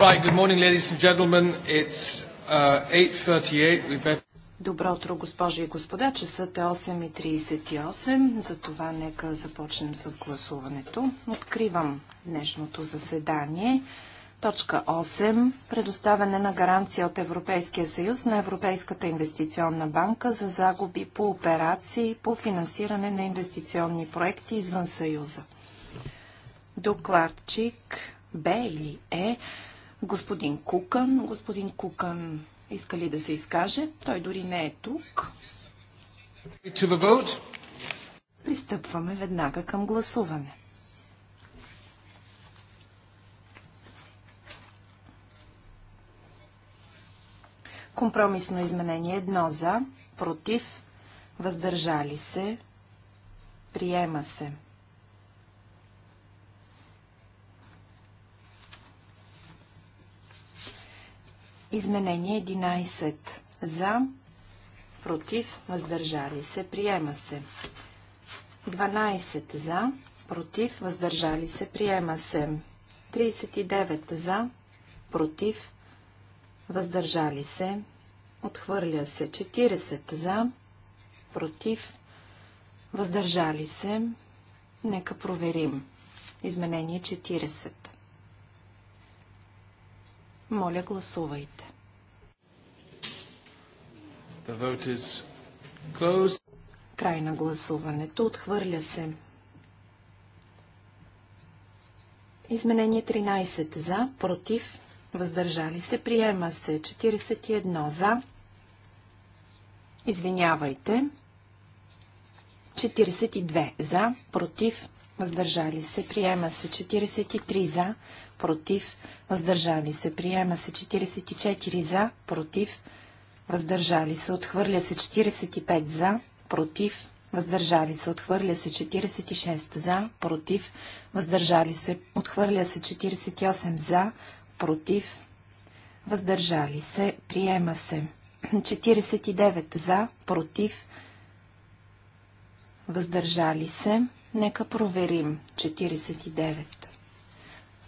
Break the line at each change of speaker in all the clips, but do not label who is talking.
Right, good morning, ladies and gentlemen. It's uh, 8.38. We better... Добро утро, госпожи и господа. Часът е 8.38, затова нека започнем с гласуването. Откривам днешното заседание. Точка 8. Предоставяне на гаранция от Европейския съюз на Европейската инвестиционна банка за загуби по операции по финансиране на инвестиционни проекти извън съюза. Докладчик Б или Е господин Кукън. Господин Кукън иска ли да се изкаже? Той дори не е тук. Пристъпваме веднага към гласуване. Компромисно изменение едно за, против, въздържали се, приема се. Изменение 11. За, против, въздържали се, приема се. 12. За, против, въздържали се, приема се. 39. За, против, въздържали се, отхвърля се. 40. За, против, въздържали се. Нека проверим. Изменение 40. Моля, гласувайте. Край на гласуването. Отхвърля се. Изменение 13 за, против, въздържали се, приема се 41 за. Извинявайте. 42 за, против, въздържали се, приема се 43 за, против, въздържали се, приема се 44 за, против, въздържали се, отхвърля се 45 за, против, въздържали се, отхвърля се 46 за, против, въздържали се, отхвърля се 48 за, против, въздържали се, приема се 49 за, против, въздържали се, Нека проверим 49.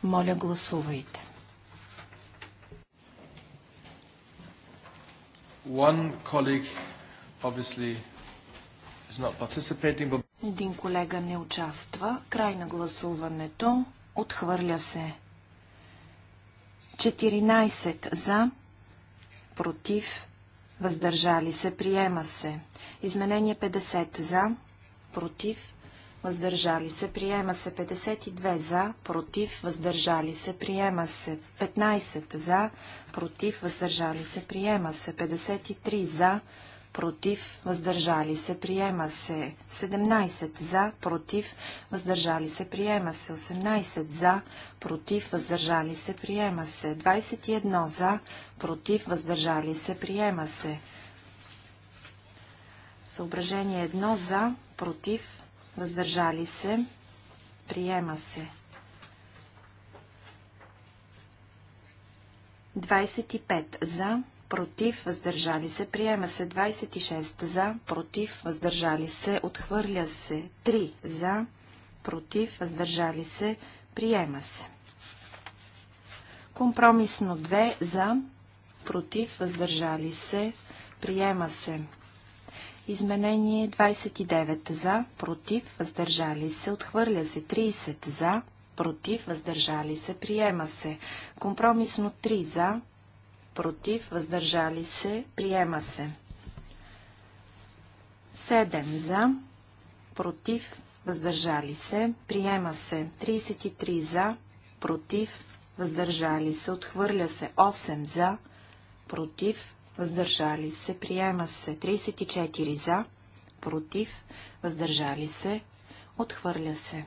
Моля, гласувайте. One colleague obviously is not participating, but... Един колега не участва. Край на гласуването. Отхвърля се. 14 за, против, въздържали се, приема се. Изменение 50 за, против, въздържали се, приема се 52 за, против, въздържали се, приема се 15 за, против, въздържали се, приема се 53 за, против, въздържали се, приема се 17 за, против, въздържали се, приема се 18 за, против, въздържали се, приема се 21 за, против, въздържали се, приема се Съображение 1 за, против, въздържали се, приема се. 25 за, против, въздържали се, приема се. 26 за, против, въздържали се, отхвърля се. 3 за, против, въздържали се, приема се. Компромисно 2 за, против, въздържали се, приема се. Изменение 29 за, против, въздържали се, отхвърля се 30 за, против, въздържали се, приема се. Компромисно 3 за, против, въздържали се, приема се. 7 за, против, въздържали се, приема се. 33 за, против, въздържали се, отхвърля се. 8 за, против, въздържали се, приема се 34 за, против, въздържали се, отхвърля се.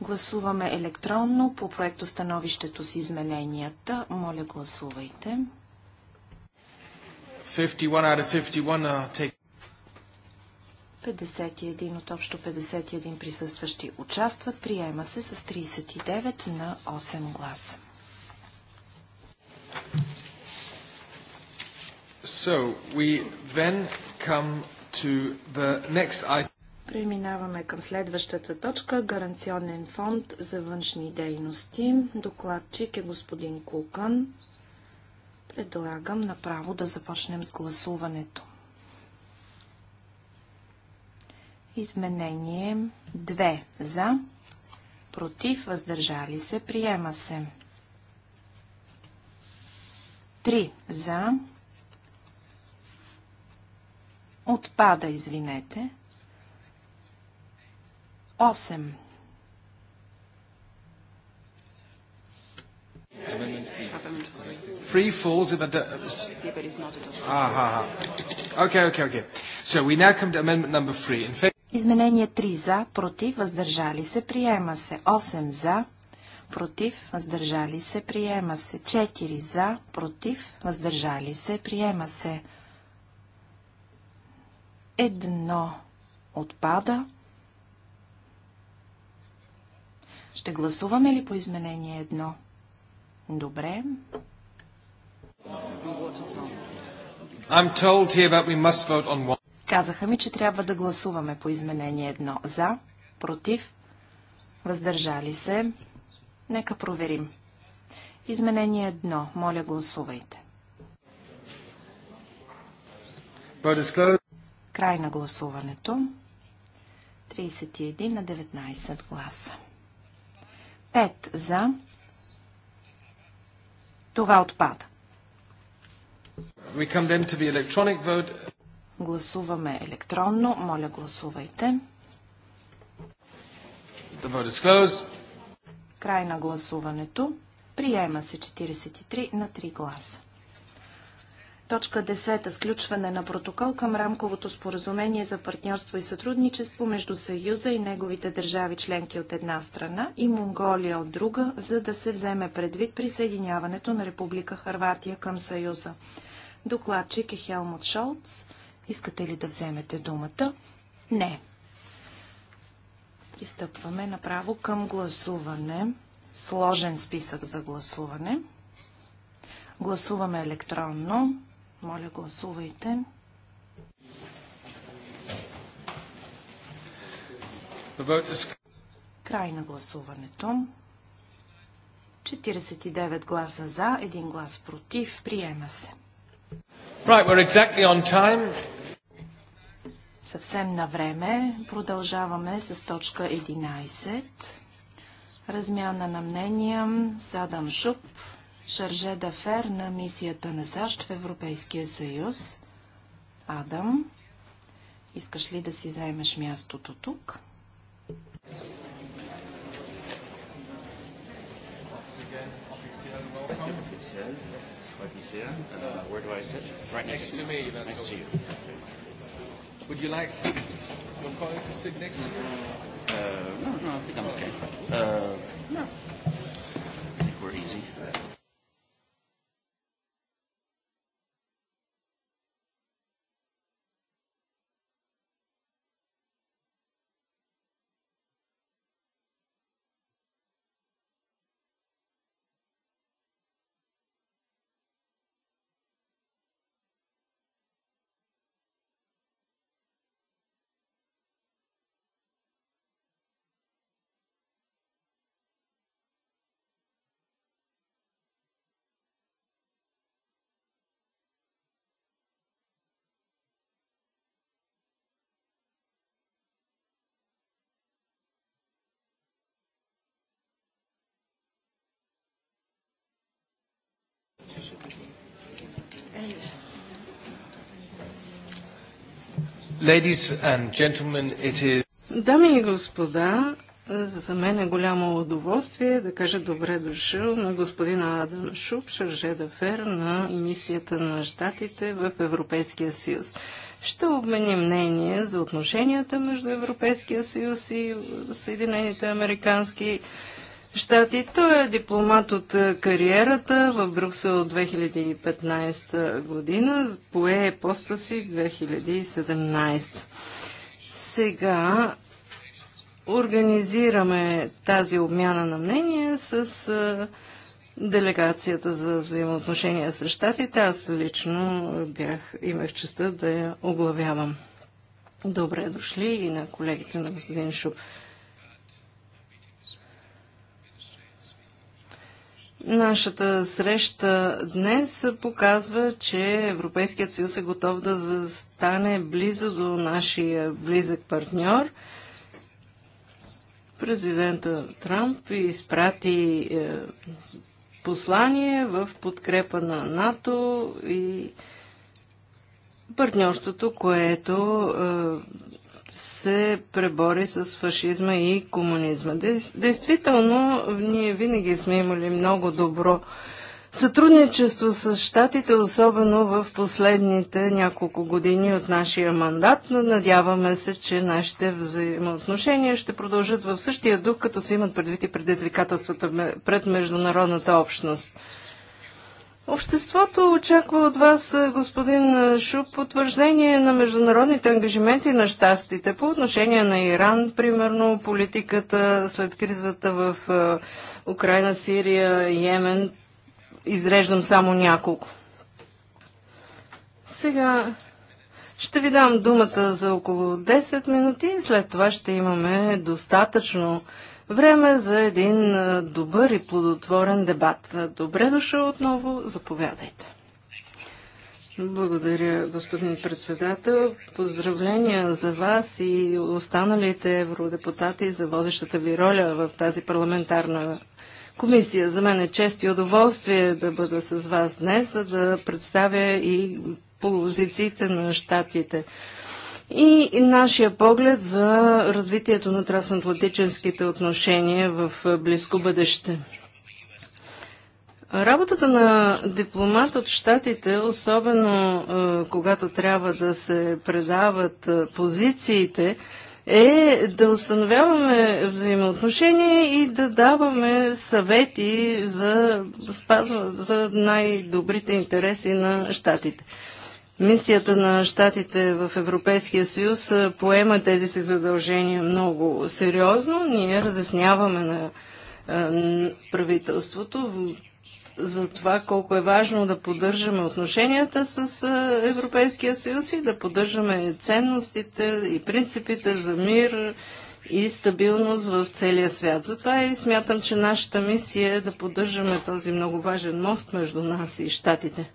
Гласуваме електронно по проекто становището с измененията. Моля, гласувайте. 51 51 uh, от общо 51 присъстващи участват. Приема се с 39 на 8 гласа. Преминаваме към следващата точка – Гаранционен фонд за външни дейности. Докладчик е господин Кукън. Предлагам направо да започнем с гласуването. Изменение 2 за, против, въздържали се, приема се. 3 за, Отпада, извинете. 8. Free falls of a Yeah, but it's not
adopted. Okay, okay, okay. So we now come to amendment number 3. In fact...
Изменение 3 за, против, въздържали се, приема се. 8 за, против, въздържали се, приема се. 4 за, против, въздържали се, приема се. Едно отпада. Ще гласуваме ли по изменение едно? Добре.
On
Казаха ми, че трябва да гласуваме по изменение едно. За, против, въздържали се. Нека проверим. Изменение едно. Моля, гласувайте. Край на гласуването. 31 на 19 гласа. 5 за. Това отпада. Гласуваме електронно. Моля, гласувайте. Край на гласуването. Приема се 43 на 3 гласа. Точка 10. Сключване на протокол към рамковото споразумение за партньорство и сътрудничество между Съюза и неговите държави членки от една страна и Монголия от друга, за да се вземе предвид присъединяването на Република Харватия към Съюза. Докладчик е Хелмут Шолц. Искате ли да вземете думата? Не. Пристъпваме направо към гласуване. Сложен списък за гласуване. Гласуваме електронно. Моля, гласувайте. Край на гласуването. 49 гласа за, 1 глас против. Приема се. Right, we're exactly on time. Съвсем на време продължаваме с точка 11. Размяна на мнения с Адам Шуп, Шарже Дафер на мисията на САЩ в Европейския съюз. Адам, искаш ли да си заемеш мястото тук? Would you like your
colleague to sit next to you? Uh, no, no, I think I'm okay. Uh, no. I think we're easy. Uh,
Дами и господа, за мен е голямо удоволствие да кажа добре дошъл на господина Адам Шуп, шарже д'афер на мисията на щатите в Европейския съюз. Ще обменим мнение за отношенията между Европейския съюз и Съединените американски съюз щати. Той е дипломат от е, кариерата в Брюксел от 2015 година. Пое е поста си 2017. Сега организираме тази обмяна на мнение с е, делегацията за взаимоотношения с щатите. Аз лично бях, имах честа да я оглавявам. Добре дошли и на колегите на господин Шуп. Нашата среща днес показва, че Европейският съюз е готов да застане близо до нашия близък партньор. Президента Трамп изпрати е, послание в подкрепа на НАТО и партньорството, което е, се пребори с фашизма и комунизма. Действително, ние винаги сме имали много добро сътрудничество с щатите, особено в последните няколко години от нашия мандат. Надяваме се, че нашите взаимоотношения ще продължат в същия дух, като се имат предвид и предизвикателствата пред международната общност. Обществото очаква от вас, е, господин е, Шуб, потвърждение на международните ангажименти на щастите по отношение на Иран, примерно политиката след кризата в е, Украина, Сирия, Йемен. Изреждам само няколко. Сега ще ви дам думата за около 10 минути и след това ще имаме достатъчно Време за един добър и плодотворен дебат. Добре дошъл отново, заповядайте. Благодаря, господин председател. Поздравления за вас и останалите евродепутати за водещата ви роля в тази парламентарна комисия. За мен е чест и удоволствие да бъда с вас днес, за да представя и позициите на щатите и нашия поглед за развитието на трансатлантическите отношения в близко бъдеще. Работата на дипломат от щатите, особено когато трябва да се предават позициите, е да установяваме взаимоотношения и да даваме съвети за, за най-добрите интереси на щатите. Мисията на щатите в Европейския съюз поема тези си задължения много сериозно. Ние разясняваме на правителството за това колко е важно да поддържаме отношенията с Европейския съюз и да поддържаме ценностите и принципите за мир и стабилност в целия свят. Затова и смятам, че нашата мисия е да поддържаме този много важен мост между нас и щатите.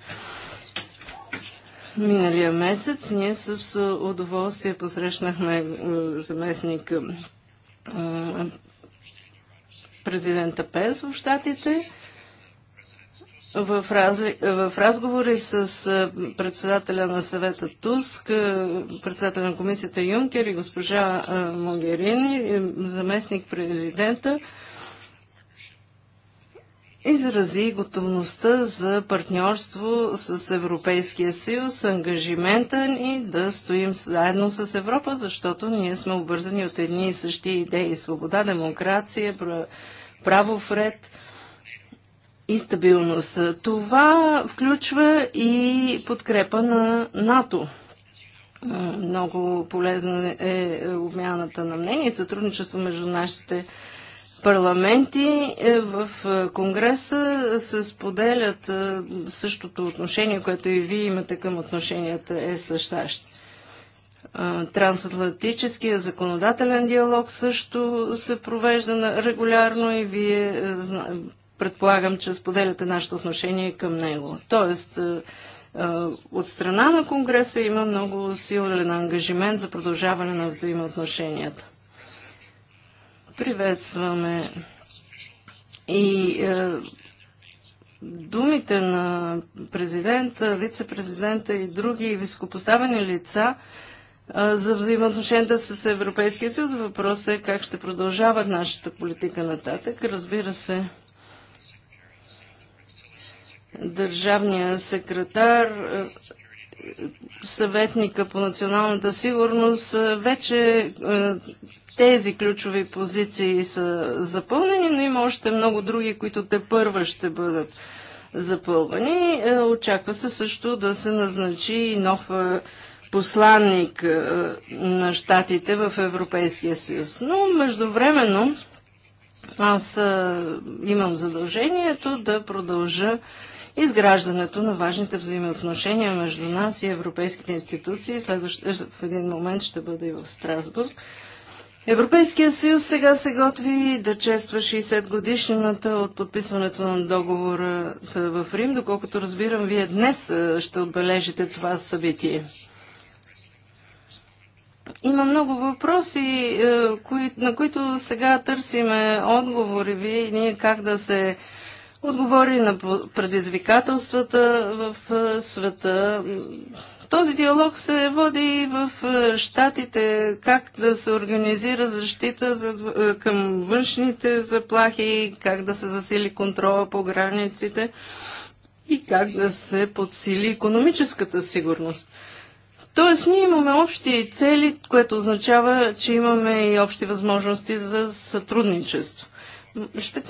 Миналия месец ние с удоволствие посрещнахме заместник президента Пенс в Штатите. В, разговори с председателя на съвета Туск, председателя на комисията Юнкер и госпожа Могерини, заместник президента, изрази готовността за партньорство с Европейския съюз, ангажимента ни да стоим заедно с Европа, защото ние сме обвързани от едни и същи идеи. Свобода, демокрация, право ред и стабилност. Това включва и подкрепа на НАТО. Много полезна е обмяната на мнение и сътрудничество между нашите парламенти е, в е, Конгреса се споделят е, същото отношение, което и вие имате към отношенията е същащ. САЩ. Трансатлантическия законодателен диалог също се провежда регулярно и вие предполагам, че споделяте нашето отношение към него. Тоест, от страна на Конгреса има много силен ангажимент за продължаване на взаимоотношенията. Приветстваме и е, думите на президента, вице-президента и други високопоставени лица е, за взаимоотношенията с Европейския съюз. Въпросът е как ще продължават нашата политика нататък. Разбира се, държавния секретар е, съветника по националната сигурност, е, вече е, тези ключови позиции са запълнени, но има още много други, които те първа ще бъдат запълвани. Е, очаква се също да се назначи и нов посланник на щатите в Европейския съюз. Но междувременно аз имам задължението да продължа изграждането на важните взаимоотношения между нас и европейските институции. Следващ, е, в един момент ще бъде и в Страсбург. Европейския съюз сега се готви да чества 60 годишнината от подписването на договора в Рим. Доколкото разбирам, вие днес е, ще отбележите това събитие. Има много въпроси, е, на които сега търсиме отговори ви, ние как да се отговори на предизвикателствата в света. Този диалог се води и в щатите, как да се организира защита за, към външните заплахи, как да се засили контрола по границите и как да се подсили економическата сигурност. Тоест, ние имаме общи цели, което означава, че имаме и общи възможности за сътрудничество. Ще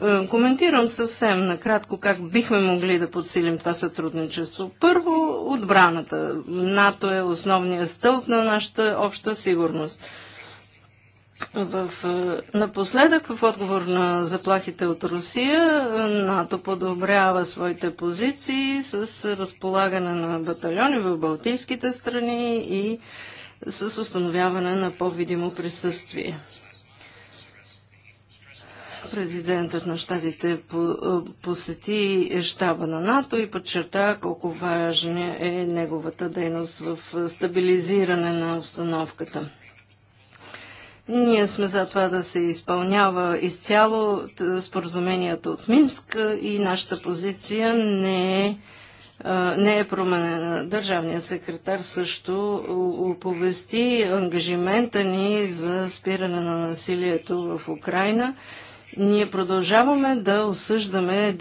е, коментирам съвсем накратко как бихме могли да подсилим това сътрудничество. Първо, отбраната. НАТО е основният стълб на нашата обща сигурност. В, е, напоследък, в отговор на заплахите от Русия, е, НАТО подобрява своите позиции с разполагане на батальони в Балтийските страни и с установяване на по-видимо присъствие. Президентът на щатите е, посети щаба на НАТО и подчерта колко важна е неговата дейност в стабилизиране на обстановката. Ние сме за това да се изпълнява изцяло споразумението от Минск и нашата позиция не е, е не е променена. Държавният секретар също оповести ангажимента ни за спиране на насилието в Украина ние продължаваме да осъждаме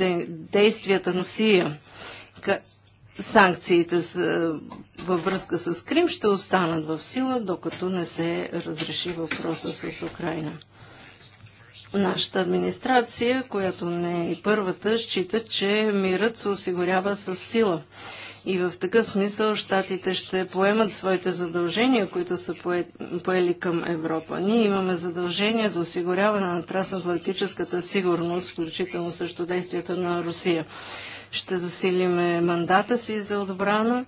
действията на СИЯ. Санкциите е, във връзка с Крим ще останат в сила, докато не се разреши въпроса с Украина. Нашата администрация, която не е и първата, счита, че мирът се осигурява с сила. И в такъв смисъл щатите ще поемат своите задължения, които са пое, поели към Европа. Ние имаме задължения за осигуряване на трансатлантическата сигурност, включително също действията на Русия. Ще засилиме мандата си за отбрана,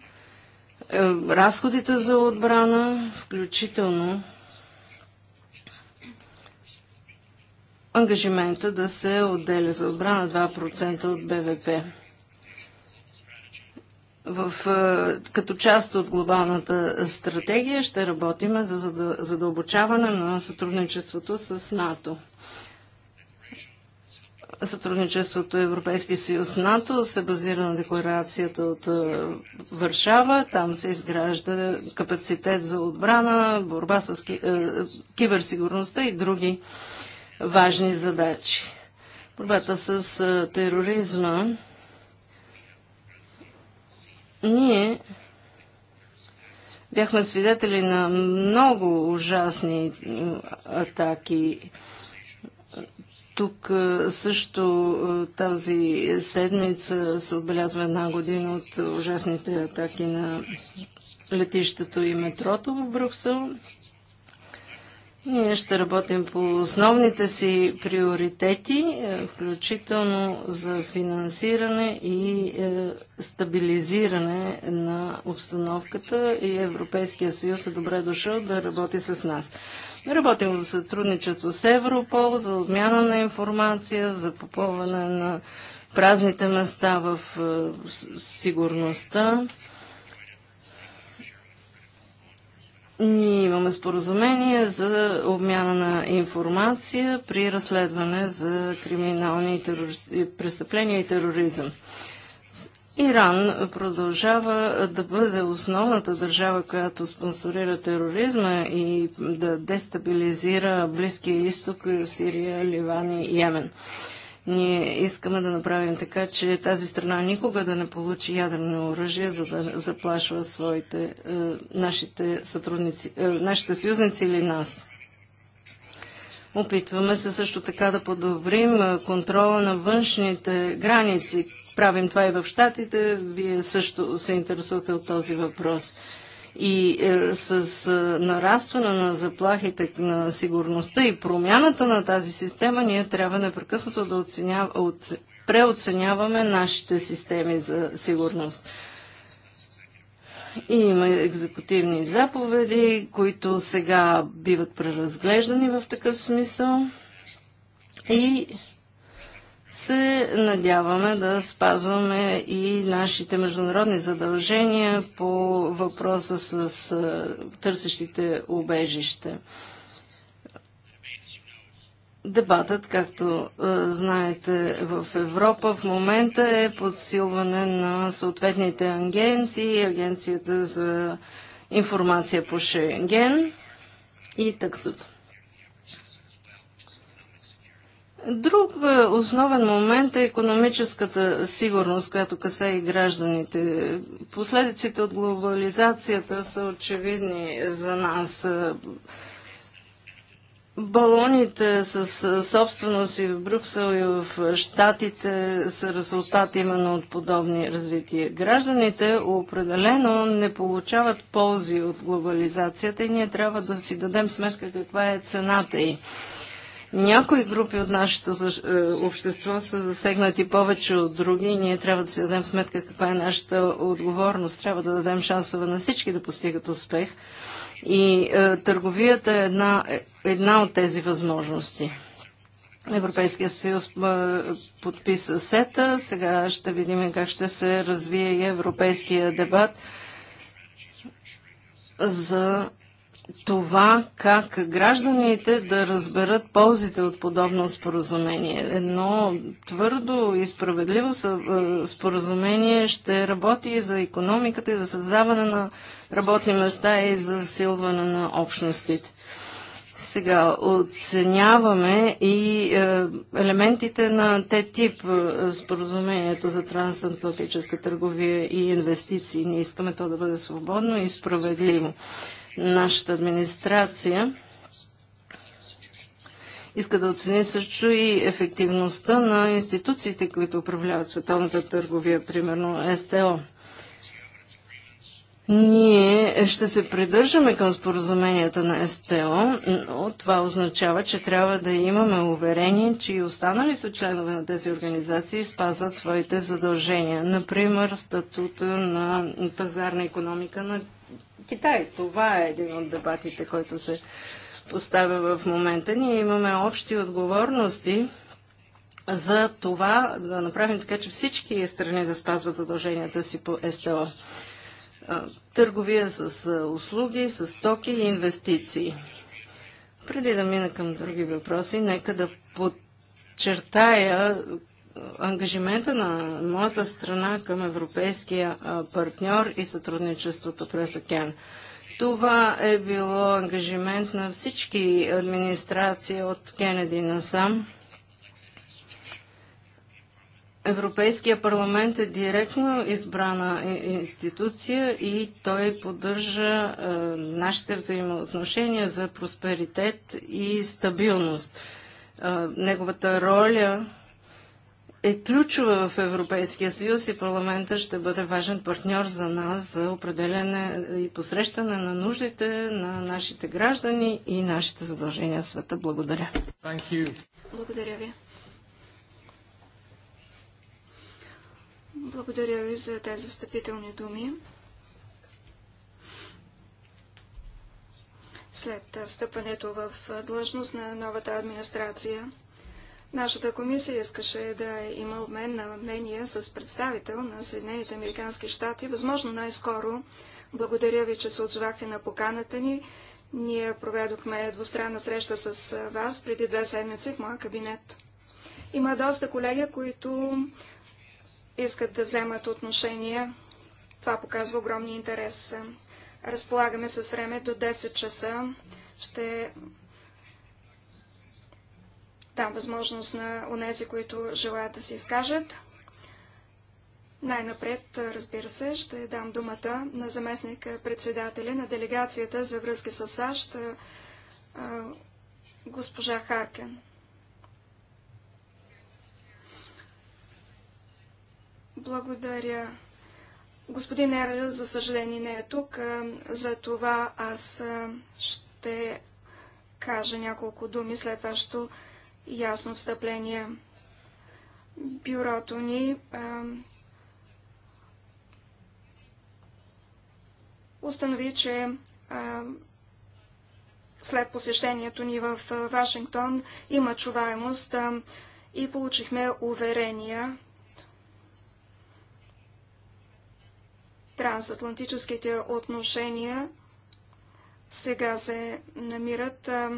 е, разходите за отбрана, включително ангажимента да се отделя за отбрана 2% от БВП в, е, като част от глобалната стратегия ще работим за задълбочаване на сътрудничеството с НАТО. Сътрудничеството Европейски съюз НАТО се базира на декларацията от е, Варшава. Там се изгражда капацитет за отбрана, борба с е, киберсигурността и други важни задачи. Борбата с тероризма ние бяхме свидетели на много ужасни атаки. Тук също тази седмица се отбелязва една година от ужасните атаки на летището и метрото в Брюксел. Ние ще работим по основните си приоритети, е, включително за финансиране и е, стабилизиране на обстановката и Европейския съюз е добре дошъл да работи с нас. Работим в сътрудничество с Европол за обмяна на информация, за попълване на празните места в е, сигурността Ние имаме споразумение за обмяна на информация при разследване за криминални и терори... престъпления и тероризъм. Иран продължава да бъде основната държава, която спонсорира тероризма и да дестабилизира Близкия изток, Сирия, Ливан и Йемен. Ние искаме да направим така, че тази страна никога да не получи ядрено оръжие, за да заплашва своите, е, нашите, сътрудници, е, нашите съюзници или нас. Опитваме се също така да подобрим е, контрола на външните граници. Правим това и в Штатите. Вие също се интересувате от този въпрос. И е, с е, нарастване на заплахите на сигурността и промяната на тази система, ние трябва непрекъснато да оценя... от... преоценяваме нашите системи за сигурност. И има екзекутивни заповеди, които сега биват преразглеждани в такъв смисъл. И се надяваме да спазваме и нашите международни задължения по въпроса с търсещите убежище. Дебатът, както знаете, в Европа в момента е подсилване на съответните агенции, Агенцията за информация по Шенген и таксото. Друг е, основен момент е економическата сигурност, която касае и гражданите. Последиците от глобализацията са очевидни за нас. Балоните с собственост и в Брюксел и в Штатите са резултат именно от подобни развития. Гражданите определено не получават ползи от глобализацията и ние трябва да си дадем сметка каква е цената й. Някои групи от нашето е, общество са засегнати повече от други и ние трябва да си дадем сметка каква е нашата отговорност. Трябва да дадем шансове на всички да постигат успех. И е, търговията е една, е, една от тези възможности. Европейския съюз е, подписа сета. Сега ще видим как ще се развие и европейския дебат за това как гражданите да разберат ползите от подобно споразумение. Едно твърдо и справедливо е, споразумение ще работи и за економиката, и за създаване на работни места, и за засилване на общностите. Сега оценяваме и е, елементите на те тип е, споразумението за трансатлантическа търговия и инвестиции. Ние искаме то да бъде свободно и справедливо. Нашата администрация иска да оцени също и ефективността на институциите, които управляват световната търговия, примерно СТО. Ние ще се придържаме към споразуменията на СТО, но това означава, че трябва да имаме уверение, че и останалите членове на тези организации спазват своите задължения. Например, статута на пазарна економика на Китай. Това е един от дебатите, който се поставя в момента. Ние имаме общи отговорности за това да направим така, че всички страни да спазват задълженията си по СТО. Търговия с услуги, с токи и инвестиции. Преди да мина към други въпроси, нека да подчертая ангажимента на моята страна към европейския партньор и сътрудничеството през океан. Това е било ангажимент на всички администрации от Кенеди насам. Европейския парламент е директно избрана институция и той поддържа е, нашите взаимоотношения за просперитет и стабилност. Е, неговата роля е ключова в Европейския съюз и парламента ще бъде важен партньор за нас за определене и посрещане на нуждите на нашите граждани и нашите задължения в света. Благодаря.
Благодаря ви. Благодаря ви за тези встъпителни думи. След стъпването в длъжност на новата администрация, Нашата комисия искаше да има обмен на мнение с представител на Съединените Американски щати, възможно най-скоро. Благодаря ви, че се отзовахте на поканата ни. Ние проведохме двустранна среща с вас преди две седмици в моя кабинет. Има доста колеги, които искат да вземат отношение. Това показва огромния интерес. Разполагаме с време до 10 часа. Ще дам възможност на онези, които желаят да се изкажат. Най-напред, разбира се, ще дам думата на заместник председателя на делегацията за връзки с САЩ, госпожа Харкен. Благодаря. Господин Ер, за съжаление, не е тук. За това аз ще кажа няколко думи след вашето ясно встъпление. Бюрото ни е, установи, че е, след посещението ни в Вашингтон има чуваемост е, и получихме уверения. Трансатлантическите отношения сега се намират Е,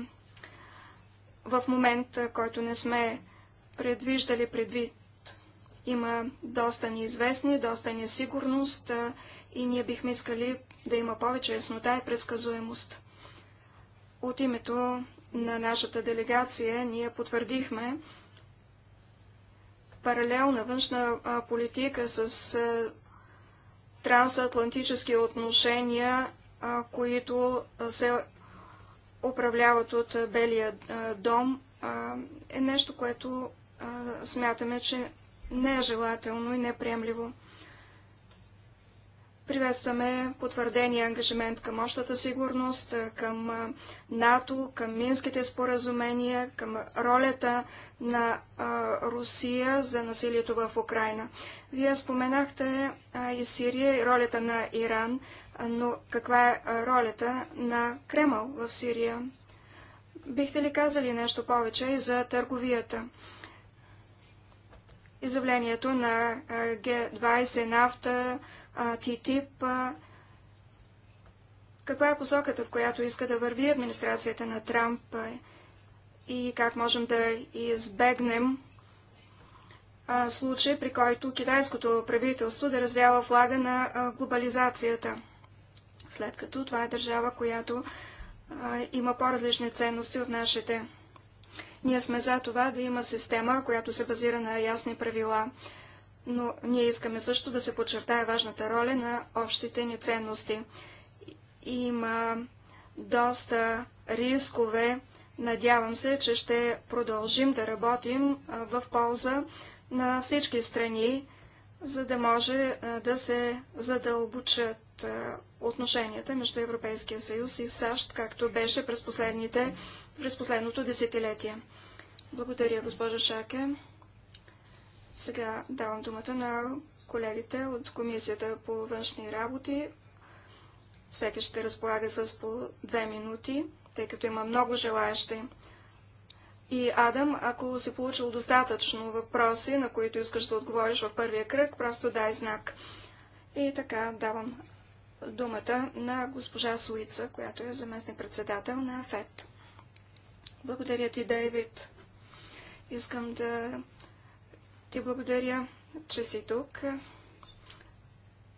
в момент, който не сме предвиждали предвид. Има доста неизвестни, доста несигурност и ние бихме искали да има повече яснота и предсказуемост. От името на нашата делегация ние потвърдихме паралелна външна политика с трансатлантически отношения, които се управляват от Белия дом, е нещо, което смятаме, че не е желателно и неприемливо. Е Приветстваме потвърдения ангажимент към общата сигурност, към НАТО, към Минските споразумения, към ролята на Русия за насилието в Украина. Вие споменахте и Сирия и ролята на Иран но каква е ролята на Кремъл в Сирия? Бихте ли казали нещо повече и за търговията? Изявлението на Г-20, нафта, ТТИП. Каква е посоката, в която иска да върви администрацията на Трамп и как можем да избегнем случай, при който китайското правителство да развява флага на глобализацията? след като това е държава, която а, има по-различни ценности от нашите. Ние сме за това да има система, която се базира на ясни правила, но ние искаме също да се подчертае важната роля на общите ни ценности. Има доста рискове. Надявам се, че ще продължим да работим в полза на всички страни, за да може да се задълбочат отношенията между Европейския съюз и САЩ, както беше през, последните, през последното десетилетие. Благодаря, госпожа Шаке. Сега давам думата на колегите от Комисията по външни работи. Всеки ще разполага с по две минути, тъй като има много желаящи. И Адам, ако си получил достатъчно въпроси, на които искаш да отговориш в първия кръг, просто дай знак. И така давам думата на госпожа Суица, която е заместник председател на ФЕД. Благодаря ти, Дейвид. Искам да ти благодаря, че си тук,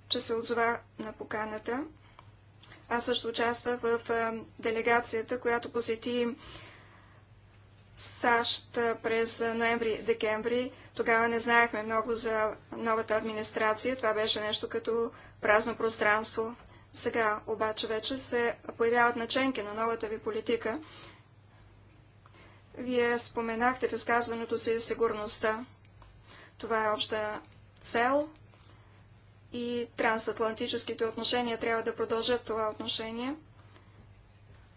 че се отзова на поканата. Аз също участвах в делегацията, която посети САЩ през ноември-декември. Тогава не знаехме много за новата администрация. Това беше нещо като празно пространство. Сега обаче вече се появяват наченки на новата ви политика. Вие споменахте в изказването си сигурността. Това е обща цел и трансатлантическите отношения трябва да продължат това отношение.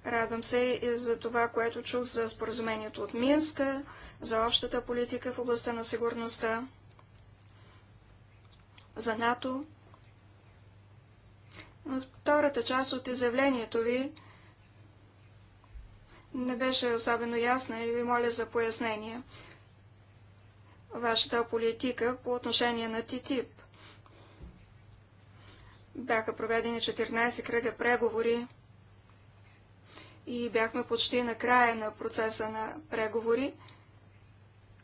Радвам се и за това, което чух за споразумението от Минска, за общата политика в областта на сигурността, за НАТО. Втората част от изявлението ви не беше особено ясна и ви моля за пояснение. Вашата политика по отношение на ТИТИП. Бяха проведени 14 кръга преговори и бяхме почти на края на процеса на преговори.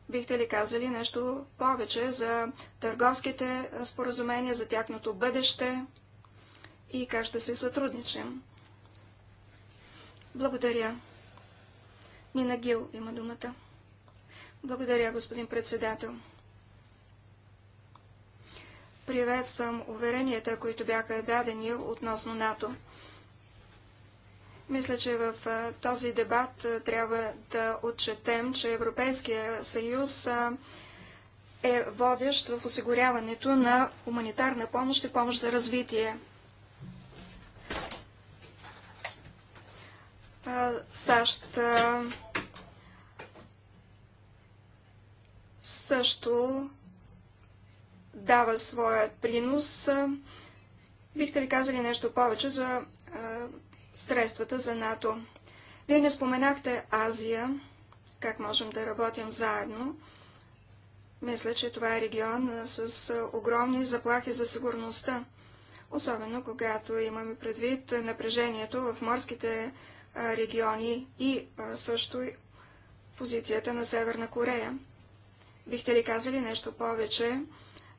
Бихте ли казали нещо повече за търговските споразумения, за тяхното бъдеще? и как ще се сътрудничим. Благодаря. Нина Гил има думата. Благодаря, господин председател. Приветствам уверенията, които бяха дадени относно НАТО. Мисля, че в този дебат трябва да отчетем, че Европейския съюз е водещ в осигуряването на хуманитарна помощ и помощ за развитие. САЩ също дава своят принос. Бихте ли казали нещо повече за средствата за НАТО? Вие не споменахте Азия, как можем да работим заедно. Мисля, че това е регион с огромни заплахи за сигурността, особено когато имаме предвид напрежението в морските региони и също и позицията на Северна Корея. Бихте ли казали нещо повече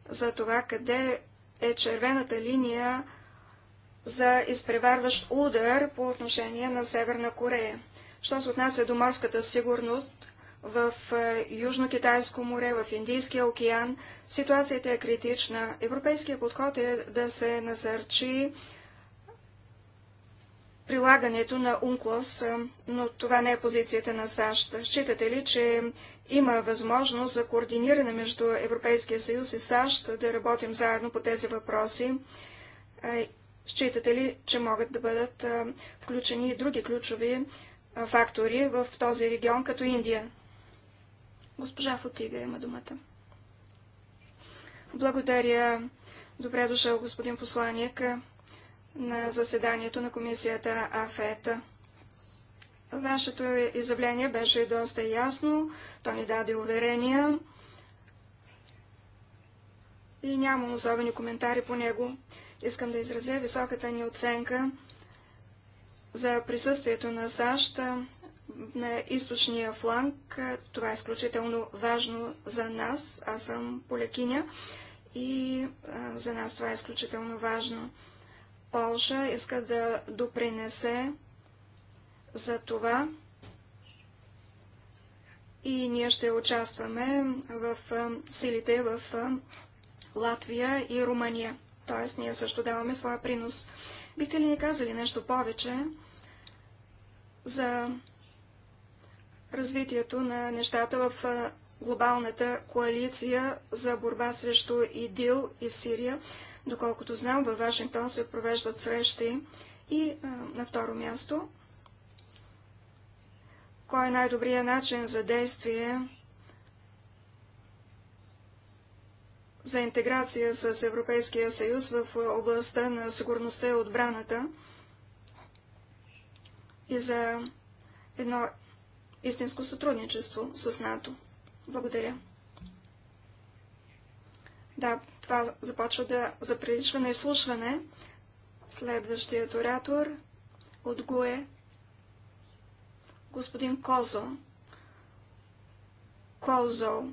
за това, къде е червената линия за изпреварващ удар по отношение на Северна Корея? Що се отнася до морската сигурност в Южно-Китайско море, в Индийския океан, ситуацията е критична. Европейският подход е да се насърчи прилагането на УНКЛОС, но това не е позицията на САЩ. Считате ли, че има възможност за координиране между Европейския съюз и САЩ да работим заедно по тези въпроси? Считате ли, че могат да бъдат включени и други ключови фактори в този регион, като Индия? Госпожа Фотига има думата. Благодаря. Добре дошъл, господин посланник на заседанието на комисията АФЕТ. Вашето изявление беше доста ясно, то ни даде уверения и нямам особени коментари по него. Искам да изразя високата ни оценка за присъствието на САЩ на източния фланг. Това е изключително важно за нас. Аз съм полякиня и за нас това е изключително важно. Полша иска да допринесе за това и ние ще участваме в силите в Латвия и Румъния. Тоест, ние също даваме своя принос. Бихте ли ни казали нещо повече за развитието на нещата в глобалната коалиция за борба срещу ИДИЛ и Сирия? Доколкото знам, във Вашингтон се провеждат срещи. И а, на второ място, кой е най-добрият начин за действие за интеграция с Европейския съюз в областта на сигурността и отбраната и за едно истинско сътрудничество с НАТО. Благодаря. Да, това започва да заприличва на изслушване. Следващият оратор от ГУЕ, господин Козо. Козо.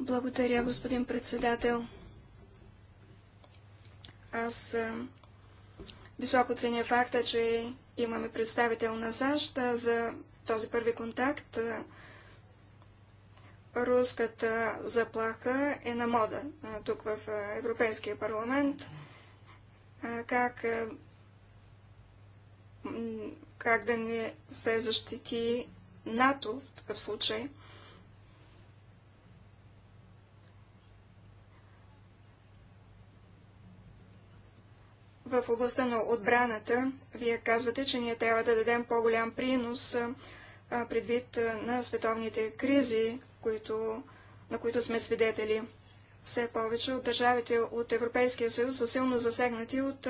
Благодаря, господин председател. Аз високо ценя факта, че имаме представител на САЩ за този първи контакт, руската заплаха е на мода тук в Европейския парламент. Как, как да не се защити НАТО в такъв случай? в областта на отбраната, вие казвате, че ние трябва да дадем по-голям принос предвид на световните кризи, които, на които сме свидетели. Все повече от държавите от Европейския съюз са силно засегнати от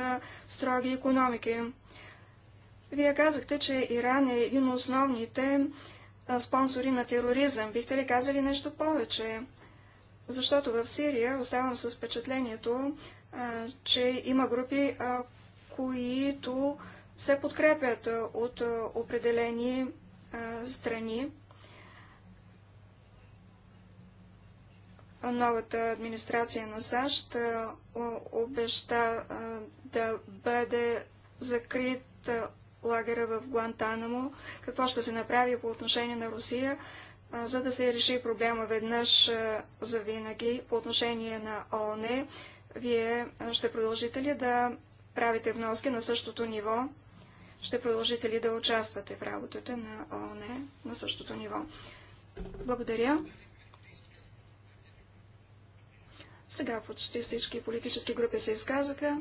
строги економики. Вие казахте, че Иран е един от основните спонсори на тероризъм. Бихте ли казали нещо повече? Защото в Сирия оставам с впечатлението, че има групи, които се подкрепят от определени страни. Новата администрация на САЩ обеща да бъде закрит лагера в Гуантанамо. Какво ще се направи по отношение на Русия, за да се реши проблема веднъж за винаги по отношение на ООН? Вие ще продължите ли да правите вноски на същото ниво? Ще продължите ли да участвате в работата на ООН на същото ниво? Благодаря. Сега почти всички политически групи се изказаха.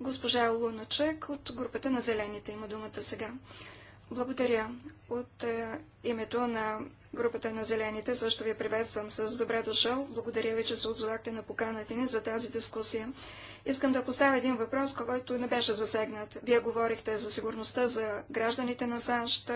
Госпожа Луначек от групата на Зелените има думата сега. Благодаря. От е, името на групата на Зелените също ви приветствам с добре дошъл. Благодаря ви, че се отзовахте на поканата ни за тази дискусия. Искам да поставя един въпрос, който не беше засегнат. Вие говорихте за сигурността за гражданите на САЩ.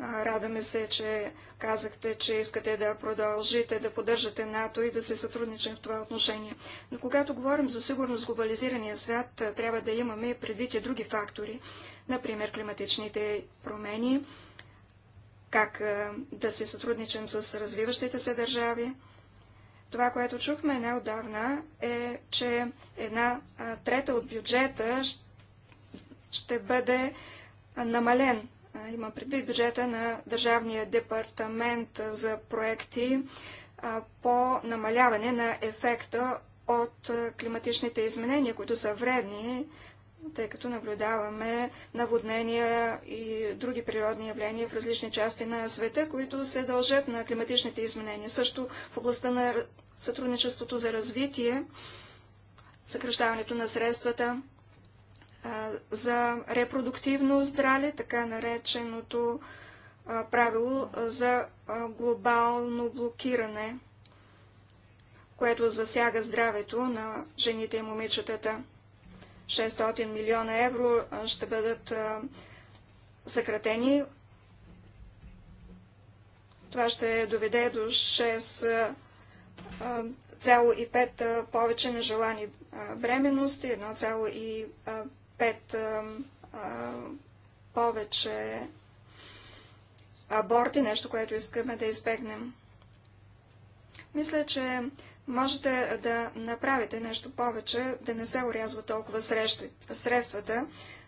Радваме се, че казахте, че искате да продължите да поддържате НАТО и да се сътрудничим в това отношение. Но когато говорим за сигурност в глобализирания свят, трябва да имаме предвид и други фактори, например климатичните промени, как да се сътрудничим с развиващите се държави, това, което чухме неодавна е, че една трета от бюджета ще бъде намален. Има предвид бюджета на Държавния департамент за проекти по намаляване на ефекта от климатичните изменения, които са вредни тъй като наблюдаваме наводнения и други природни явления в различни части на света, които се дължат на климатичните изменения. Също в областта на сътрудничеството за развитие, съкръщаването на средствата за репродуктивно здраве, така нареченото правило за глобално блокиране, което засяга здравето на жените и момичетата. 600 милиона евро ще бъдат съкратени. Това ще доведе до 6,5 повече нежелани бременности, 1,5 повече аборти, нещо, което искаме да избегнем. Мисля, че можете да направите нещо повече, да не се урязва толкова средствата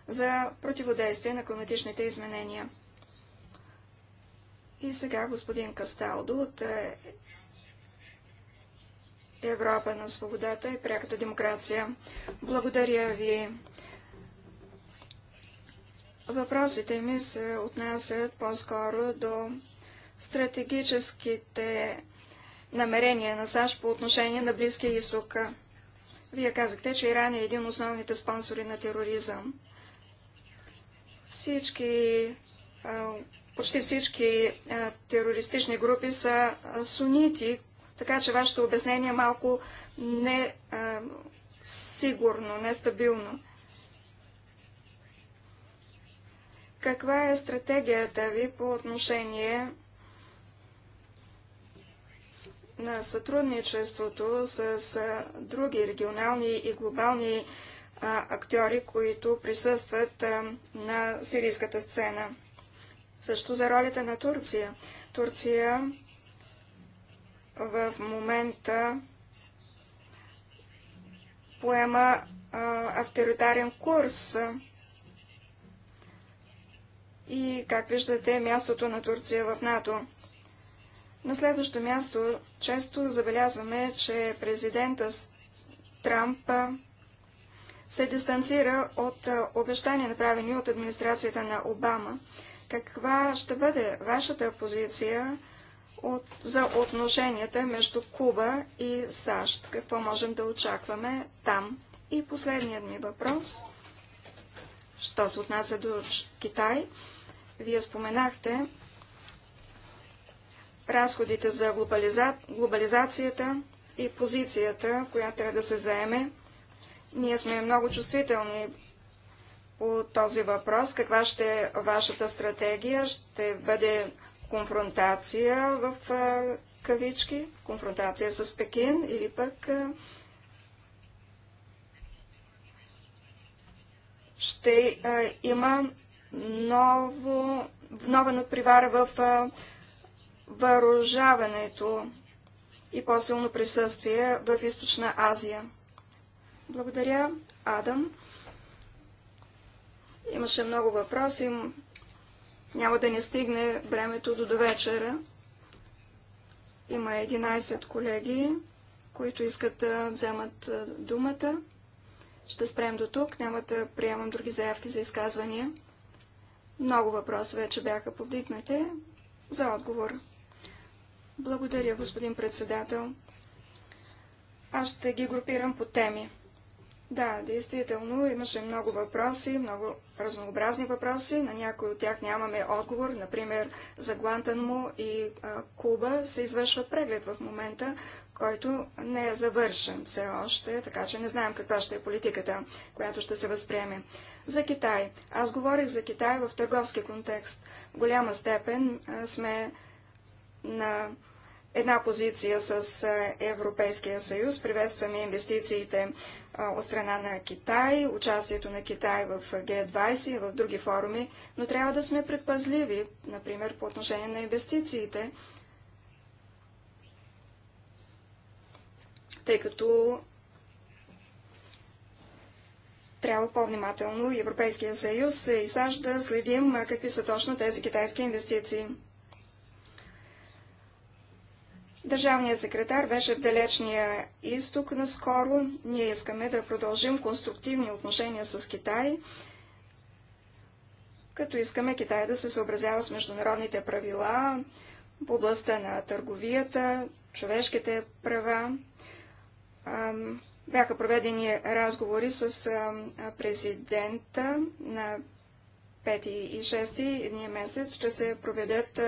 за противодействие на климатичните изменения. И сега господин Касталдо от е, Европа на свободата и пряката демокрация. Благодаря ви. Въпросите ми се отнасят по-скоро до стратегическите намерения на САЩ по отношение на Близкия изток. Вие казахте, че Иран е един от основните спонсори на тероризъм. Всички, почти всички терористични групи са сунити, така че вашето обяснение е малко не сигурно, нестабилно. Каква е стратегията ви по отношение на сътрудничеството с, други регионални и глобални актьори, които присъстват на сирийската сцена. Също за ролята на Турция. Турция в момента поема авторитарен курс. И, как виждате, мястото на Турция в НАТО. На следващо място често забелязваме, че президента Трамп се дистанцира от обещания, направени от администрацията на Обама. Каква ще бъде вашата позиция от, за отношенията между Куба и САЩ? Какво можем да очакваме там? И последният ми въпрос, що се отнася до Китай, вие споменахте, разходите за глобализа... глобализацията и позицията, която трябва да се заеме. Ние сме много чувствителни по този въпрос. Каква ще е вашата стратегия? Ще бъде конфронтация в кавички, конфронтация с Пекин или пък ще има ново, нова надпривара в въоръжаването и по-силно присъствие в Източна Азия. Благодаря, Адам. Имаше много въпроси. Няма да не стигне времето до довечера. Има 11 колеги, които искат да вземат думата. Ще спрем до тук. Няма да приемам други заявки за изказвания. Много въпроси вече бяха повдигнати за отговор. Благодаря, господин председател. Аз ще ги групирам по теми. Да, действително, имаше много въпроси, много разнообразни въпроси. На някои от тях нямаме отговор. Например, за Гуантанмо и а, Куба се извършва преглед в момента, който не е завършен все още, така че не знаем каква ще е политиката, която ще се възприеме. За Китай. Аз говорих за Китай в търговски контекст. В голяма степен а, сме на една позиция с е, Европейския съюз. Приветстваме инвестициите е, от страна на Китай, участието на Китай в Г20 и в други форуми, но трябва да сме предпазливи, например, по отношение на инвестициите, тъй като трябва по-внимателно Европейския съюз и САЩ да следим е, какви са точно тези китайски инвестиции. Държавният секретар беше в далечния изток наскоро. Ние искаме да продължим конструктивни отношения с Китай, като искаме Китай да се съобразява с международните правила в областта на търговията, човешките права. Бяха проведени разговори с президента на 5 и 6 дния месец. Ще се проведат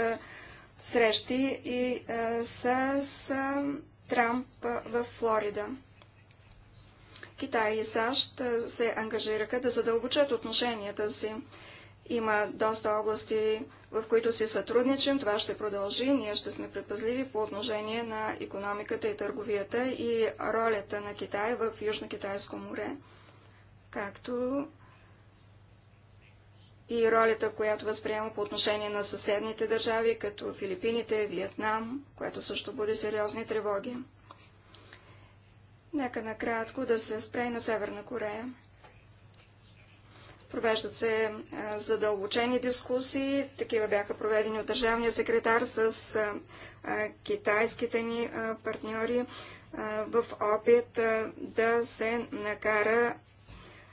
срещи и е, с, е, Трамп в Флорида. Китай и САЩ е, се ангажираха да задълбочат отношенията си. Има доста области, в които си сътрудничим. Това ще продължи. Ние ще сме предпазливи по отношение на економиката и търговията и ролята на Китай в Южно-Китайско море, както и ролята, която възприема по отношение на съседните държави, като Филипините, Виетнам, което също буде сериозни тревоги. Нека накратко да се спре на Северна Корея. Провеждат се задълбочени дискусии. Такива бяха проведени от държавния секретар с китайските ни партньори в опит да се накара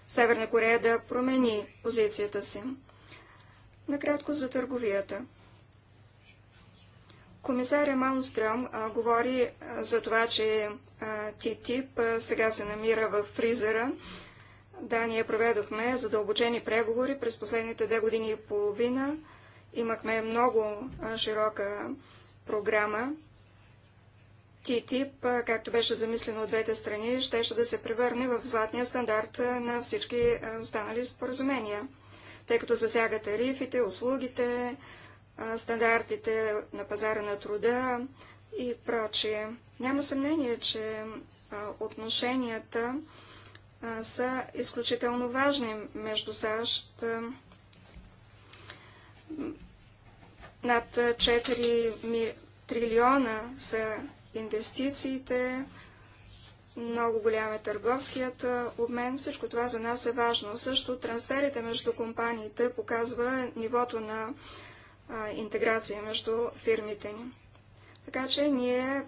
Северна Корея да промени позицията си. Накратко за търговията. Комисаря Малмстрем говори а, за това, че ТТИП сега се намира в фризера. Да, ние проведохме задълбочени преговори през последните две години и половина. Имахме много а, широка програма. ТТИП, а, както беше замислено от двете страни, щеше да се превърне в златния стандарт на всички останали споразумения тъй като засяга тарифите, услугите, стандартите на пазара на труда и прочие. Няма съмнение, че отношенията са изключително важни между САЩ. Над 4 трилиона са инвестициите, много голям е търговският обмен. Всичко това за нас е важно. Също трансферите между компаниите показва нивото на а, интеграция между фирмите ни. Така че ние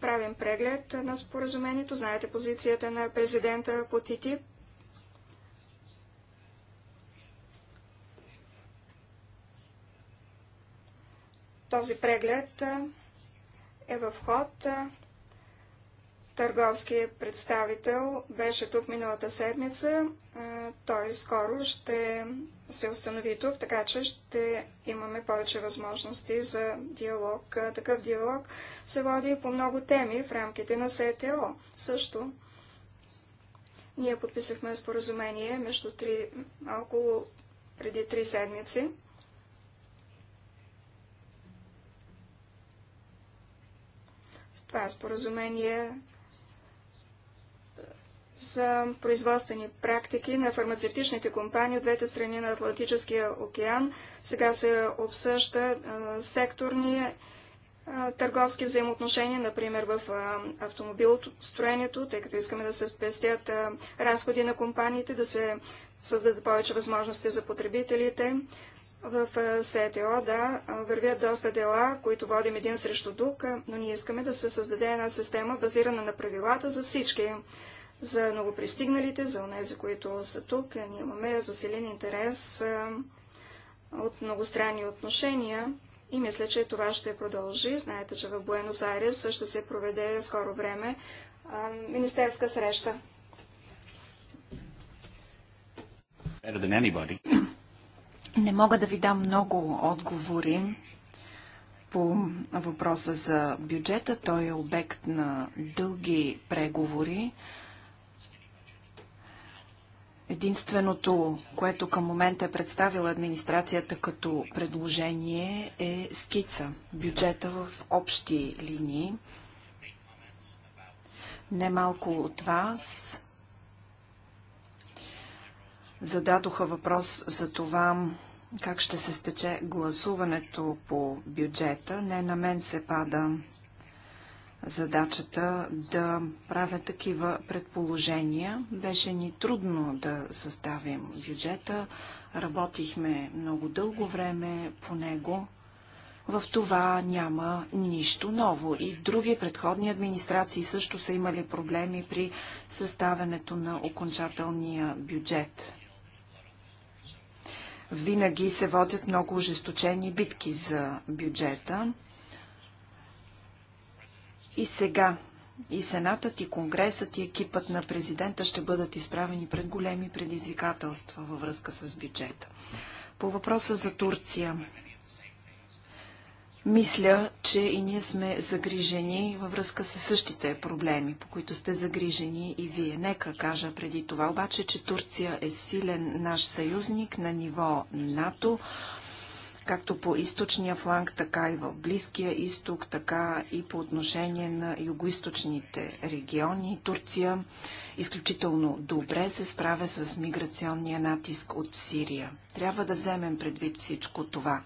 правим преглед на споразумението. Знаете позицията на президента по ТИТИП. Този преглед е в ход търговски представител беше тук миналата седмица. Той скоро ще се установи тук, така че ще имаме повече възможности за диалог. Такъв диалог се води по много теми в рамките на СТО. Също ние подписахме споразумение между три, около преди три седмици. Това споразумение са производствени практики на фармацевтичните компании от двете страни на Атлантическия океан. Сега се обсъжда а, секторни а, търговски взаимоотношения, например в автомобилостроението, тъй като искаме да се спестят а, разходи на компаниите, да се създадат повече възможности за потребителите. В СТО, да, вървят доста дела, които водим един срещу друг, но ние искаме да се създаде една система, базирана на правилата за всички за новопристигналите, за онези, които са тук. Ние имаме заселен интерес от многостранни отношения и мисля, че това ще продължи. Знаете, че в Буенос Айрес ще се проведе скоро време министерска среща.
Не мога да ви дам много отговори по въпроса за бюджета. Той е обект на дълги преговори. Единственото, което към момента е представила администрацията като предложение е скица. Бюджета в общи линии. Немалко от вас зададоха въпрос за това как ще се стече гласуването по бюджета. Не на мен се пада задачата да правя такива предположения. Беше ни трудно да съставим бюджета. Работихме много дълго време по него. В това няма нищо ново. И други предходни администрации също са имали проблеми при съставянето на окончателния бюджет винаги се водят много ожесточени битки за бюджета. И сега и Сенатът, и Конгресът, и екипът на президента ще бъдат изправени пред големи предизвикателства във връзка с бюджета. По въпроса за Турция. Мисля, че и ние сме загрижени във връзка с същите проблеми, по които сте загрижени и вие. Нека кажа преди това обаче, че Турция е силен наш съюзник на ниво НАТО както по източния фланг, така и в Близкия изток, така и по отношение на югоисточните региони. Турция изключително добре се справя с миграционния натиск от Сирия. Трябва да вземем предвид всичко това.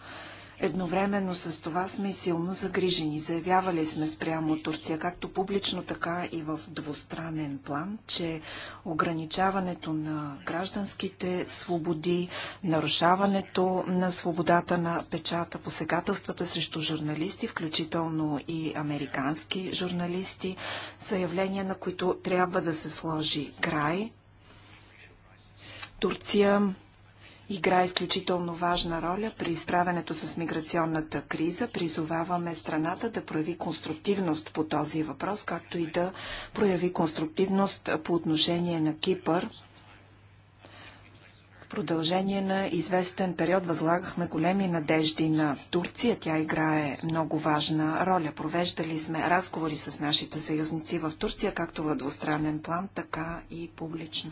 Едновременно с това сме силно загрижени. Заявявали сме спрямо Турция, както публично, така и в двустранен план, че ограничаването на гражданските свободи, нарушаването на свободата на печата, посегателствата срещу журналисти, включително и американски журналисти, са явления, на които трябва да се сложи край. Турция игра изключително важна роля при изправенето с миграционната криза. Призоваваме страната да прояви конструктивност по този въпрос, както и да прояви конструктивност по отношение на Кипър. В продължение на известен период възлагахме големи надежди на Турция. Тя играе много важна роля. Провеждали сме разговори с нашите съюзници в Турция, както в двустранен план, така и публично.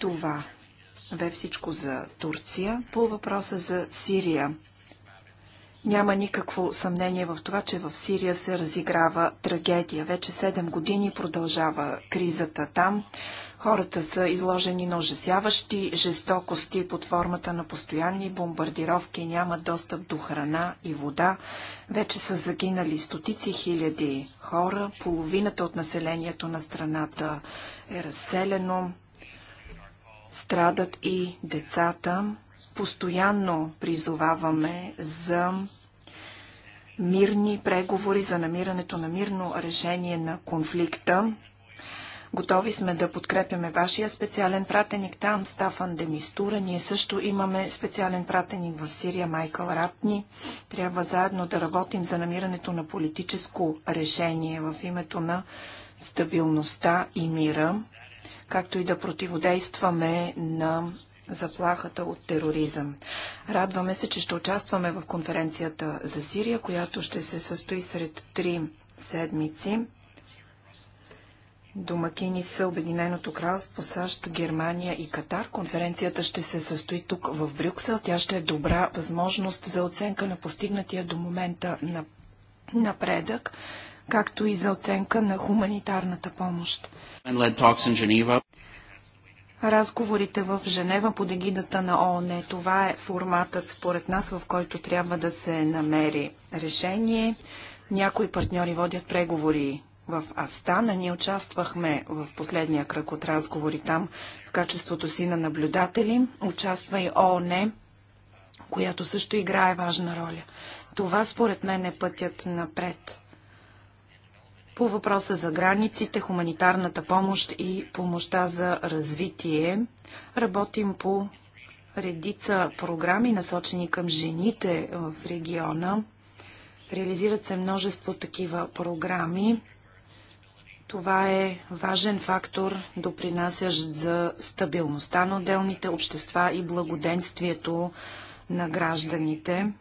Това бе всичко за Турция. По въпроса за Сирия. Няма никакво съмнение в това, че в Сирия се разиграва трагедия. Вече 7 години продължава кризата там. Хората са изложени на ужасяващи жестокости под формата на постоянни бомбардировки, няма достъп до храна и вода. Вече са загинали стотици хиляди хора, половината от населението на страната е разселено. Страдат и децата. Постоянно призоваваме за мирни преговори за намирането на мирно решение на конфликта. Готови сме да подкрепяме вашия специален пратеник там, Стафан Демистура. Ние също имаме специален пратеник в Сирия, Майкъл Рапни. Трябва заедно да работим за намирането на политическо решение в името на стабилността и мира както и да противодействаме на заплахата от тероризъм. Радваме се, че ще участваме в конференцията за Сирия, която ще се състои сред три седмици. Домакини са Обединеното кралство, САЩ, Германия и Катар. Конференцията ще се състои тук в Брюксел. Тя ще е добра възможност за оценка на постигнатия до момента на напредък както и за оценка на хуманитарната помощ. Разговорите в Женева под егидата на ООН. Това е форматът, според нас, в който трябва да се намери решение. Някои партньори водят преговори в Астана. Ние участвахме в последния кръг от разговори там в качеството си на наблюдатели. Участва и ООН, която също играе важна роля. Това според мен е пътят напред. По въпроса за границите, хуманитарната помощ и помощта за развитие, работим по редица програми, насочени към жените в региона. Реализират се множество такива програми. Това е важен фактор, допринасящ за стабилността на отделните общества и благоденствието на гражданите.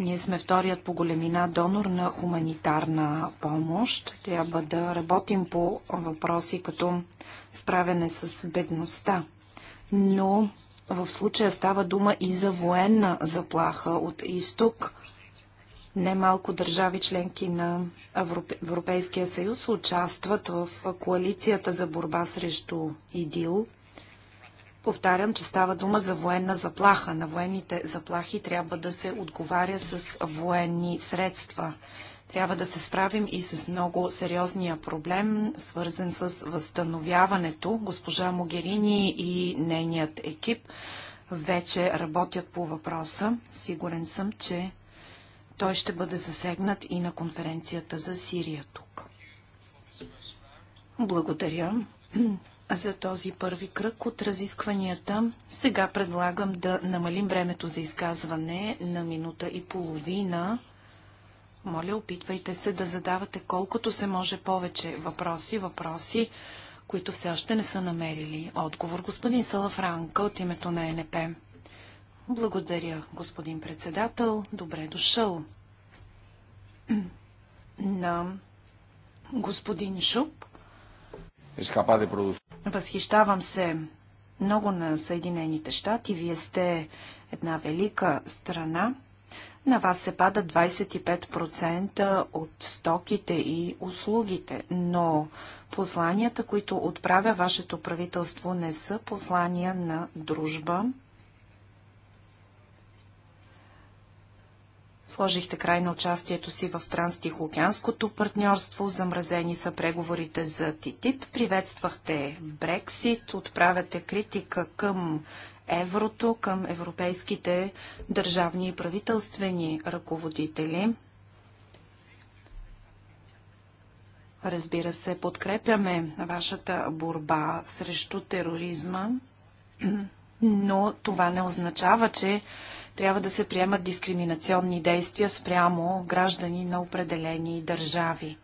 Ние сме вторият по големина донор на хуманитарна помощ. Трябва да работим по въпроси като справяне с бедността. Но в случая става дума и за военна заплаха от изток. Немалко държави членки на Европейския съюз участват в коалицията за борба срещу ИДИЛ. Повтарям, че става дума за военна заплаха. На военните заплахи трябва да се отговаря с военни средства. Трябва да се справим и с много сериозния проблем, свързан с възстановяването. Госпожа Могерини и нейният екип вече работят по въпроса. Сигурен съм, че той ще бъде засегнат и на конференцията за Сирия тук. Благодаря за този първи кръг от разискванията. Сега предлагам да намалим времето за изказване на минута и половина. Моля, опитвайте се да задавате колкото се може повече въпроси, въпроси, които все още не са намерили. Отговор господин Салафранка от името на НП. Благодаря, господин председател. Добре дошъл. На господин Шуп. Ескапа de producir. Възхищавам се много на Съединените щати. Вие сте една велика страна. На вас се пада 25% от стоките и услугите, но посланията, които отправя вашето правителство, не са послания на дружба, Сложихте край на участието си в Транстихоокеанското партньорство, замразени са преговорите за ТИТИП, приветствахте Брексит, отправяте критика към еврото, към европейските държавни и правителствени ръководители. Разбира се, подкрепяме вашата борба срещу тероризма, но това не означава, че трябва да се приемат дискриминационни действия спрямо граждани на определени държави.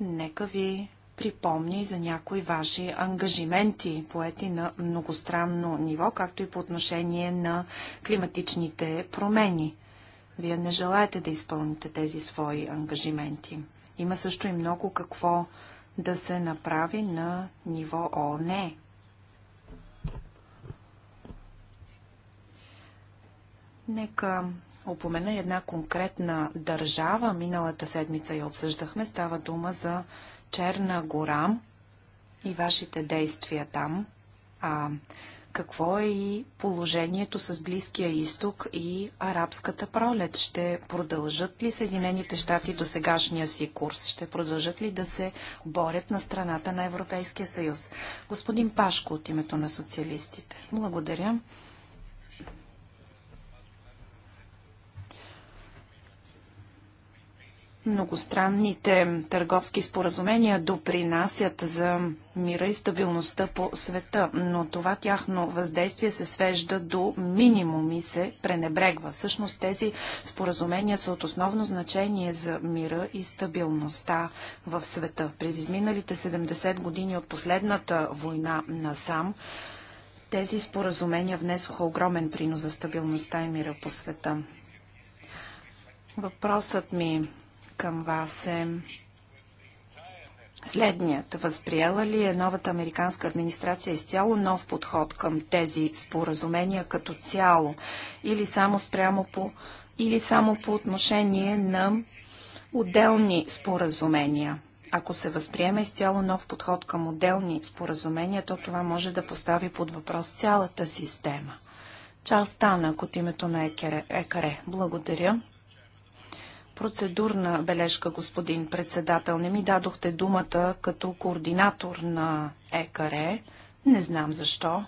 Нека ви припомня и за някои ваши ангажименти, поети на многостранно ниво, както и по отношение на климатичните промени. Вие не желаете да изпълните тези свои ангажименти. Има също и много какво да се направи на ниво ООН. Нека опомена една конкретна държава. Миналата седмица я обсъждахме. Става дума за Черна гора и вашите действия там. А какво е и положението с Близкия изток и арабската пролет? Ще продължат ли Съединените щати до сегашния си курс? Ще продължат ли да се борят на страната на Европейския съюз? Господин Пашко от името на социалистите. Благодаря. Многостранните търговски споразумения допринасят за мира и стабилността по света, но това тяхно въздействие се свежда до минимум и се пренебрегва. Всъщност тези споразумения са от основно значение за мира и стабилността в света. През изминалите 70 години от последната война насам, тези споразумения внесоха огромен принос за стабилността и мира по света. Въпросът ми към вас е следният. Възприела ли е новата американска администрация изцяло нов подход към тези споразумения като цяло или само, спрямо по, или само по отношение на отделни споразумения? Ако се възприеме изцяло нов подход към отделни споразумения, то това може да постави под въпрос цялата система. Чарлз Танък от името на Екаре. Благодаря. Процедурна бележка, господин председател. Не ми дадохте думата като координатор на ЕКАРЕ. Не знам защо.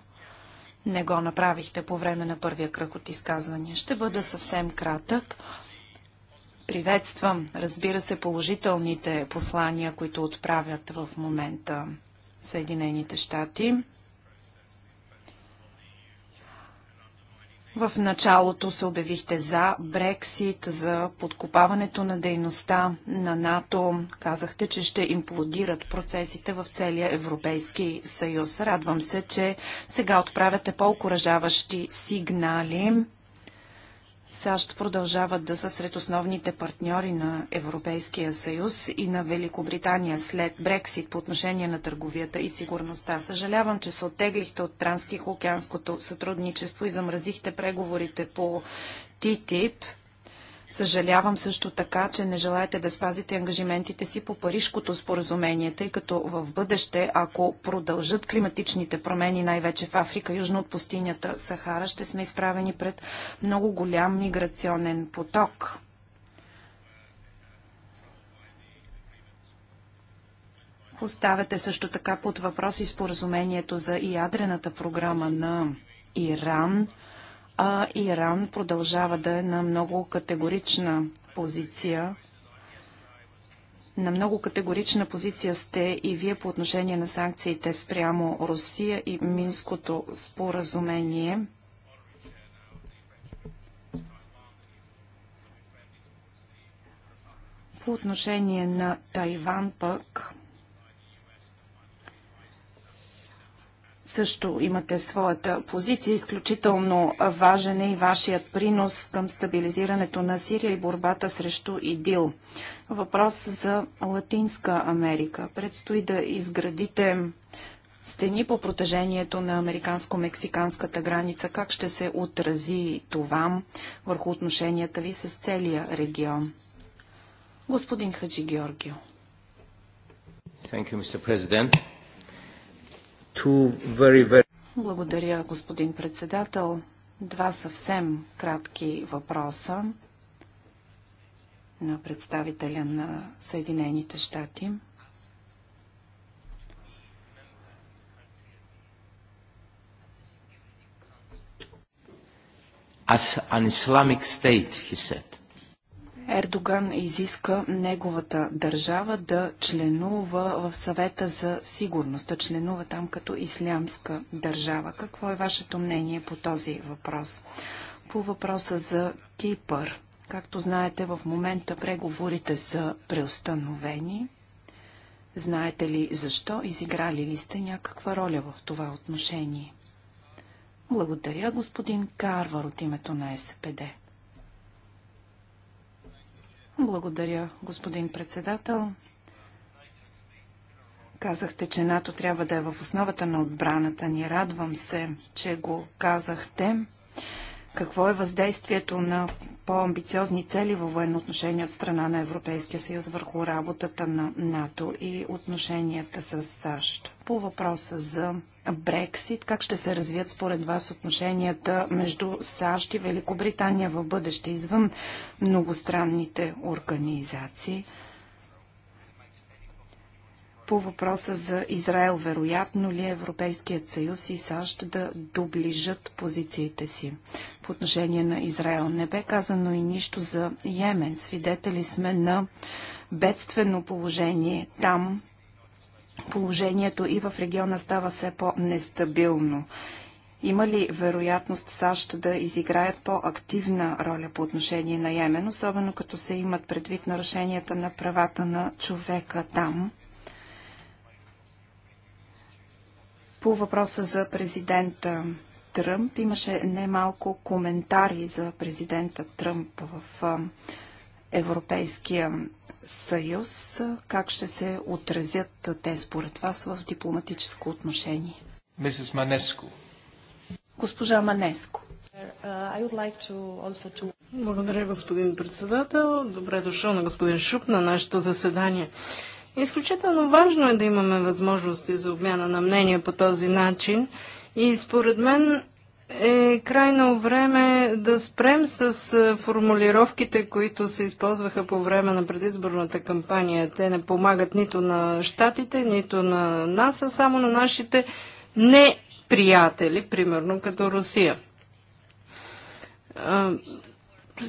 Не го направихте по време на първия кръг от изказвания. Ще бъда съвсем кратък. Приветствам, разбира се, положителните послания, които отправят в момента Съединените щати. В началото се обявихте за Брексит, за подкопаването на дейността на НАТО. Казахте, че ще имплодират процесите в целия Европейски съюз. Радвам се, че сега отправяте по-окоръжаващи сигнали САЩ продължават да са сред основните партньори на Европейския съюз и на Великобритания след Брексит по отношение на търговията и сигурността. Съжалявам, че се оттеглихте от Транскихокеанското сътрудничество и замразихте преговорите по ТТИП. Съжалявам също така, че не желаете да спазите ангажиментите си по Парижкото споразумение, тъй като в бъдеще, ако продължат климатичните промени, най-вече в Африка, южно от пустинята Сахара, ще сме изправени пред много голям миграционен поток. Поставяте също така под въпрос и споразумението за ядрената програма на Иран – а Иран продължава да е на много категорична позиция. На много категорична позиция сте и вие по отношение на санкциите спрямо Русия и Минското споразумение. По отношение на Тайван пък, също имате своята позиция. Изключително важен е и вашият принос към стабилизирането на Сирия и борбата срещу ИДИЛ. Въпрос за Латинска Америка. Предстои да изградите стени по протежението на американско-мексиканската граница. Как ще се отрази това върху отношенията ви с целия регион? Господин Хаджи Георгио.
Thank you, Mr. President.
Благодаря, господин председател. Два съвсем кратки въпроса на представителя на Съединените щати.
As an Islamic state, he said.
Ердоган изиска неговата държава да членува в съвета за сигурност, да членува там като ислямска държава. Какво е вашето мнение по този въпрос? По въпроса за Кипър. Както знаете, в момента преговорите са преустановени. Знаете ли защо? Изиграли ли сте някаква роля в това отношение? Благодаря, господин Карвар, от името на СПД. Благодаря, господин председател. Казахте, че НАТО трябва да е в основата на отбраната ни. Радвам се, че го казахте. Какво е въздействието на по-амбициозни цели във военно отношение от страна на Европейския съюз върху работата на НАТО и отношенията с САЩ. По въпроса за Брексит, как ще се развият според вас отношенията между САЩ и Великобритания в бъдеще извън многостранните организации? По въпроса за Израел, вероятно ли Европейският съюз и САЩ да доближат позициите си по отношение на Израел? Не бе казано и нищо за Йемен. Свидетели сме на бедствено положение там. Положението и в региона става все по-нестабилно. Има ли вероятност САЩ да изиграят по-активна роля по отношение на Йемен, особено като се имат предвид нарушенията на правата на човека там? По въпроса за президента Тръмп имаше немалко коментари за президента Тръмп в Европейския съюз. Как ще се отразят те според вас в дипломатическо отношение? Мисис Манеско. Госпожа Манеско. Uh, Благодаря, господин председател.
Добре дошъл на господин Шуп на нашето заседание. Изключително важно е да имаме възможности за обмяна на мнения по този начин и според мен е крайно време да спрем с формулировките, които се използваха по време на предизборната кампания. Те не помагат нито на щатите, нито на нас, а само на нашите неприятели, примерно като Русия.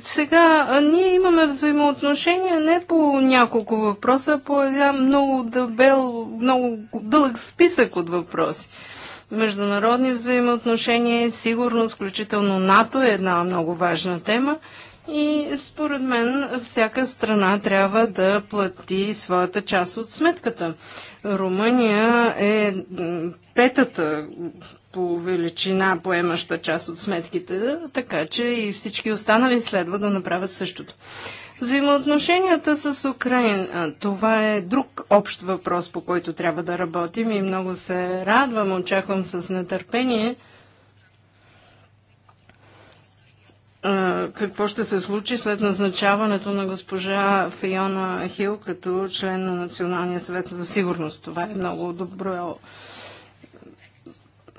Сега, ние имаме взаимоотношения не по няколко въпроса, а по един много дъбел, много дълъг списък от въпроси. Международни взаимоотношения, сигурност, включително НАТО е една много важна тема. И според мен всяка страна трябва да плати своята част от сметката. Румъния е петата по величина, поемаща част от сметките, така че и всички останали следва да направят същото. Взаимоотношенията с Украина, това е друг общ въпрос, по който трябва да работим и много се радвам, очаквам с нетърпение какво ще се случи след назначаването на госпожа Фиона Хил като член на Националния съвет за сигурност. Това е много добро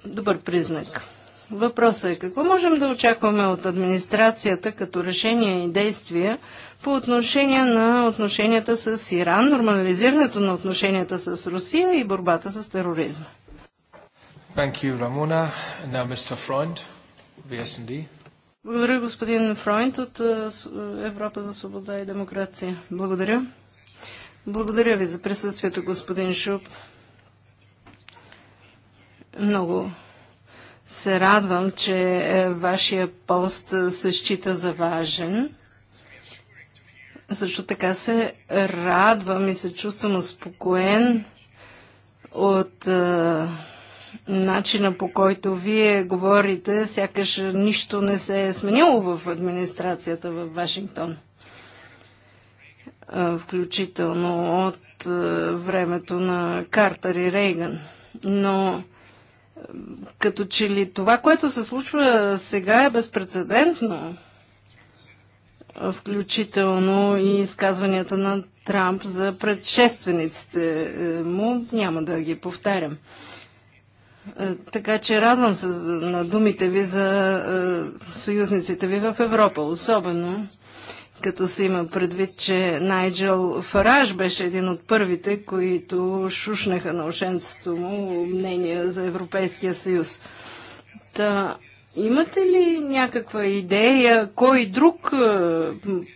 добър признак. Въпросът е какво можем да очакваме от администрацията като решения и действия по отношение на отношенията с Иран, нормализирането на отношенията с Русия и борбата с тероризма.
Thank you, Ramona. now Mr. Freund, VSD.
Благодаря, господин Фройнт от Европа за свобода и демокрация. Благодаря. Благодаря ви за присъствието, господин Шуп. Много се радвам, че е, вашия пост е, се счита за важен. Също така се радвам и се чувствам успокоен от е, начина по който вие говорите, сякаш нищо не се е сменило в администрацията в Вашингтон. Е, включително от е, времето на Картер и Рейган. Но е, като че ли това, което се случва сега е безпредседентно, включително и изказванията на Трамп за предшествениците е, му, няма да ги повтарям. Е, така че радвам се на думите ви за е, съюзниците ви в Европа, особено като се има предвид, че Найджел Фараж беше един от първите, които шушнаха на ушенцето му мнение за Европейския съюз. Та, имате ли някаква идея, кой друг е,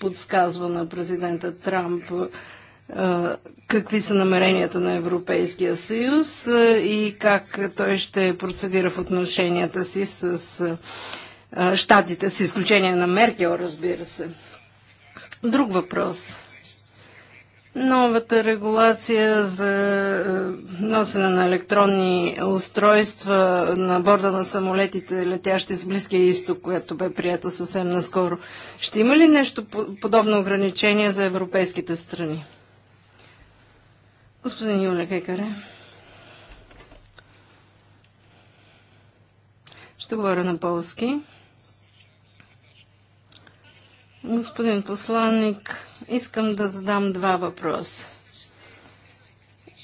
подсказва на президента Трамп е, какви са намеренията на Европейския съюз е, и как той ще процедира в отношенията си с щатите, с изключение на Меркел, разбира се? друг въпрос. Новата регулация за е, носене на електронни устройства на борда на самолетите, летящи с Близкия изток, което бе прието съвсем наскоро, ще има ли нещо подобно ограничение за европейските страни? Господин Юля Кекаре. Ще говоря на полски. Господин посланник, искам да задам два въпроса.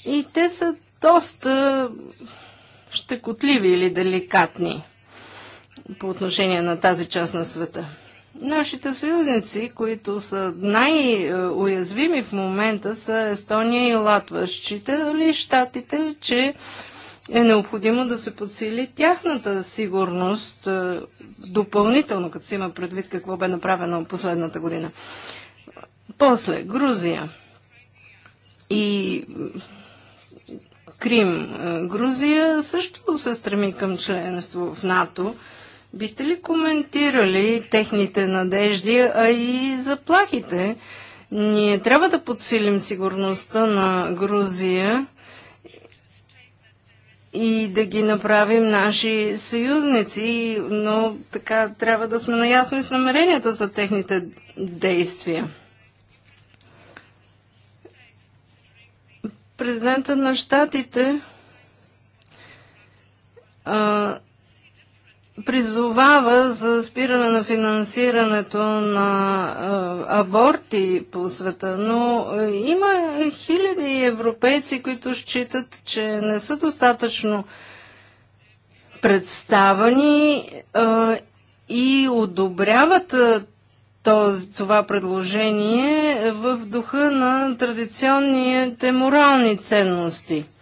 И те са доста щекотливи или деликатни по отношение на тази част на света. Нашите съюзници, които са най-уязвими в момента, са Естония и Латва. считали щатите, че е необходимо да се подсили тяхната сигурност е, допълнително, като се има предвид какво бе направено последната година. После, Грузия и Крим. Е, Грузия също се стреми към членство в НАТО. Бите ли коментирали техните надежди, а и заплахите? Ние трябва да подсилим сигурността на Грузия и да ги направим наши съюзници, но така трябва да сме наясно и с намеренията за техните действия. Президента на щатите а, призовава за спиране на финансирането на аборти по света, но има хиляди европейци, които считат, че не са достатъчно представени и одобряват това предложение в духа на традиционните морални ценности –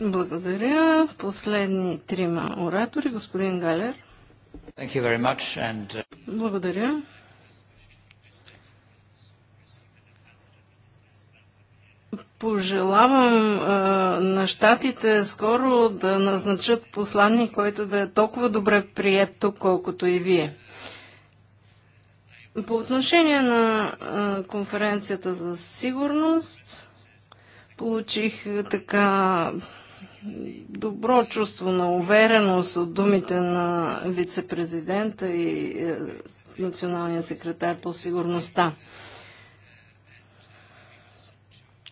Благодаря. Последни трима оратори. Господин Галер.
Thank you very much and... Uh,
Благодаря. Пожелавам а, на щатите скоро да назначат посланник, който да е толкова добре прият тук, колкото и вие. По отношение на а, конференцията за сигурност, получих така добро чувство на увереност от думите на вице-президента и е, националния секретар по сигурността.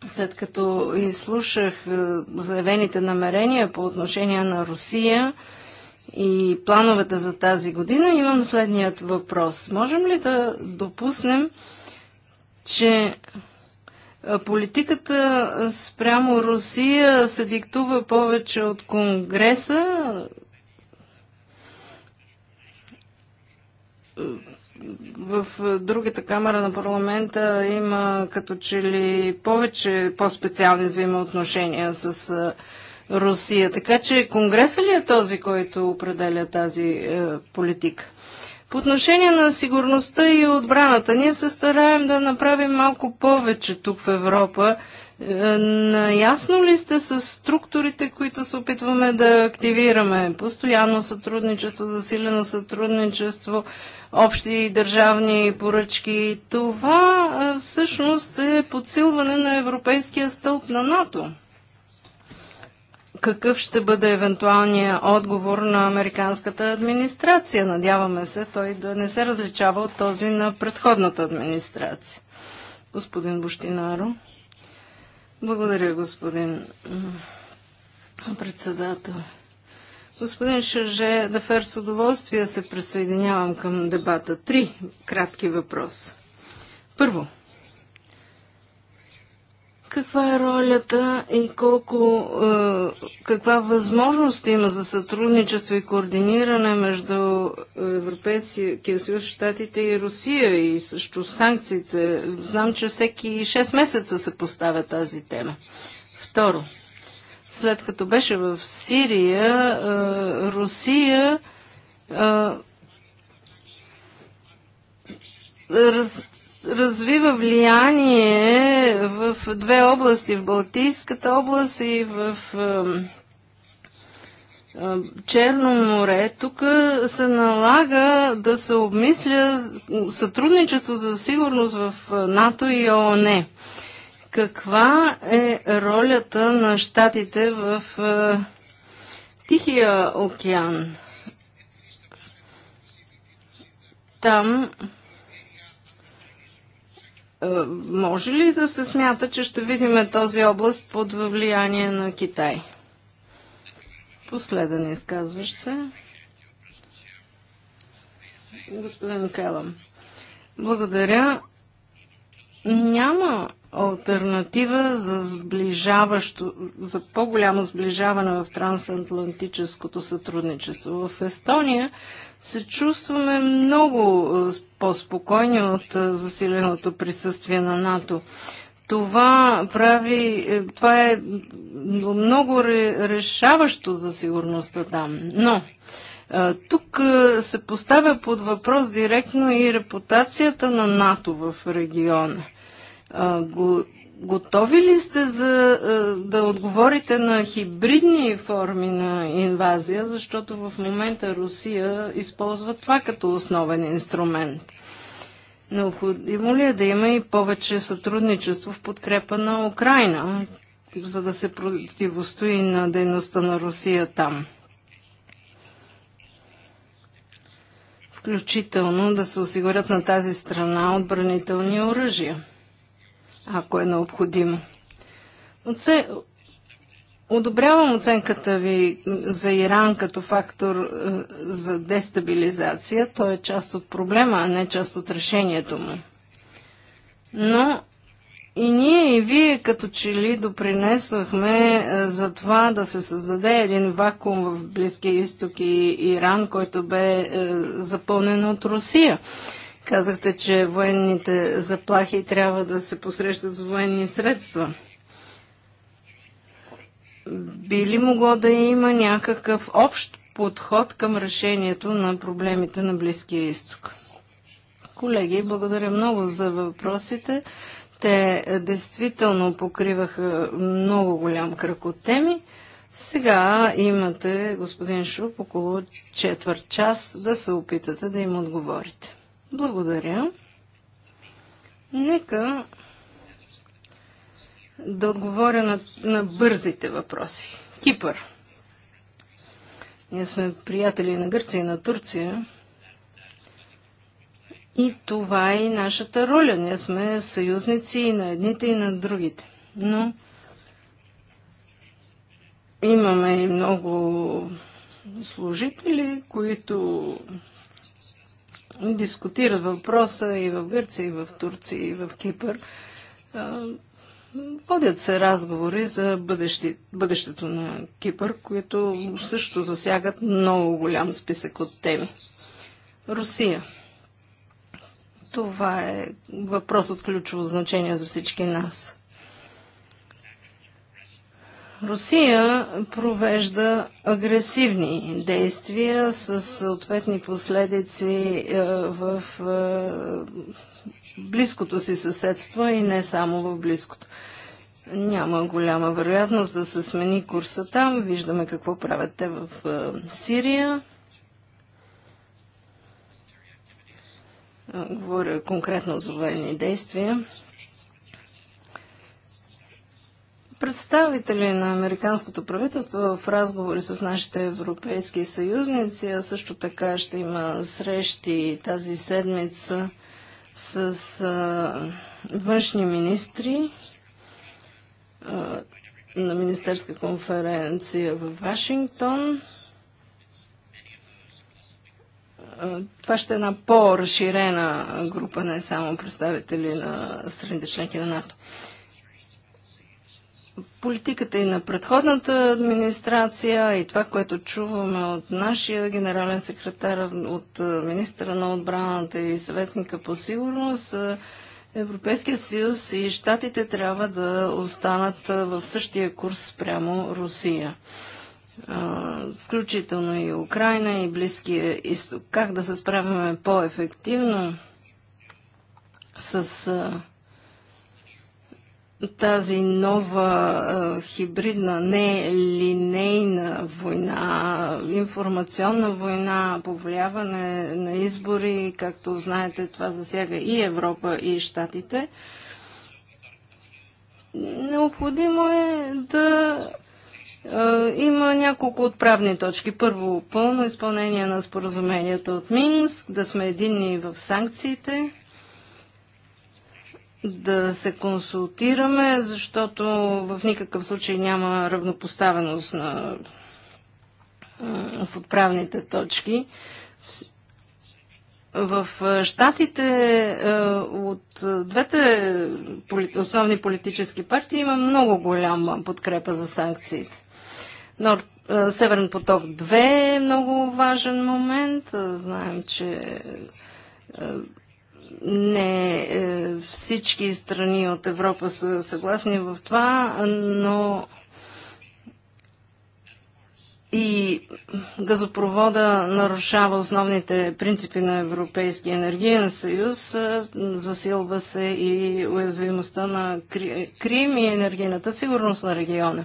След като изслушах е, заявените намерения по отношение на Русия и плановете за тази година, имам следният въпрос. Можем ли да допуснем, че Политиката спрямо Русия се диктува повече от Конгреса. В другата камера на парламента има като че ли повече по-специални взаимоотношения с Русия. Така че Конгреса ли е този, който определя тази политика? По отношение на сигурността и отбраната, ние се стараем да направим малко повече тук в Европа. Е, наясно ли сте с структурите, които се опитваме да активираме? Постоянно сътрудничество, засилено сътрудничество, общи държавни поръчки. Това е, всъщност е подсилване на европейския стълб на НАТО какъв ще бъде евентуалният отговор на американската администрация. Надяваме се той да не се различава от този на предходната администрация. Господин Буштинаро. Благодаря, господин председател. Господин Шарже Дафер, с удоволствие се присъединявам към дебата. Три кратки въпроса. Първо, каква е ролята и колко, е, каква възможност има за сътрудничество и координиране между Европейския съюз, Штатите и Русия и също санкциите? Знам, че всеки 6 месеца се поставя тази тема. Второ, след като беше в Сирия, е, Русия е, раз, развива влияние в две области, в Балтийската област и в Черно море, тук се налага да се обмисля сътрудничество за сигурност в НАТО и ООН. Каква е ролята на щатите в Тихия океан? Там е, може ли да се смята, че ще видим този област под влияние на Китай? Последен изказваш се. Господин Келам. Благодаря. Няма альтернатива за сближаващо, за по-голямо сближаване в трансатлантическото сътрудничество. В Естония се чувстваме много е, по-спокойни от е, засиленото присъствие на НАТО. Това прави, е, това е много решаващо за сигурността там. Но тук се поставя под въпрос директно и репутацията на НАТО в региона. Готови ли сте за, е, да отговорите на хибридни форми на инвазия, защото в момента Русия използва това като основен инструмент? Необходимо ли е да има и повече сътрудничество в подкрепа на Украина, за да се противостои на дейността на Русия там? Включително да се осигурят на тази страна отбранителни оръжия ако е необходимо. Оце... Одобрявам оценката ви за Иран като фактор е, за дестабилизация. Той е част от проблема, а не част от решението му. Но и ние и вие като че ли допринесохме е, за това да се създаде един вакуум в Близкия изток и Иран, който бе е, запълнен от Русия. Казахте, че военните заплахи трябва да се посрещат с военни средства. Би ли могло да има някакъв общ подход към решението на проблемите на Близкия изток? Колеги, благодаря много за въпросите. Те действително покриваха много голям кръг от теми. Сега имате, господин Шуп, около четвърт час да се опитате да им отговорите. Благодаря. Нека да отговоря на, на бързите въпроси. Кипър. Ние сме приятели на Гърция и на Турция. И това е и нашата роля. Ние сме съюзници и на едните, и на другите. Но имаме и много служители, които дискутират въпроса и в Гърция, и в Турция, и в Кипър. Водят се разговори за бъдещи, бъдещето на Кипър, които също засягат много голям списък от теми. Русия. Това е въпрос от ключово значение за всички нас. Русия провежда агресивни действия с съответни последици е, в е, близкото си съседство и не само в близкото. Няма голяма вероятност да се смени курса там. Виждаме какво правят те в е, Сирия. Говоря конкретно за военни действия. представители на американското правителство в разговори с нашите европейски съюзници, а също така ще има срещи тази седмица с а, външни министри а, на министерска конференция в Вашингтон. това ще е една по-разширена група, не само представители на страните членки на НАТО политиката и на предходната администрация и това, което чуваме от нашия генерален секретар, от министра на отбраната и съветника по сигурност, Европейския съюз и щатите трябва да останат в същия курс спрямо Русия. Включително и Украина и Близкия изток. Как да се справяме по-ефективно с тази нова хибридна, не линейна война, информационна война, повлияване на избори, както знаете, това засяга и Европа, и Штатите. Необходимо е да има няколко отправни точки. Първо, пълно изпълнение на споразумението от Минск, да сме единни в санкциите, да се консултираме, защото в никакъв случай няма равнопоставеност на, в отправните точки. В щатите от двете основни политически партии има много голяма подкрепа за санкциите. Северен поток 2 е много важен момент. Знаем, че не е, всички страни от Европа са съгласни в това, но и газопровода нарушава основните принципи на Европейския енергиен съюз, е, засилва се и уязвимостта на Крим и енергийната сигурност на региона.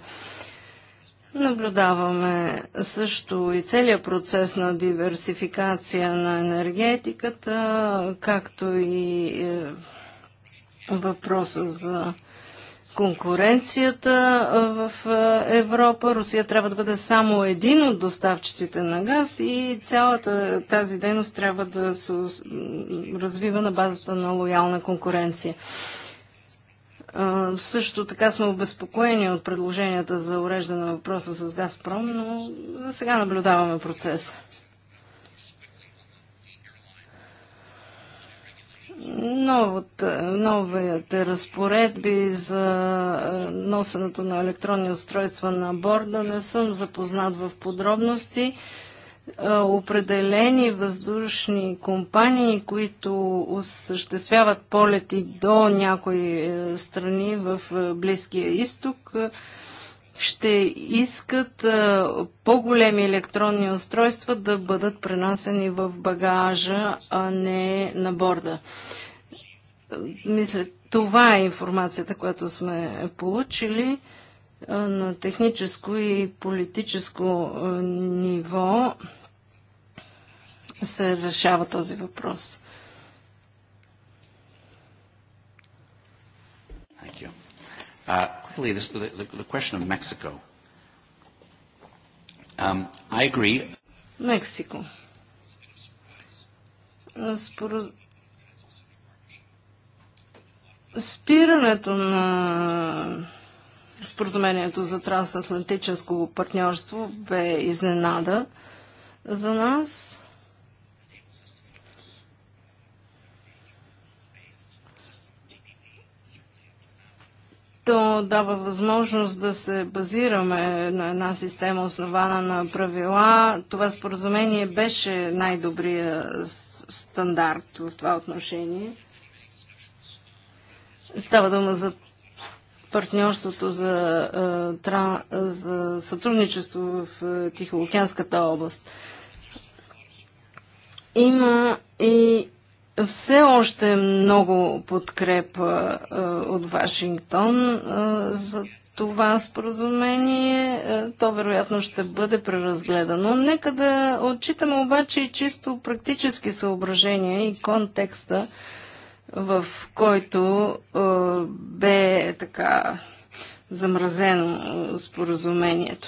Наблюдаваме също и целият процес на диверсификация на енергетиката, както и е, въпроса за конкуренцията е, в е, Европа. Русия трябва да бъде само един от доставчиците на газ и цялата тази дейност трябва да се развива на базата на лоялна конкуренция. Също така сме обезпокоени от предложенията за уреждане на въпроса с Газпром, но за сега наблюдаваме процеса. Е, новите разпоредби за е, носенето на електронни устройства на борда. Не съм запознат в подробности определени въздушни компании, които осъществяват полети до някои е, страни в е, Близкия изток, е, ще искат по-големи електронни устройства да бъдат пренасени в багажа, а не на борда. Мисля, това е информацията, която сме получили на техническо и политическо ниво се решава този въпрос.
Thank you. Uh, quickly, this, the, the question of Mexico. Um, I agree.
Мексико. спирането на споразумението за трансатлантическо партньорство бе изненада за нас. То дава възможност да се базираме на една система основана на правила. Това споразумение беше най-добрия стандарт в това отношение. Става дума за партньорството за, е, за сътрудничество в е, Тихоокеанската област. Има и все още много подкрепа е, от Вашингтон за това споразумение, то вероятно ще бъде преразгледано. Нека да отчитаме обаче и чисто практически съображения и контекста в който е, бе така замразено е, споразумението.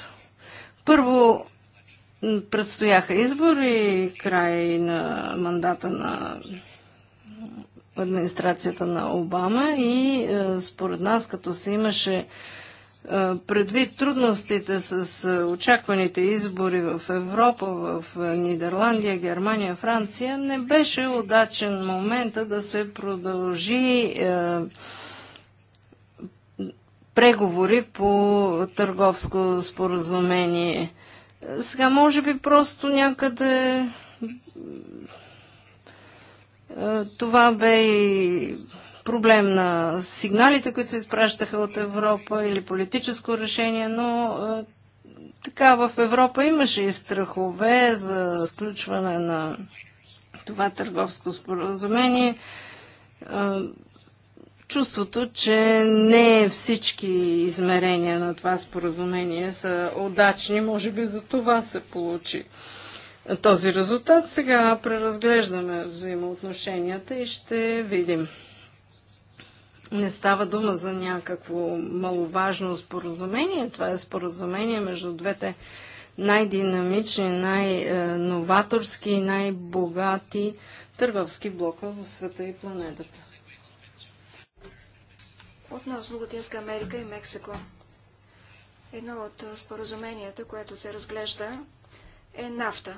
Първо предстояха избори край на мандата на администрацията на Обама и е, според нас, като се имаше Предвид трудностите с очакваните избори в Европа, в Нидерландия, Германия, Франция, не беше удачен момента да се продължи преговори по търговско споразумение. Сега може би просто някъде това бе и проблем на сигналите, които се изпращаха от Европа или политическо решение, но е, така в Европа имаше и страхове за сключване на това търговско споразумение. Е, чувството, че не всички измерения на това споразумение са удачни, може би за това се получи този резултат. Сега преразглеждаме взаимоотношенията и ще видим не става дума за някакво маловажно споразумение. Това е споразумение между двете най-динамични, най-новаторски и най-богати търговски блока в света и планетата.
Относно Латинска Америка и Мексико. Едно от споразуменията, което се разглежда, е нафта.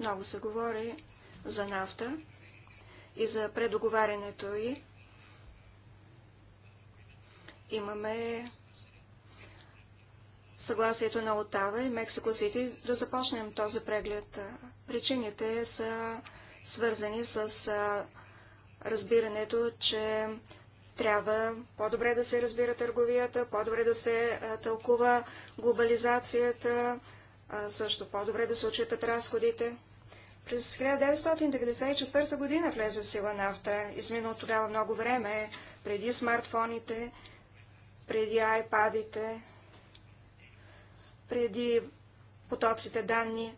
Много се говори за нафта и за предоговарянето й имаме съгласието на Отава и Мексико Сити да започнем този преглед. Причините са свързани с разбирането, че трябва по-добре да се разбира търговията, по-добре да се тълкува глобализацията, също по-добре да се отчитат разходите. През 1994 година влезе сила нафта. Измина от тогава много време, преди смартфоните, преди айпадите, преди потоците данни,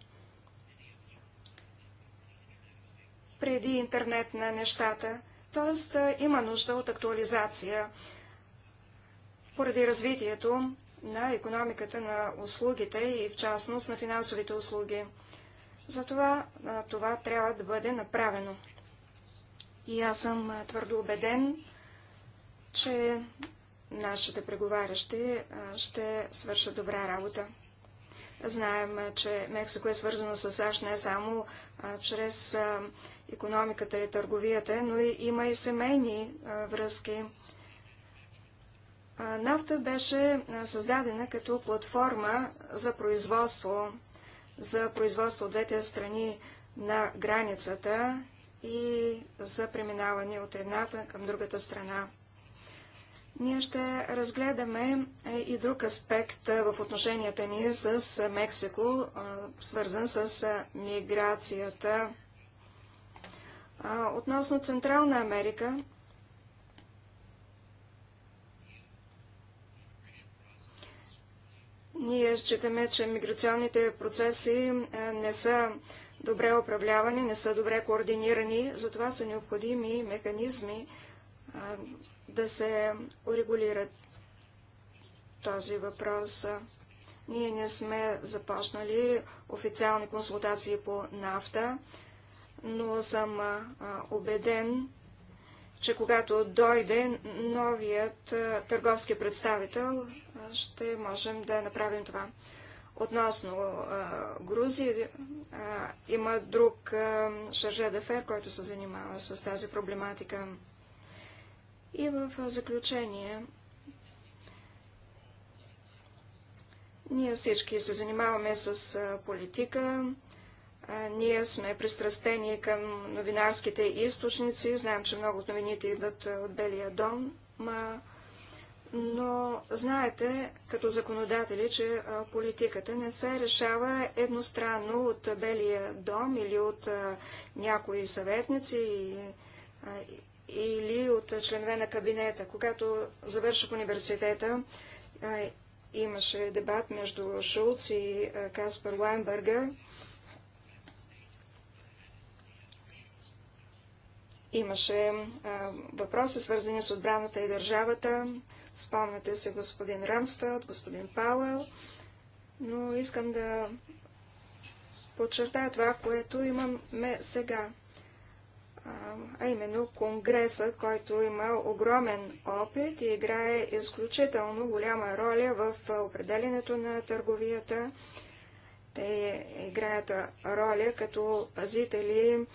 преди интернет на нещата. т.е. има нужда от актуализация поради развитието на економиката на услугите и в частност на финансовите услуги. Затова това трябва да бъде направено. И аз съм твърдо убеден, че нашите преговарящи ще свършат добра работа. Знаем, че Мексико е свързано с САЩ не само чрез економиката и търговията, но и, има и семейни връзки. Нафта беше създадена като платформа за производство, за производство от двете страни на границата и за преминаване от едната към другата страна. Ние ще разгледаме е, и друг аспект е, в отношенията ни с е, Мексико, свързан с миграцията. Относно Централна Америка, Ние считаме, че миграционните процеси не са добре управлявани, не са добре координирани, затова са необходими механизми, да се урегулират този въпрос. Ние не сме започнали официални консултации по нафта, но съм убеден, че когато дойде новият търговски представител, ще можем да направим това. Относно Грузия, има друг а, Шарже Дефер, който се занимава с тази проблематика. И в заключение, ние всички се занимаваме с политика, ние сме пристрастени към новинарските източници, знаем, че много от новините идват от Белия дом, но знаете, като законодатели, че политиката не се решава едностранно от Белия дом или от някои съветници или от членове на кабинета. Когато завърших университета, имаше дебат между Шулц и Каспар Лайнбърга. Имаше въпроси, свързани с отбраната и държавата. Спомняте се господин Рамсфелд, господин Пауел, но искам да подчертая това, което имаме сега а именно Конгреса, който има огромен опит и играе изключително голяма роля в определенето на търговията. Те играят роля като пазители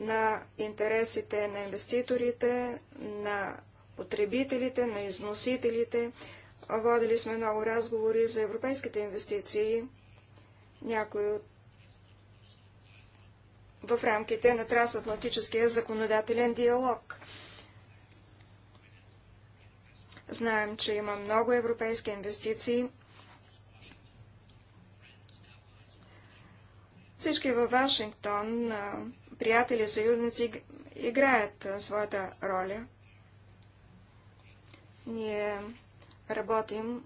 на интересите на инвеститорите, на потребителите, на износителите. Водили сме много разговори за европейските инвестиции. Някои от в рамките на трансатлантическия законодателен диалог. Знаем, че има много европейски инвестиции. Всички във Вашингтон, приятели, съюзници, играят своята роля. Ние работим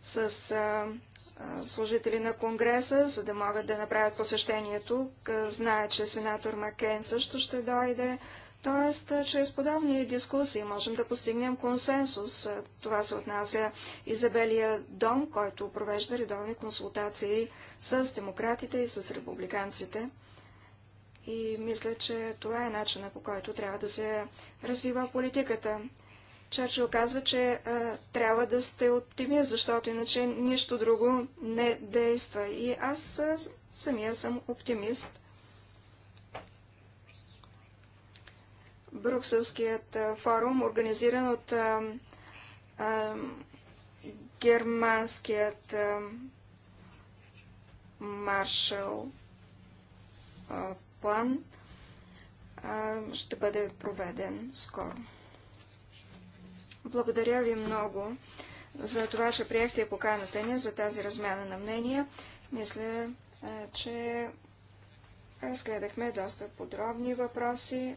с служители на Конгреса, за да могат да направят посещението, Знае, че сенатор Макен също ще дойде. Тоест, чрез подобни дискусии можем да постигнем консенсус. Това се отнася и за Белия дом, който провежда редовни консултации с демократите и с републиканците. И мисля, че това е начина по който трябва да се развива политиката. Чърчил казва, че а, трябва да сте оптимист, защото иначе нищо друго не действа. И аз а, самия съм оптимист. Брукселският а, форум, организиран от а, а, германският а, маршал а, план, а, ще бъде проведен скоро. Благодаря ви много за това, че приехте поканата ни за тази размяна на мнения. Мисля, че разгледахме доста подробни въпроси,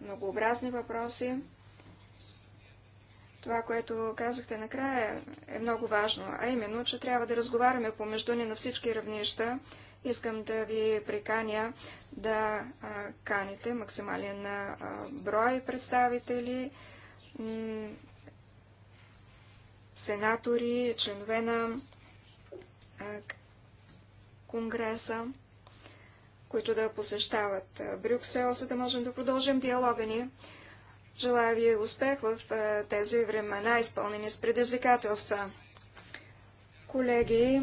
многообразни въпроси. Това, което казахте накрая, е много важно, а именно, че трябва да разговаряме помежду ни на всички равнища. Искам да ви приканя да каните максимален брой представители сенатори, членове на Конгреса, които да посещават Брюксел, за да можем да продължим диалога ни. Желая ви успех в тези времена, изпълнени с предизвикателства. Колеги,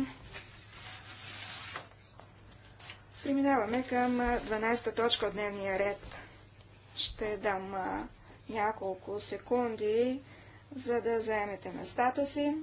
преминаваме към 12-та точка от дневния ред. Ще дам няколко секунди за да заемете местата си.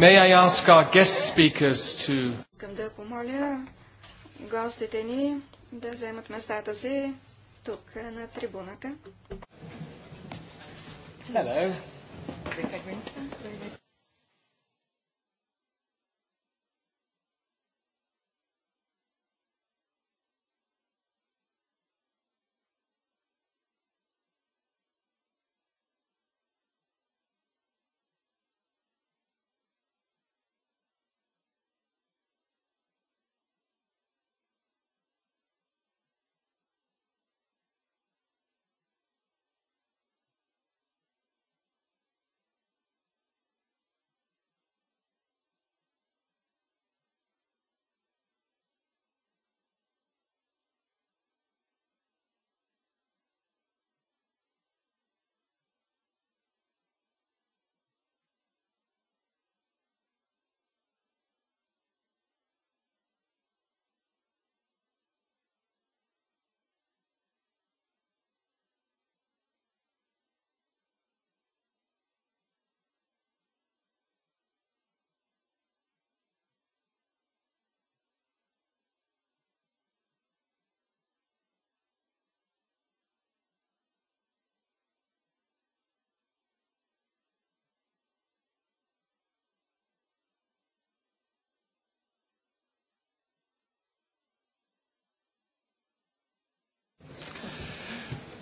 May I ask our guest speakers to...
Искам да помоля гостите ни да вземат местата си тук на трибуната.
Hello.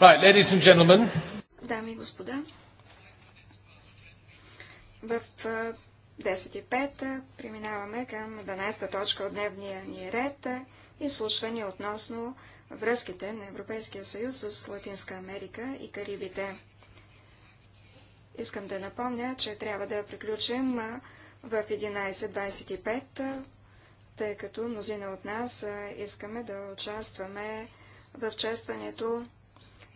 Right, ladies and gentlemen.
Дами и господа, в 10.05 преминаваме към 12-та точка от дневния ни ред изслушване относно връзките на Европейския съюз с Латинска Америка и Карибите. Искам да напомня, че трябва да приключим в 11.25, тъй като мнозина от нас искаме да участваме в честването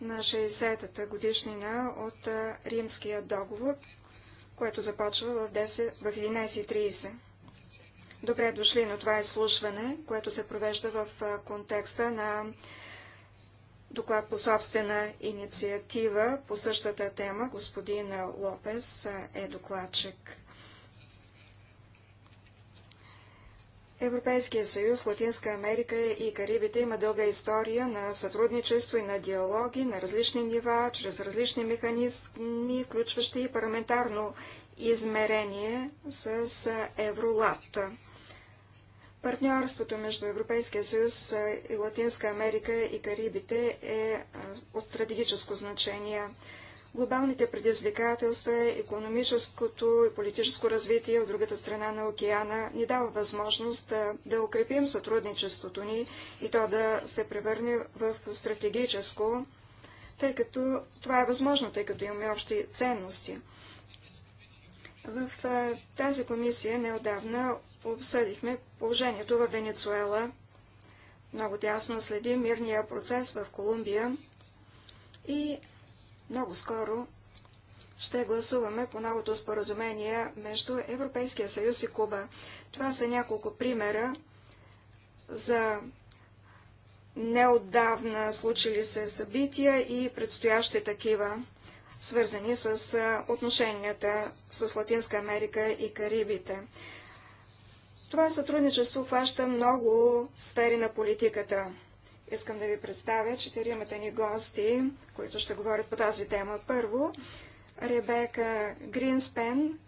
на 60-та годишнина от Римския договор, което започва в, 10, в 11.30. Добре дошли на това изслушване, което се провежда в контекста на доклад по собствена инициатива по същата тема. Господин Лопес е докладчик. Европейския съюз, Латинска Америка и Карибите има дълга история на сътрудничество и на диалоги на различни нива, чрез различни механизми, включващи и парламентарно измерение с Евролат. Партньорството между Европейския съюз и Латинска Америка и Карибите е от стратегическо значение глобалните предизвикателства, економическото и политическо развитие от другата страна на океана ни дава възможност да, да укрепим сътрудничеството ни и то да се превърне в стратегическо, тъй като това е възможно, тъй като имаме общи ценности. В а, тази комисия неодавна обсъдихме положението в Венецуела. Много тясно следи мирния процес в Колумбия и много скоро ще гласуваме по новото споразумение между Европейския съюз и Куба. Това са няколко примера за неотдавна случили се събития и предстоящи такива, свързани с отношенията с Латинска Америка и Карибите. Това сътрудничество хваща много сфери на политиката. Искам да ви представя четиримата ни гости, които ще говорят по тази тема. Първо, Ребека Гринспен,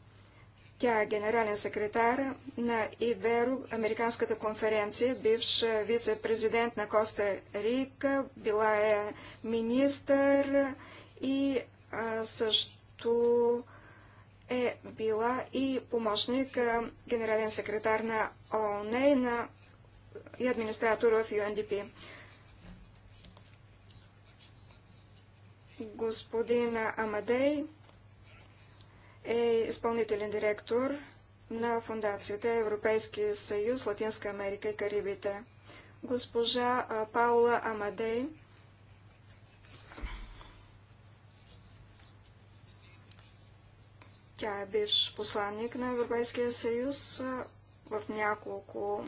тя е генерален секретар на Иберо, Американската конференция, бивш вице-президент на Коста Рика, била е министър и а, също е била и помощник а, генерален секретар на ООН и на и администратор в UNDP. Господин Амадей е изпълнителен директор на Фундацията Европейски съюз, Латинска Америка и Карибите. Госпожа Паула Амадей Тя е бивш посланник на Европейския съюз в няколко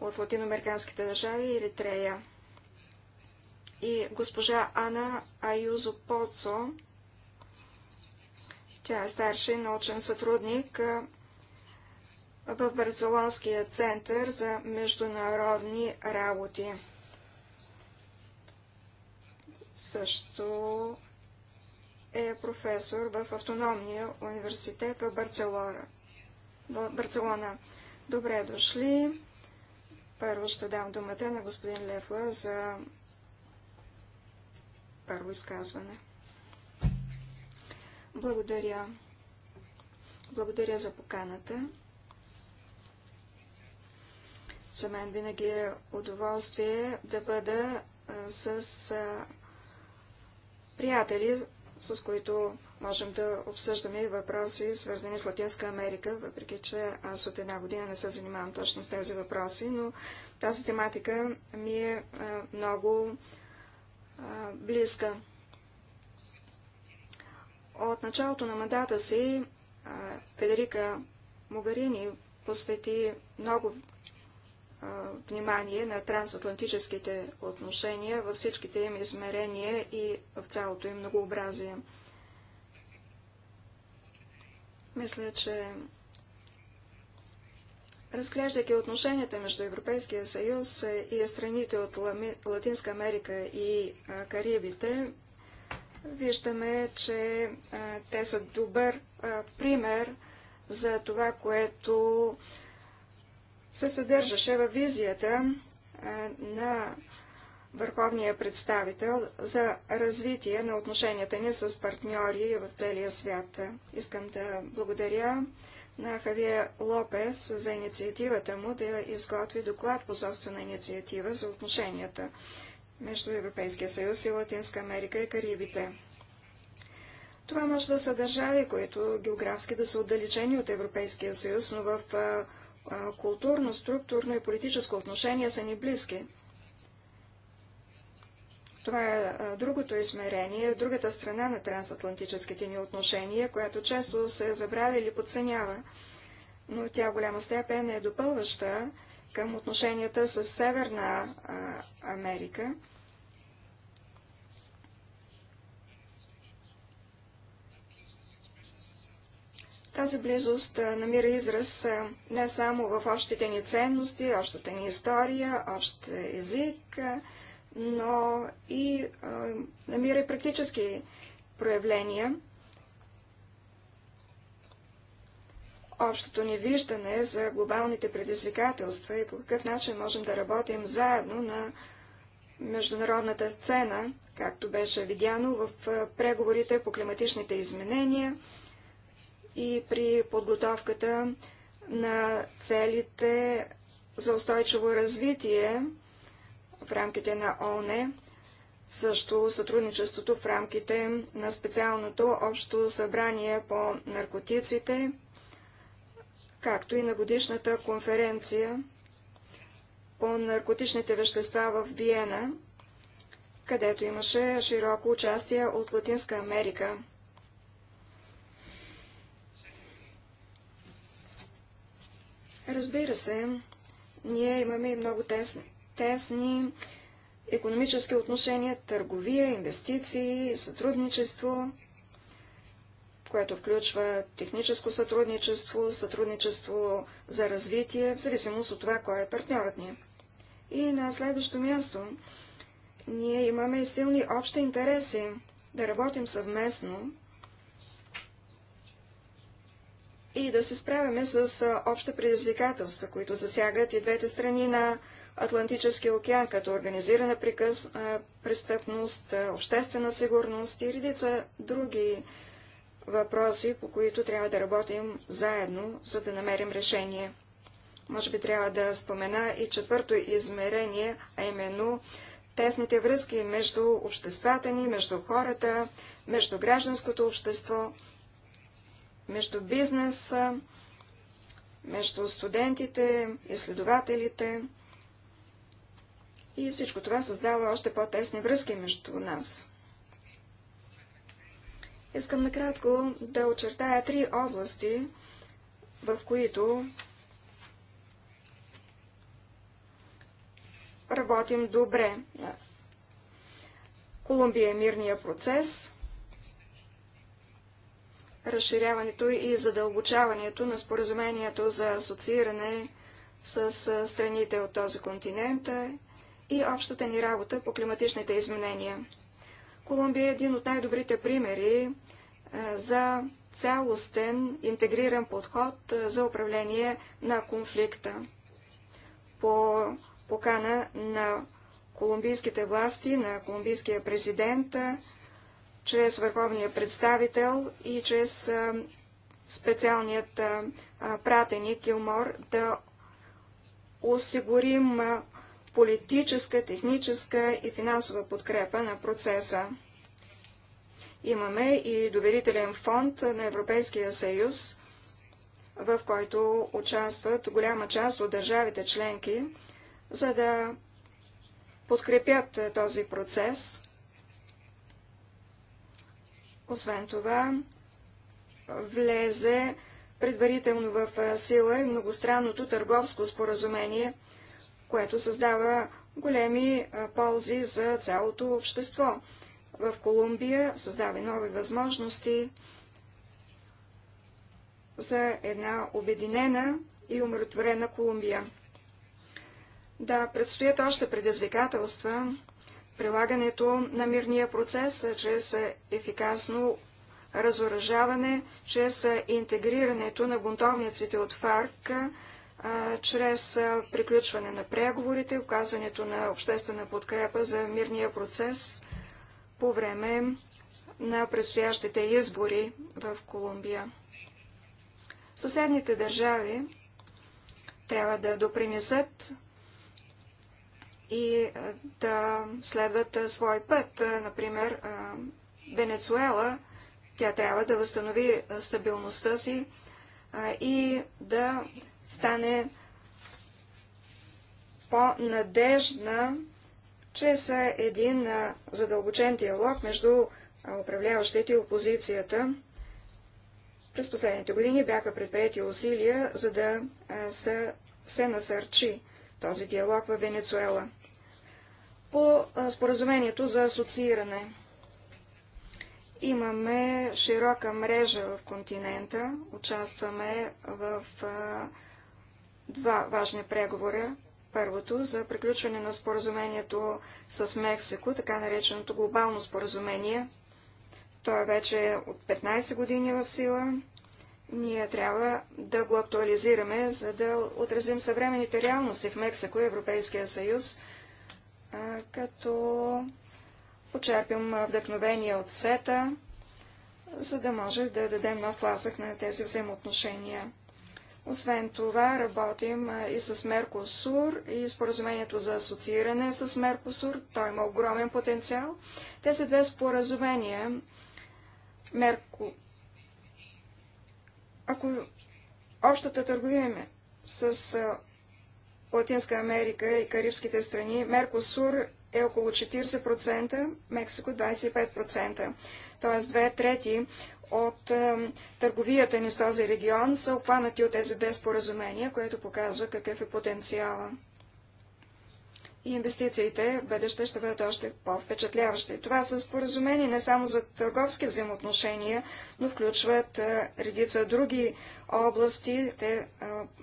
от латиноамериканските държави и Еритрея и госпожа Ана Аюзо Поцо. Тя е старши научен сътрудник в Барселонския център за международни работи. Също е професор в Автономния университет в Барселона. Барселона. Добре дошли. Първо ще дам думата на господин Лефла за първо изказване. Благодаря. Благодаря за поканата. За мен винаги е удоволствие да бъда с приятели, с които можем да обсъждаме въпроси, свързани с Латинска Америка, въпреки че аз от една година не се занимавам точно с тези въпроси, но тази тематика ми е много близка. От началото на мандата си Федерика Могарини посвети много внимание на трансатлантическите отношения във всичките им измерения и в цялото им многообразие. Мисля, че разглеждайки отношенията между Европейския съюз и страните от Латинска Америка и Карибите, виждаме, че те са добър пример за това, което се съдържаше във визията на върховния представител за развитие на отношенията ни с партньори в целия свят. Искам да благодаря на Хавие Лопес за инициативата му да изготви доклад по собствена инициатива за отношенията между Европейския съюз и Латинска Америка и Карибите. Това може да са държави, които географски да са отдалечени от Европейския съюз, но в а, а, културно, структурно и политическо отношение са ни близки. Това е другото измерение, другата страна на трансатлантическите ни отношения, която често се забравя или подценява, но тя в голяма степен е допълваща към отношенията с Северна Америка. Тази близост намира израз не само в общите ни ценности, общата ни история, общ език, но и а, намира и практически проявления. Общото ни виждане за глобалните предизвикателства и по какъв начин можем да работим заедно на международната сцена, както беше видяно в преговорите по климатичните изменения и при подготовката на целите за устойчиво развитие в рамките на ООН, също сътрудничеството в рамките на специалното общо събрание по наркотиците, както и на годишната конференция по наркотичните вещества в Виена, където имаше широко участие от Латинска Америка. Разбира се, ние имаме и много тесни тесни економически отношения, търговия, инвестиции, сътрудничество, което включва техническо сътрудничество, сътрудничество за развитие, в зависимост от това, кой е партньорът ни. И на следващо място, ние имаме и силни общи интереси да работим съвместно и да се справяме с общи предизвикателства, които засягат и двете страни на Атлантическия океан, като организирана приказ, престъпност, обществена сигурност и редица други въпроси, по които трябва да работим заедно, за да намерим решение. Може би трябва да спомена и четвърто измерение, а именно тесните връзки между обществата ни, между хората, между гражданското общество, между бизнеса, между студентите, изследователите. И всичко това създава още по-тесни връзки между нас. Искам накратко да очертая три области, в които работим добре. Колумбия е мирния процес, разширяването и задълбочаването на споразумението за асоцииране с страните от този континент е и общата ни работа по климатичните изменения. Колумбия е един от най-добрите примери е, за цялостен интегриран подход е, за управление на конфликта. По покана на колумбийските власти, на колумбийския президент, е, чрез върховния представител и чрез специалният пратеник Килмор да осигурим политическа, техническа и финансова подкрепа на процеса. Имаме и доверителен фонд на Европейския съюз, в който участват голяма част от държавите членки, за да подкрепят този процес. Освен това, влезе предварително в сила и многостранното търговско споразумение което създава големи ползи за цялото общество. В Колумбия създава нови възможности за една обединена и умиротворена Колумбия. Да, предстоят още предизвикателства. Прилагането на мирния процес чрез ефикасно разоръжаване, чрез интегрирането на бунтовниците от ФАРК чрез приключване на преговорите, оказването на обществена подкрепа за мирния процес по време на предстоящите избори в Колумбия. Съседните държави трябва да допринесат и да следват свой път. Например, Венецуела, тя трябва да възстанови стабилността си и да стане по-надежна чрез един задълбочен диалог между управляващите и опозицията. През последните години бяха предприяти усилия, за да се, се насърчи този диалог в Венецуела. По споразумението за асоцииране имаме широка мрежа в континента, участваме в а, два важни преговора. Първото за приключване на споразумението с Мексико, така нареченото глобално споразумение. То е вече от 15 години в сила. Ние трябва да го актуализираме, за да отразим съвременните реалности в Мексико и Европейския съюз, като почерпим вдъхновение от сета, за да може да дадем нов ласък на тези взаимоотношения. Освен това, работим и с Меркосур и споразумението за асоцииране с Меркосур. Той има огромен потенциал. Тези две споразумения, Мерко... Ако общата търговия е с Латинска Америка и Карибските страни, Меркосур е около 40%, Мексико 25% т.е. две трети от търговията ни с този регион са обхванати от тези две споразумения, което показва какъв е потенциала. И инвестициите в бъдеще ще бъдат още по-впечатляващи. Това са споразумения не само за търговски взаимоотношения, но включват е, редица други области. Те е,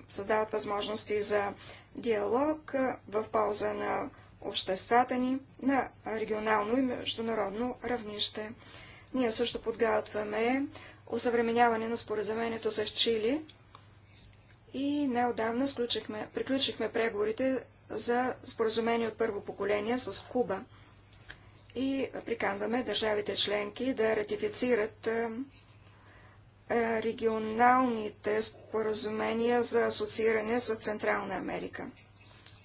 създават възможности за диалог е, в полза на обществата ни на регионално и международно равнище. Ние също подготвяме осъвременяване на споразумението с Чили и неодавна сключихме, приключихме преговорите за споразумение от първо поколение с Куба и приканваме държавите членки да ратифицират е, е, регионалните споразумения за асоцииране с Централна Америка,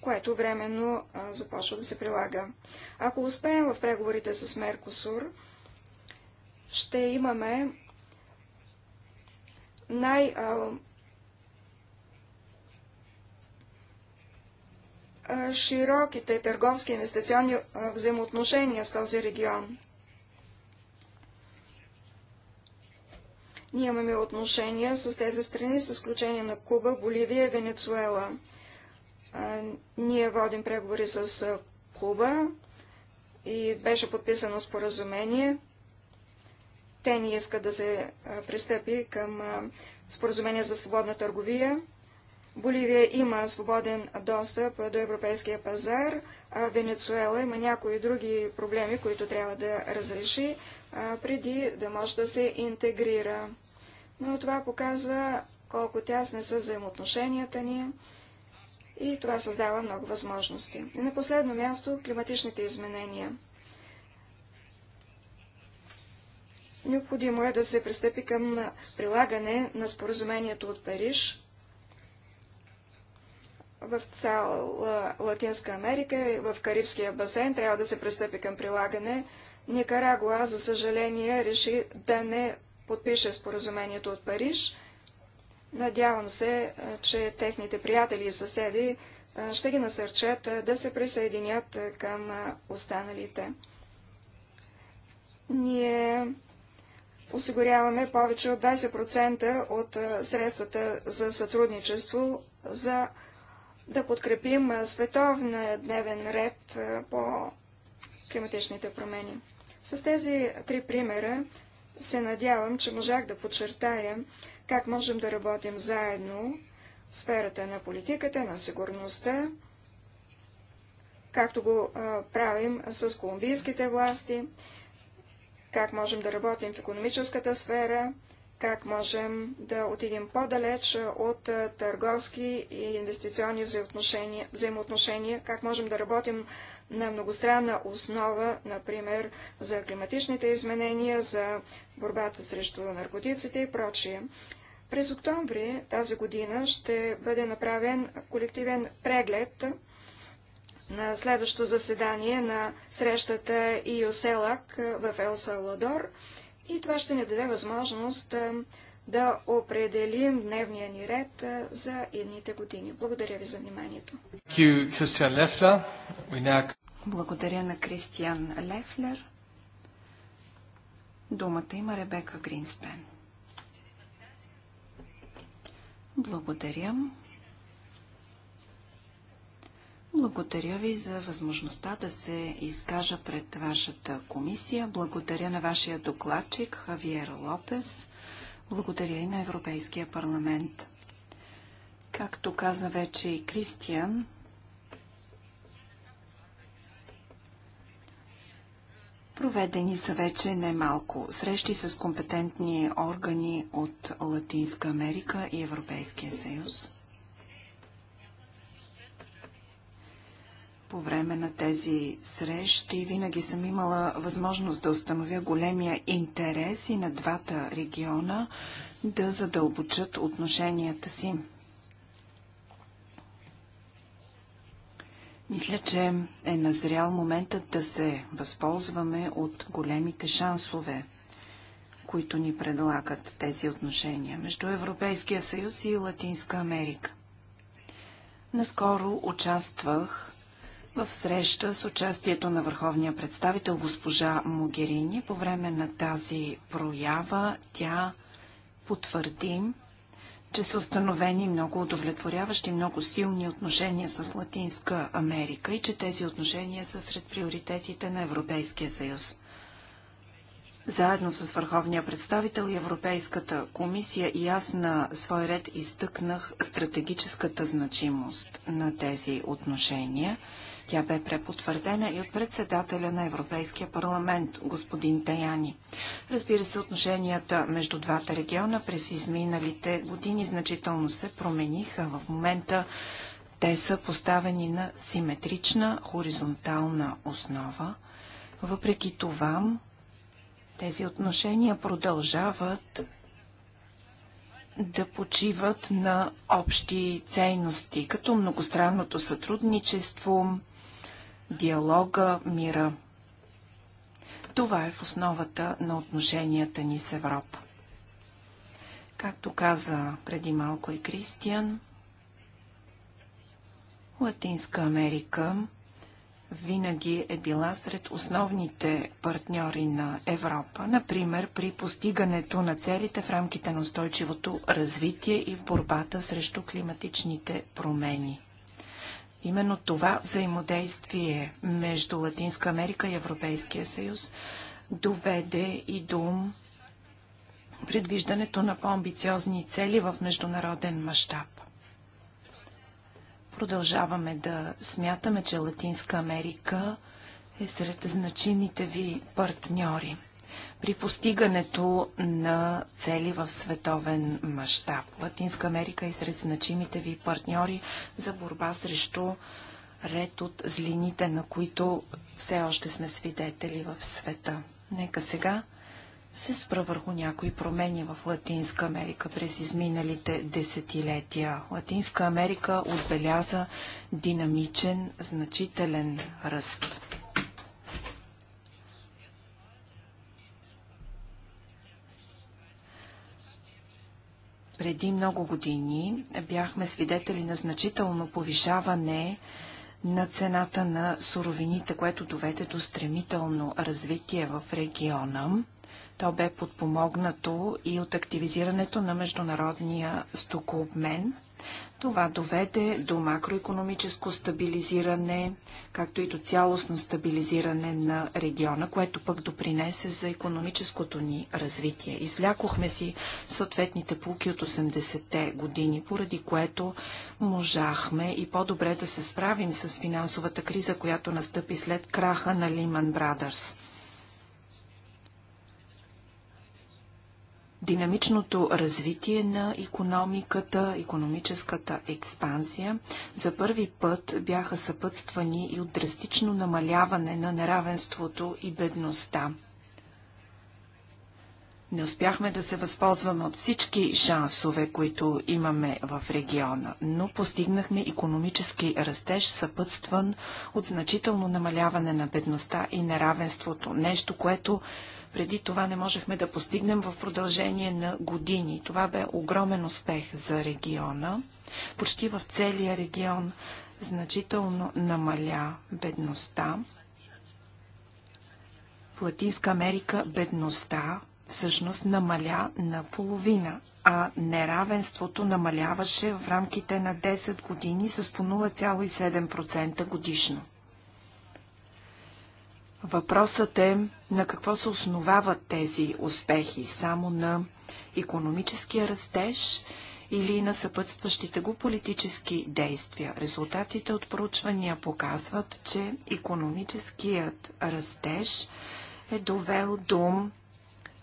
което временно е, започва да се прилага. Ако успеем в преговорите с Меркосур, ще имаме най- широките търговски инвестиционни взаимоотношения с този регион. Ние имаме отношения с тези страни, с изключение на Куба, Боливия и Венецуела. Ние водим преговори с Куба и беше подписано споразумение – те не искат да се пристъпи към споразумение за свободна търговия. Боливия има свободен достъп до европейския пазар, а Венецуела има някои други проблеми, които трябва да разреши, преди да може да се интегрира. Но това показва колко тясни са взаимоотношенията ни и това създава много възможности. И на последно място климатичните изменения. Необходимо е да се пристъпи към прилагане на споразумението от Париж в цяла Латинска Америка и в Карибския басейн трябва да се пристъпи към прилагане. Никарагуа, за съжаление, реши да не подпише споразумението от Париж. Надявам се, че техните приятели и съседи ще ги насърчат да се присъединят към останалите. Ние осигуряваме повече от 20% от средствата за сътрудничество, за да подкрепим световния дневен ред по климатичните промени. С тези три примера се надявам, че можах да подчертая как можем да работим заедно в сферата на политиката, на сигурността, както го правим с колумбийските власти как можем да работим в економическата сфера, как можем да отидем по-далеч от търговски и инвестиционни взаимоотношения, взаимоотношения, как можем да работим на многостранна основа, например, за климатичните изменения, за борбата срещу наркотиците и прочие. През октомври тази година ще бъде направен колективен преглед на следващото заседание на срещата ИОСЕЛАК е, в Ел Салвадор и това ще ни даде възможност е, да определим дневния ни ред е, за едните години. Благодаря ви за вниманието.
Благодаря на Кристиан Лефлер. Думата има Ребека Гринспен. Благодаря. Благодаря ви за възможността да се изкажа пред вашата комисия. Благодаря на вашия докладчик Хавиер Лопес. Благодаря и на Европейския парламент. Както каза вече и Кристиан, Проведени са вече немалко срещи с компетентни органи от Латинска Америка и Европейския съюз. по време на тези срещи винаги съм имала възможност да установя големия интерес и на двата региона да задълбочат отношенията си. Мисля, че е назрял моментът да се възползваме от големите шансове, които ни предлагат тези отношения между Европейския съюз и Латинска Америка. Наскоро участвах в среща с участието на върховния представител госпожа Могерини. По време на тази проява тя потвърди, че са установени много удовлетворяващи, много силни отношения с Латинска Америка и че тези отношения са сред приоритетите на Европейския съюз. Заедно с Върховния представител и Европейската комисия и аз на свой ред изтъкнах стратегическата значимост на тези отношения – тя бе препотвърдена и от председателя на Европейския парламент, господин Таяни. Разбира се, отношенията между двата региона през изминалите години значително се промениха. В момента те са поставени на симетрична хоризонтална основа. Въпреки това, тези отношения продължават да почиват на общи ценности, като многостранното сътрудничество, диалога, мира. Това е в основата на отношенията ни с Европа. Както каза преди малко и Кристиан, Латинска Америка винаги е била сред основните партньори на Европа, например при постигането на целите в рамките на устойчивото развитие и в борбата срещу климатичните промени. Именно това взаимодействие между Латинска Америка и Европейския съюз доведе и до предвиждането на по-амбициозни цели в международен мащаб. Продължаваме да смятаме, че Латинска Америка е сред значимите ви партньори при постигането на цели в световен мащаб. Латинска Америка е сред значимите ви партньори за борба срещу ред от злините, на които все още сме свидетели в света. Нека сега се спра върху някои промени в Латинска Америка през изминалите десетилетия. Латинска Америка отбеляза динамичен, значителен ръст. Преди много години бяхме свидетели на значително повишаване на цената на суровините, което доведе до стремително развитие в региона. То бе подпомогнато и от активизирането на международния стокообмен – това доведе до макроекономическо стабилизиране, както и до цялостно стабилизиране на региона, което пък допринесе за економическото ни развитие. Извлякохме си съответните полки от 80-те години, поради което можахме и по-добре да се справим с финансовата криза, която настъпи след краха на Lehman Brothers. динамичното развитие на економиката, економическата експансия за първи път бяха съпътствани и от драстично намаляване на неравенството и бедността. Не успяхме да се възползваме от всички шансове, които имаме в региона, но постигнахме економически растеж, съпътстван от значително намаляване на бедността и неравенството. Нещо, което преди това не можехме да постигнем в продължение на години. Това бе огромен успех за региона. Почти в целия регион значително намаля бедността. В Латинска Америка бедността всъщност намаля наполовина, а неравенството намаляваше в рамките на 10 години с по 0,7% годишно. Въпросът е на какво се основават тези успехи? Само на економическия растеж или на съпътстващите го политически действия. Резултатите от проучвания показват, че економическият растеж е довел до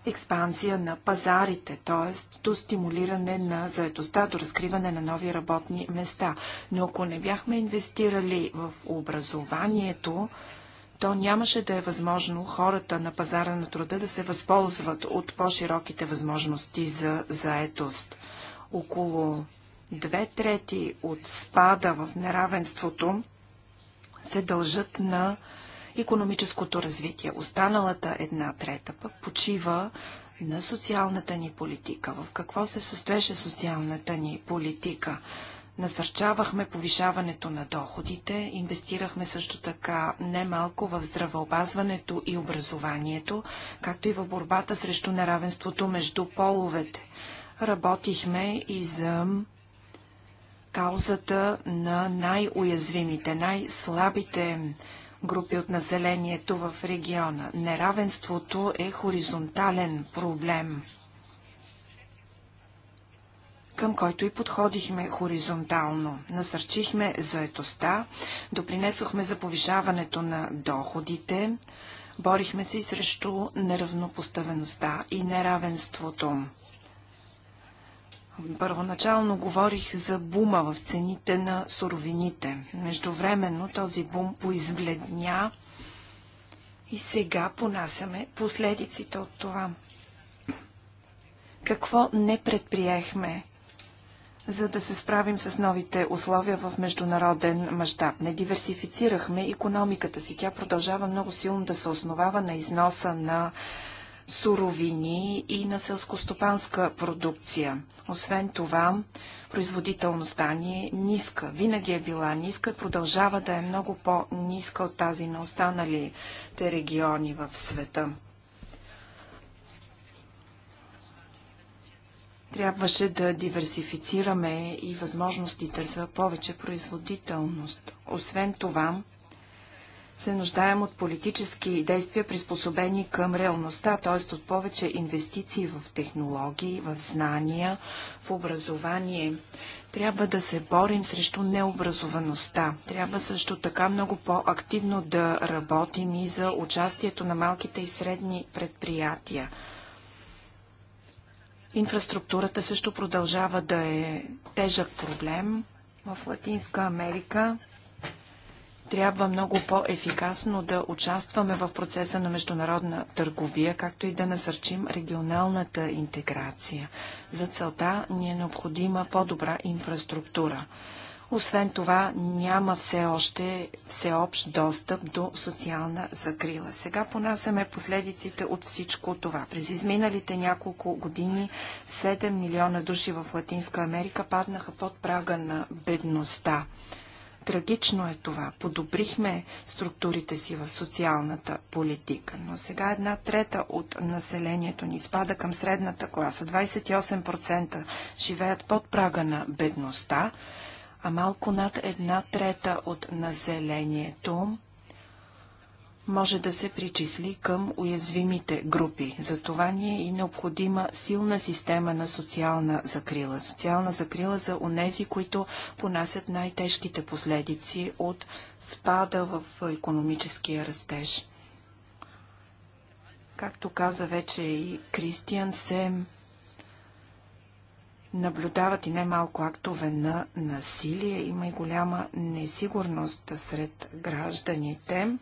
експанзия на пазарите, т.е. до стимулиране на заедостта, до разкриване на нови работни места. Но ако не бяхме инвестирали в образованието, то нямаше да е възможно хората на пазара на труда да се възползват от по-широките възможности за заетост. Около две трети от спада в неравенството се дължат на економическото развитие. Останалата една трета пък почива на социалната ни политика. В какво се състоеше социалната ни политика? Насърчавахме повишаването на доходите, инвестирахме също така немалко в здравеопазването и образованието, както и в борбата срещу неравенството между половете. Работихме и за каузата на най-уязвимите, най-слабите групи от населението в региона. Неравенството е хоризонтален проблем – към който и подходихме хоризонтално. Насърчихме заетостта, допринесохме за повишаването на доходите, борихме се и срещу неравнопоставеността и неравенството. Първоначално говорих за бума в цените на суровините. Междувременно този бум поизбледня и сега понасяме последиците от това. Какво не предприехме за да се справим с новите условия в международен мащаб. Не диверсифицирахме економиката си. Тя продължава много силно да се основава на износа на суровини и на селскостопанска продукция. Освен това, производителността ни е ниска. Винаги е била ниска и продължава да е много по-ниска от тази на останалите региони в света. Трябваше да диверсифицираме и възможностите за повече производителност. Освен това, се нуждаем от политически действия, приспособени към реалността, т.е. от повече инвестиции в технологии, в знания, в образование. Трябва да се борим срещу необразоваността. Трябва също така много по-активно да работим и за участието на малките и средни предприятия. Инфраструктурата също продължава да е тежък проблем в Латинска Америка. Трябва много по-ефикасно да участваме в процеса на международна търговия, както и да насърчим регионалната интеграция. За целта ни е необходима по-добра инфраструктура. Освен това, няма все още всеобщ достъп до социална закрила. Сега понасяме последиците от всичко това. През изминалите няколко години 7 милиона души в Латинска Америка паднаха под прага на бедността. Трагично е това. Подобрихме структурите си в социалната политика, но сега една трета от населението ни спада към средната класа. 28% живеят под прага на бедността а малко над една трета от населението може да се причисли към уязвимите групи. За това ни е и необходима силна система на социална закрила. Социална закрила за онези, които понасят най-тежките последици от спада в економическия растеж. Както каза вече и Кристиан, се наблюдават и немалко актове на насилие. Има и голяма несигурност сред гражданите.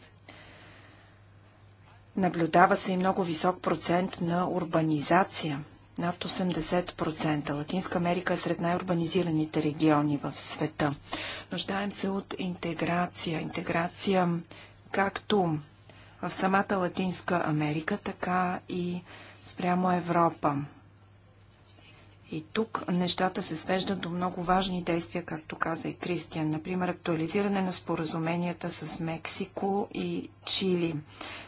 Наблюдава се и много висок процент на урбанизация. Над 80%. Латинска Америка е сред най-урбанизираните региони в света. Нуждаем се от интеграция. Интеграция както в самата Латинска Америка, така и спрямо Европа. И тук нещата се свеждат до много важни действия, както каза и Кристиан. Например, актуализиране на споразуменията с Мексико и Чили,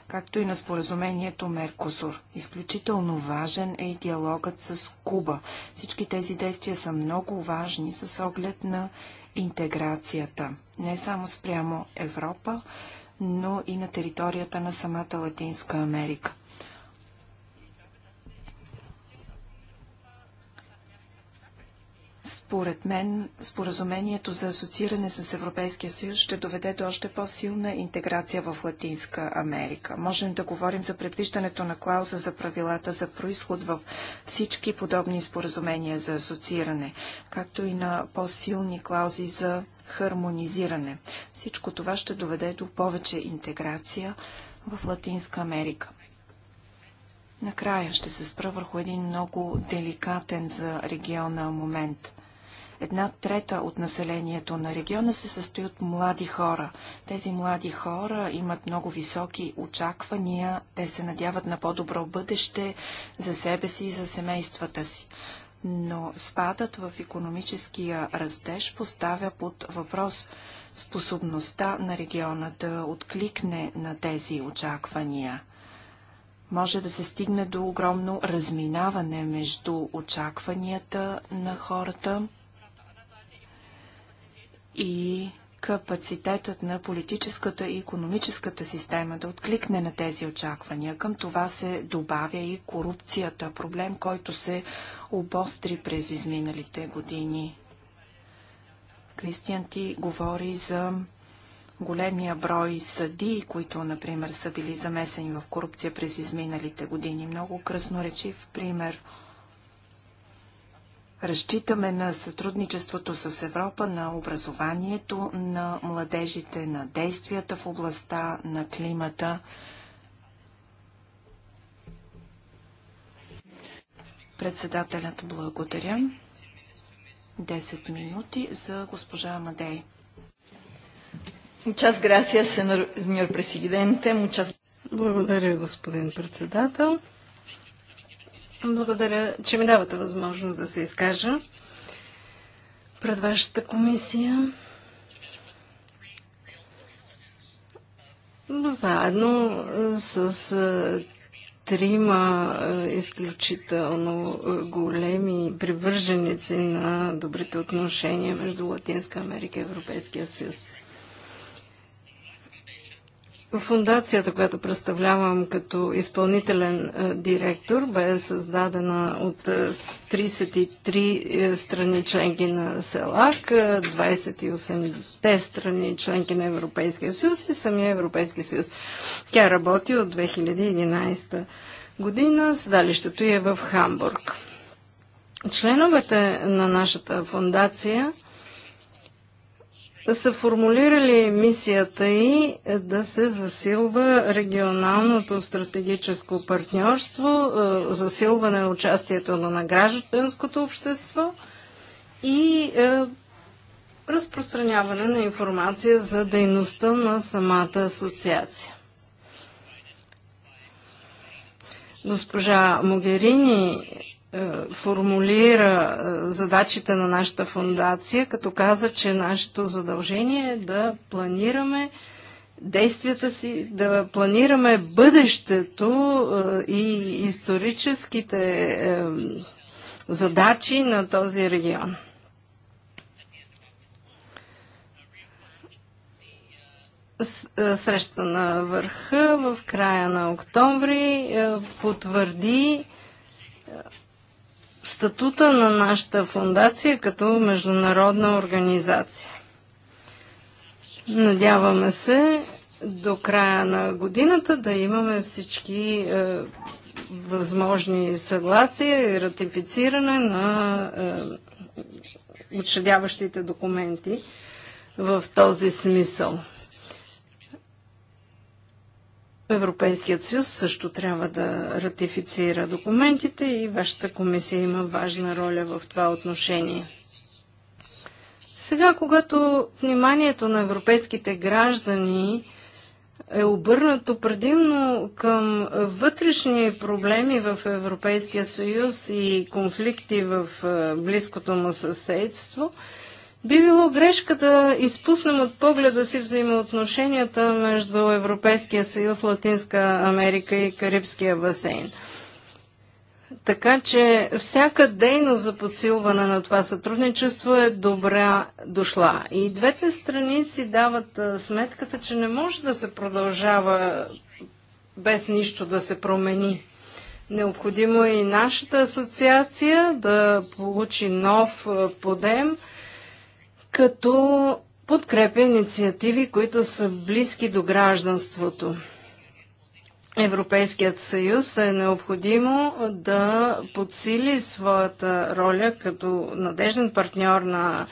както и на споразумението Меркосур. Изключително важен е и диалогът с Куба. Всички тези действия са много важни с оглед на интеграцията. Не само спрямо Европа, но и на територията на самата Латинска Америка. Според мен, споразумението за асоцииране с Европейския съюз ще доведе до още по-силна интеграция в Латинска Америка. Можем да говорим за предвиждането на клауза за правилата за происход в всички подобни споразумения за асоцииране, както и на по-силни клаузи за хармонизиране. Всичко това ще доведе до повече интеграция в Латинска Америка. Накрая ще се спра върху един много деликатен за региона момент една трета от населението на региона се състои от млади хора. Тези млади хора имат много високи очаквания, те се надяват на по-добро бъдеще за себе си и за семействата си. Но спадът в економическия растеж поставя под въпрос способността на региона да откликне на тези очаквания може да се стигне до огромно разминаване между очакванията на хората и капацитетът на политическата и економическата система да откликне на тези очаквания. Към това се добавя и корупцията, проблем, който се обостри през изминалите години. Кристиан ти говори за големия брой съдии, които, например, са били замесени в корупция през изминалите години. Много красноречив пример – Разчитаме на сътрудничеството с Европа, на образованието, на младежите, на действията в областта, на климата. Председателят благодаря. 10 минути за госпожа Мадей.
Благодаря, господин председател. Благодаря, че ми давате възможност да се изкажа пред вашата комисия. Заедно е, с е, трима е, изключително големи привърженици на добрите отношения между Латинска Америка и Европейския съюз. Фундацията, която представлявам като изпълнителен е, директор, бе създадена от 33 е, е, страни членки на СЕЛАК, 28-те страни членки на Европейския съюз и самия Европейски съюз. Тя работи от 2011 година. Седалището е в Хамбург. Членовете на нашата фундация – са формулирали мисията и да се засилва регионалното стратегическо партньорство, е, засилване на участието на гражданското общество и е, разпространяване на информация за дейността на самата асоциация. Госпожа Могерини е, формулира е, задачите на нашата фундация, като каза, че нашето задължение е да планираме действията си, да планираме бъдещето е, и историческите задачи на този регион. Среща на върха в края на октомври потвърди статута на нашата фундация като международна организация. Надяваме се до края на годината да имаме всички е, възможни съгласия и ратифициране на е, учредяващите документи в този смисъл. Европейският съюз също трябва да ратифицира документите и вашата комисия има важна роля в това отношение. Сега, когато вниманието на европейските граждани е обърнато предимно към вътрешни проблеми в Европейския съюз и конфликти в е, близкото му съседство – би било грешка да изпуснем от погледа си взаимоотношенията между Европейския съюз, Латинска Америка и Карибския басейн. Така че всяка дейност за подсилване на това сътрудничество е добра дошла. И двете страни си дават сметката, че не може да се продължава без нищо да се промени. Необходимо е и нашата асоциация да получи нов подем – като подкрепя инициативи, които са близки до гражданството. Европейският съюз е необходимо да подсили своята роля като надежден партньор на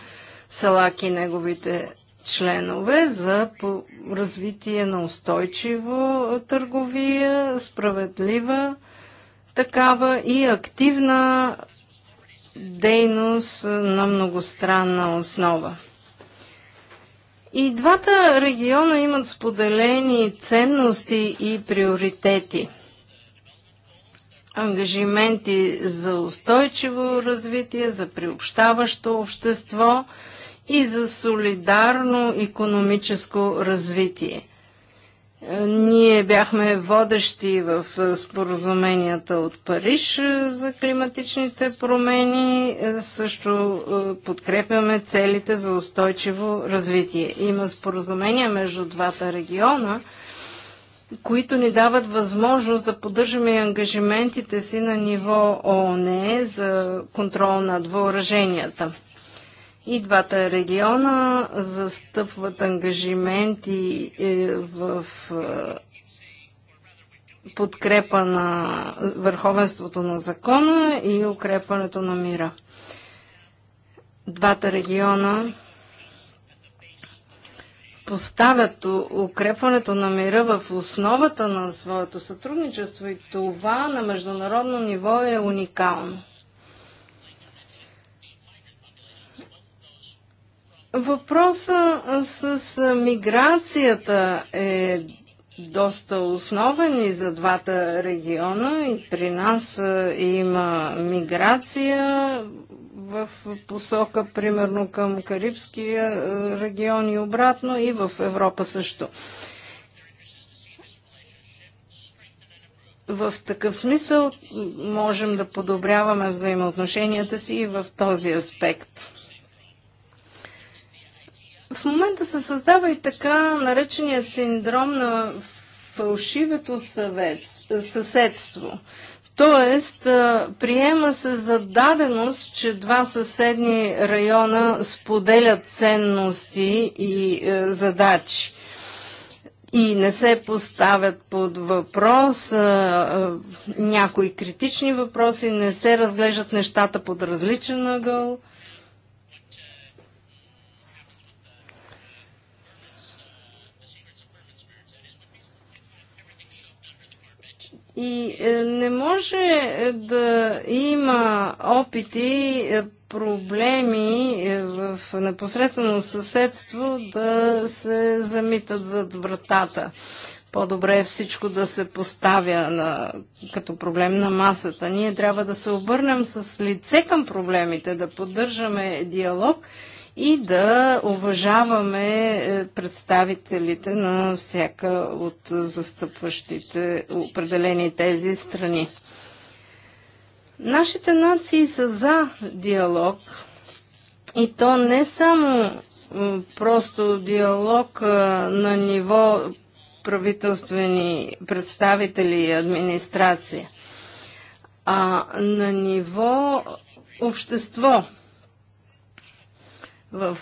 Салак и неговите членове за развитие на устойчиво търговия, справедлива такава и активна дейност на многостранна основа. И двата региона имат споделени ценности и приоритети. Ангажименти за устойчиво развитие, за приобщаващо общество и за солидарно економическо развитие. Ние бяхме водещи в е, споразуменията от Париж е, за климатичните промени. Е, също подкрепяме целите за устойчиво развитие. Има споразумения между двата региона, които ни дават възможност да поддържаме ангажиментите си на ниво ООН за контрол над въоръженията. И двата региона застъпват ангажименти е, в е, подкрепа на върховенството на закона и укрепването на мира. Двата региона поставят укрепването на мира в основата на своето сътрудничество и това на международно ниво е уникално. Въпроса с миграцията е доста основен и за двата региона и при нас има миграция в посока примерно към Карибския регион и обратно и в Европа също. В такъв смисъл можем да подобряваме взаимоотношенията си и в този аспект. В момента се създава и така наречения синдром на фалшивето съвет, съседство. Тоест, приема се за даденост, че два съседни района споделят ценности и е, задачи. И не се поставят под въпрос е, е, някои критични въпроси, не се разглеждат нещата под различен ъгъл.
И е, не
може е, да има опити, е, проблеми в непосредствено съседство да се замитат зад вратата. По-добре е всичко да се поставя на, като проблем на масата. Ние трябва да се обърнем с лице към проблемите, да поддържаме диалог – и да уважаваме е, представителите на всяка от застъпващите определени тези страни. Нашите нации са за диалог и то не само просто диалог е, на ниво правителствени представители и администрация, а на ниво общество – в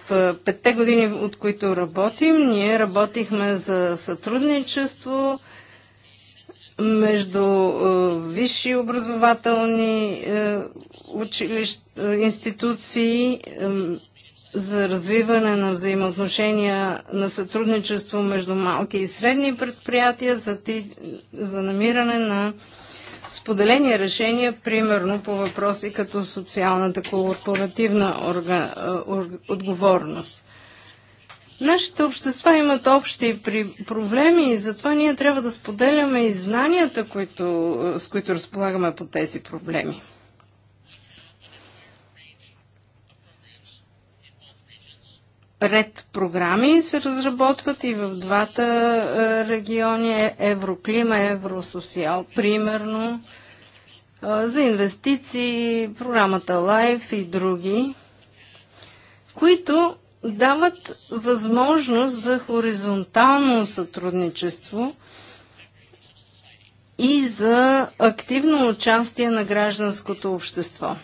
петте години, от които работим, ние работихме за сътрудничество между висши образователни институции за развиване на взаимоотношения на сътрудничество между малки и средни предприятия, за намиране на споделени решения, примерно по въпроси като социалната корпоративна орга, отговорност. Нашите общества имат общи проблеми и затова ние трябва да споделяме и знанията, които, с които разполагаме по тези проблеми. ред програми се разработват и в двата е, региони е Евроклима, Евросоциал, примерно, е, за инвестиции, програмата Лайф и други, които дават възможност за хоризонтално сътрудничество и за активно участие на гражданското общество.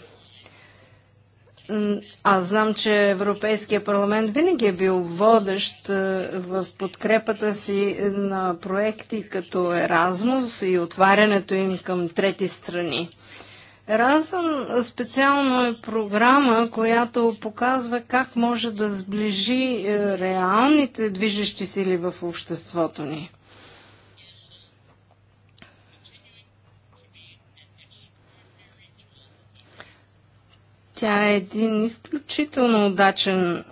Аз знам, че Европейския парламент винаги е бил водещ е, в подкрепата си на проекти като Еразмус и отварянето им към трети страни. Еразъм специално е програма, която показва как може да сближи е, реалните движещи сили в обществото ни. Тя е един изключително удачен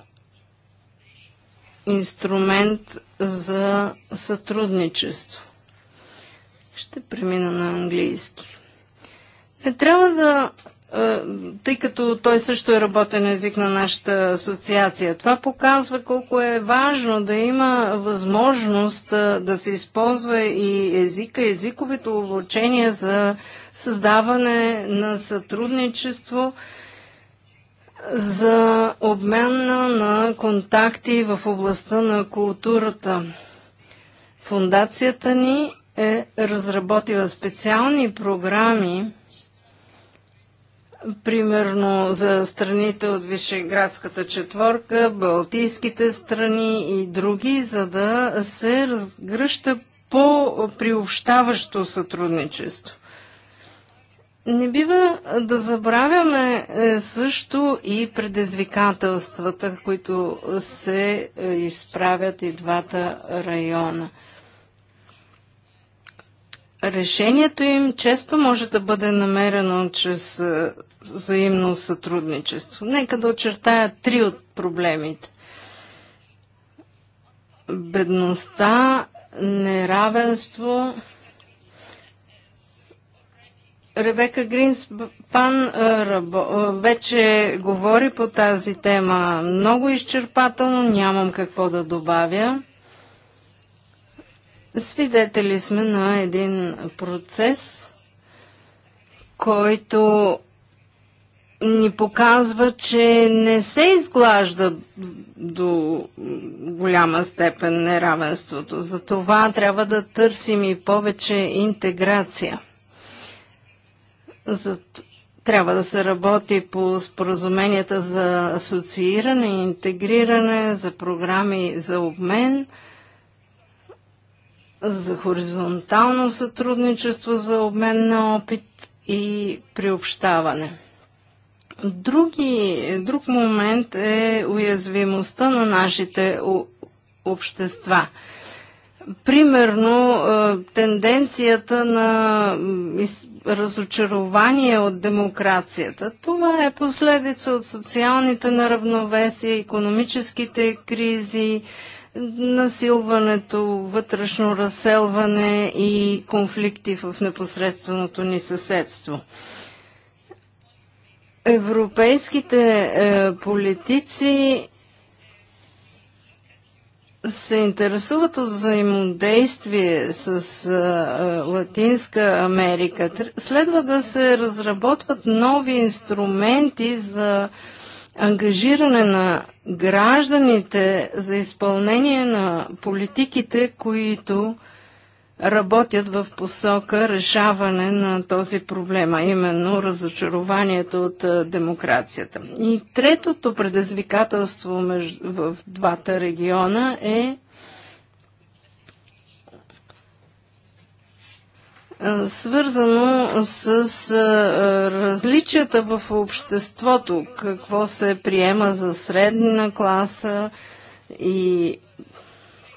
инструмент за сътрудничество. Ще премина на английски. Не трябва да е, тъй като той също е работен език на нашата асоциация. Това показва колко е важно да има възможност е, да се използва и езика, езиковите обучения за създаване на сътрудничество, за обмен на контакти в областта на културата. Фундацията ни е разработила специални програми, примерно за страните от Вишеградската четворка, Балтийските страни и други, за да се разгръща по-приобщаващо сътрудничество. Не бива да забравяме е, също и предизвикателствата, които се е, изправят и двата района. Решението им често може да бъде намерено чрез е, взаимно сътрудничество. Нека да очертая три от проблемите. Бедността, неравенство, Ребека Гринспан вече говори по тази тема много изчерпателно, нямам какво да добавя. Свидетели сме на един процес, който ни показва, че не се изглажда до голяма степен неравенството. Затова трябва да търсим и повече интеграция. За, трябва да се работи по споразуменията за асоцииране и интегриране, за програми за обмен, за хоризонтално сътрудничество, за обмен на опит и приобщаване. Други, друг момент е уязвимостта на нашите общества. Примерно, е, тенденцията на разочарование от демокрацията. Това е последица от социалните неравновесия, економическите кризи, насилването, вътрешно разселване и конфликти в непосредственото ни съседство. Европейските е, политици се интересуват от взаимодействие с а, Латинска Америка, следва да се разработват нови инструменти за ангажиране на гражданите за изпълнение на политиките, които работят в посока решаване на този проблем, а именно разочарованието от демокрацията. И третото предизвикателство в двата региона е свързано с различията в обществото, какво се приема за средна класа и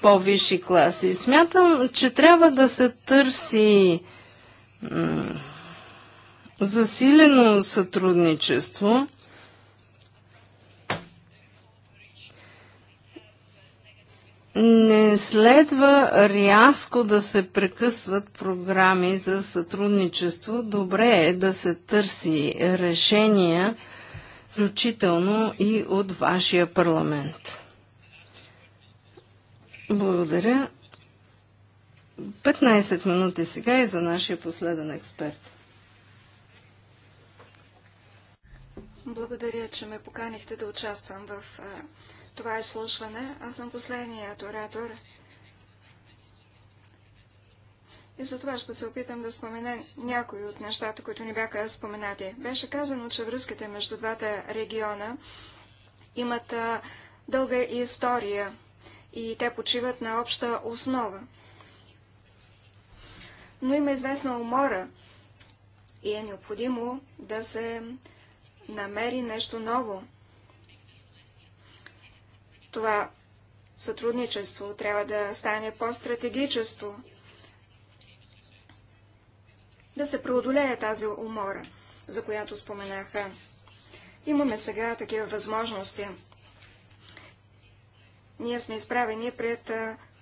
по-висши класи. Смятам, че трябва да се търси засилено сътрудничество. Не следва рязко да се прекъсват програми за сътрудничество. Добре е да се търси решения, включително и от вашия парламент. Благодаря. 15 минути сега и за нашия последен експерт.
Благодаря, че ме поканихте да участвам в а, това изслушване. Аз съм последният оратор. И за това ще се опитам да спомена някои от нещата, които ни бяха споменати. Беше казано, че връзките между двата региона имат а, дълга история и те почиват на обща основа. Но има известна умора и е необходимо да се намери нещо ново. Това сътрудничество трябва да стане по-стратегическо, да се преодолее тази умора, за която споменаха. Имаме сега такива възможности ние сме изправени пред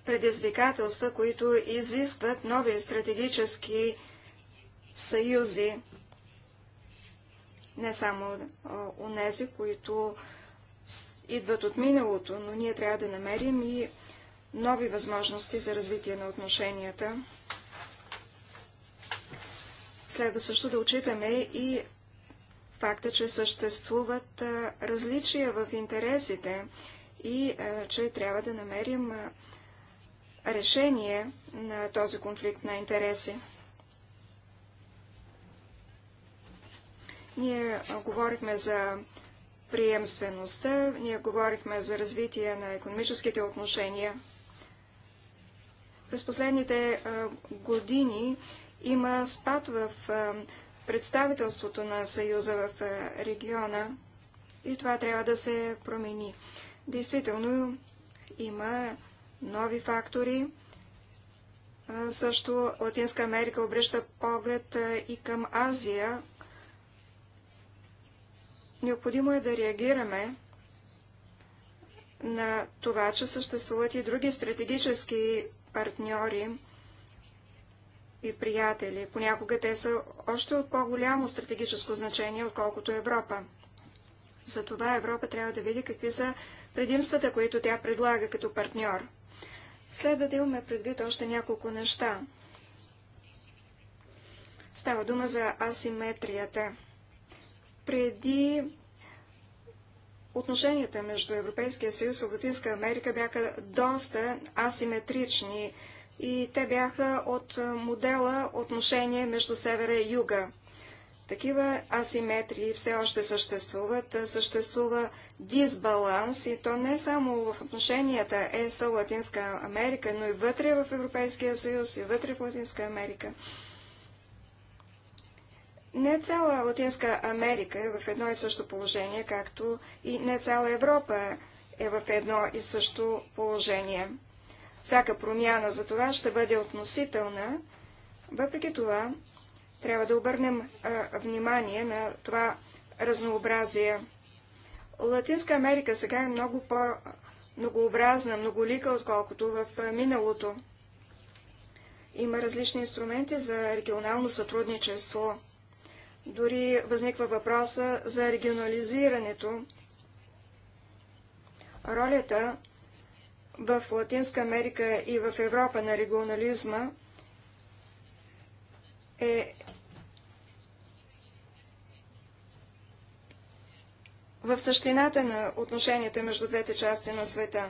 предизвикателства, които изискват нови стратегически съюзи, не само онези, които идват от миналото, но ние трябва да намерим и нови възможности за развитие на отношенията. Следва също да отчитаме и факта, че съществуват различия в интересите и е, че трябва да намерим е, решение на този конфликт на интереси. Ние е, говорихме за приемствеността, ние говорихме за развитие на економическите отношения. През последните години има спад в представителството на Съюза в региона и това трябва да се промени. Действително има нови фактори. Също Латинска Америка обръща поглед и към Азия. Необходимо е да реагираме на това, че съществуват и други стратегически партньори и приятели. Понякога те са още от по-голямо стратегическо значение, отколкото Европа. Затова Европа трябва да види какви са предимствата, които тя предлага като партньор. Следва да имаме предвид още няколко неща. Става дума за асиметрията. Преди отношенията между Европейския съюз и Латинска Америка бяха доста асиметрични и те бяха от модела отношение между севера и юга. Такива асиметрии все още съществуват. Съществува дисбаланс и то не само в отношенията ЕС-Латинска Америка, но и вътре в Европейския съюз и вътре в Латинска Америка. Не цяла Латинска Америка е в едно и също положение, както и не цяла Европа е в едно и също положение. Всяка промяна за това ще бъде относителна. Въпреки това, трябва да обърнем а, внимание на това разнообразие Латинска Америка сега е много по-многообразна, многолика, отколкото в миналото. Има различни инструменти за регионално сътрудничество. Дори възниква въпроса за регионализирането. Ролята в Латинска Америка и в Европа на регионализма е в същината на отношенията между двете части на света.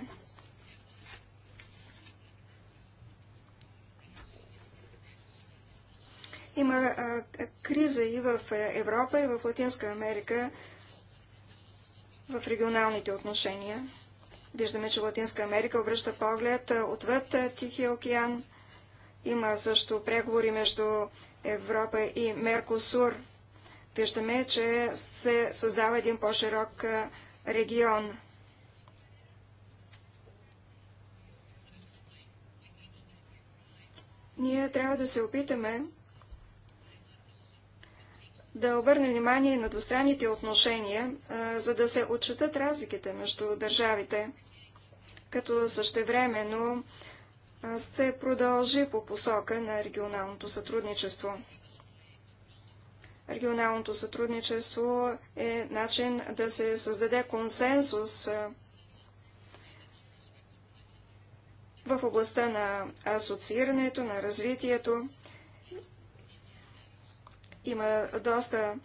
Има а, криза и в Европа, и в Латинска Америка в регионалните отношения. Виждаме, че Латинска Америка обръща поглед отвъд Тихия океан. Има също преговори между Европа и Меркосур – виждаме, че се създава един по-широк регион. Ние трябва да се опитаме да обърнем внимание на двустранните отношения, за да се отчитат разликите между държавите, като същевременно се продължи по посока на регионалното сътрудничество. Регионалното сътрудничество е начин да се създаде консенсус в областта на асоциирането, на развитието. Има доста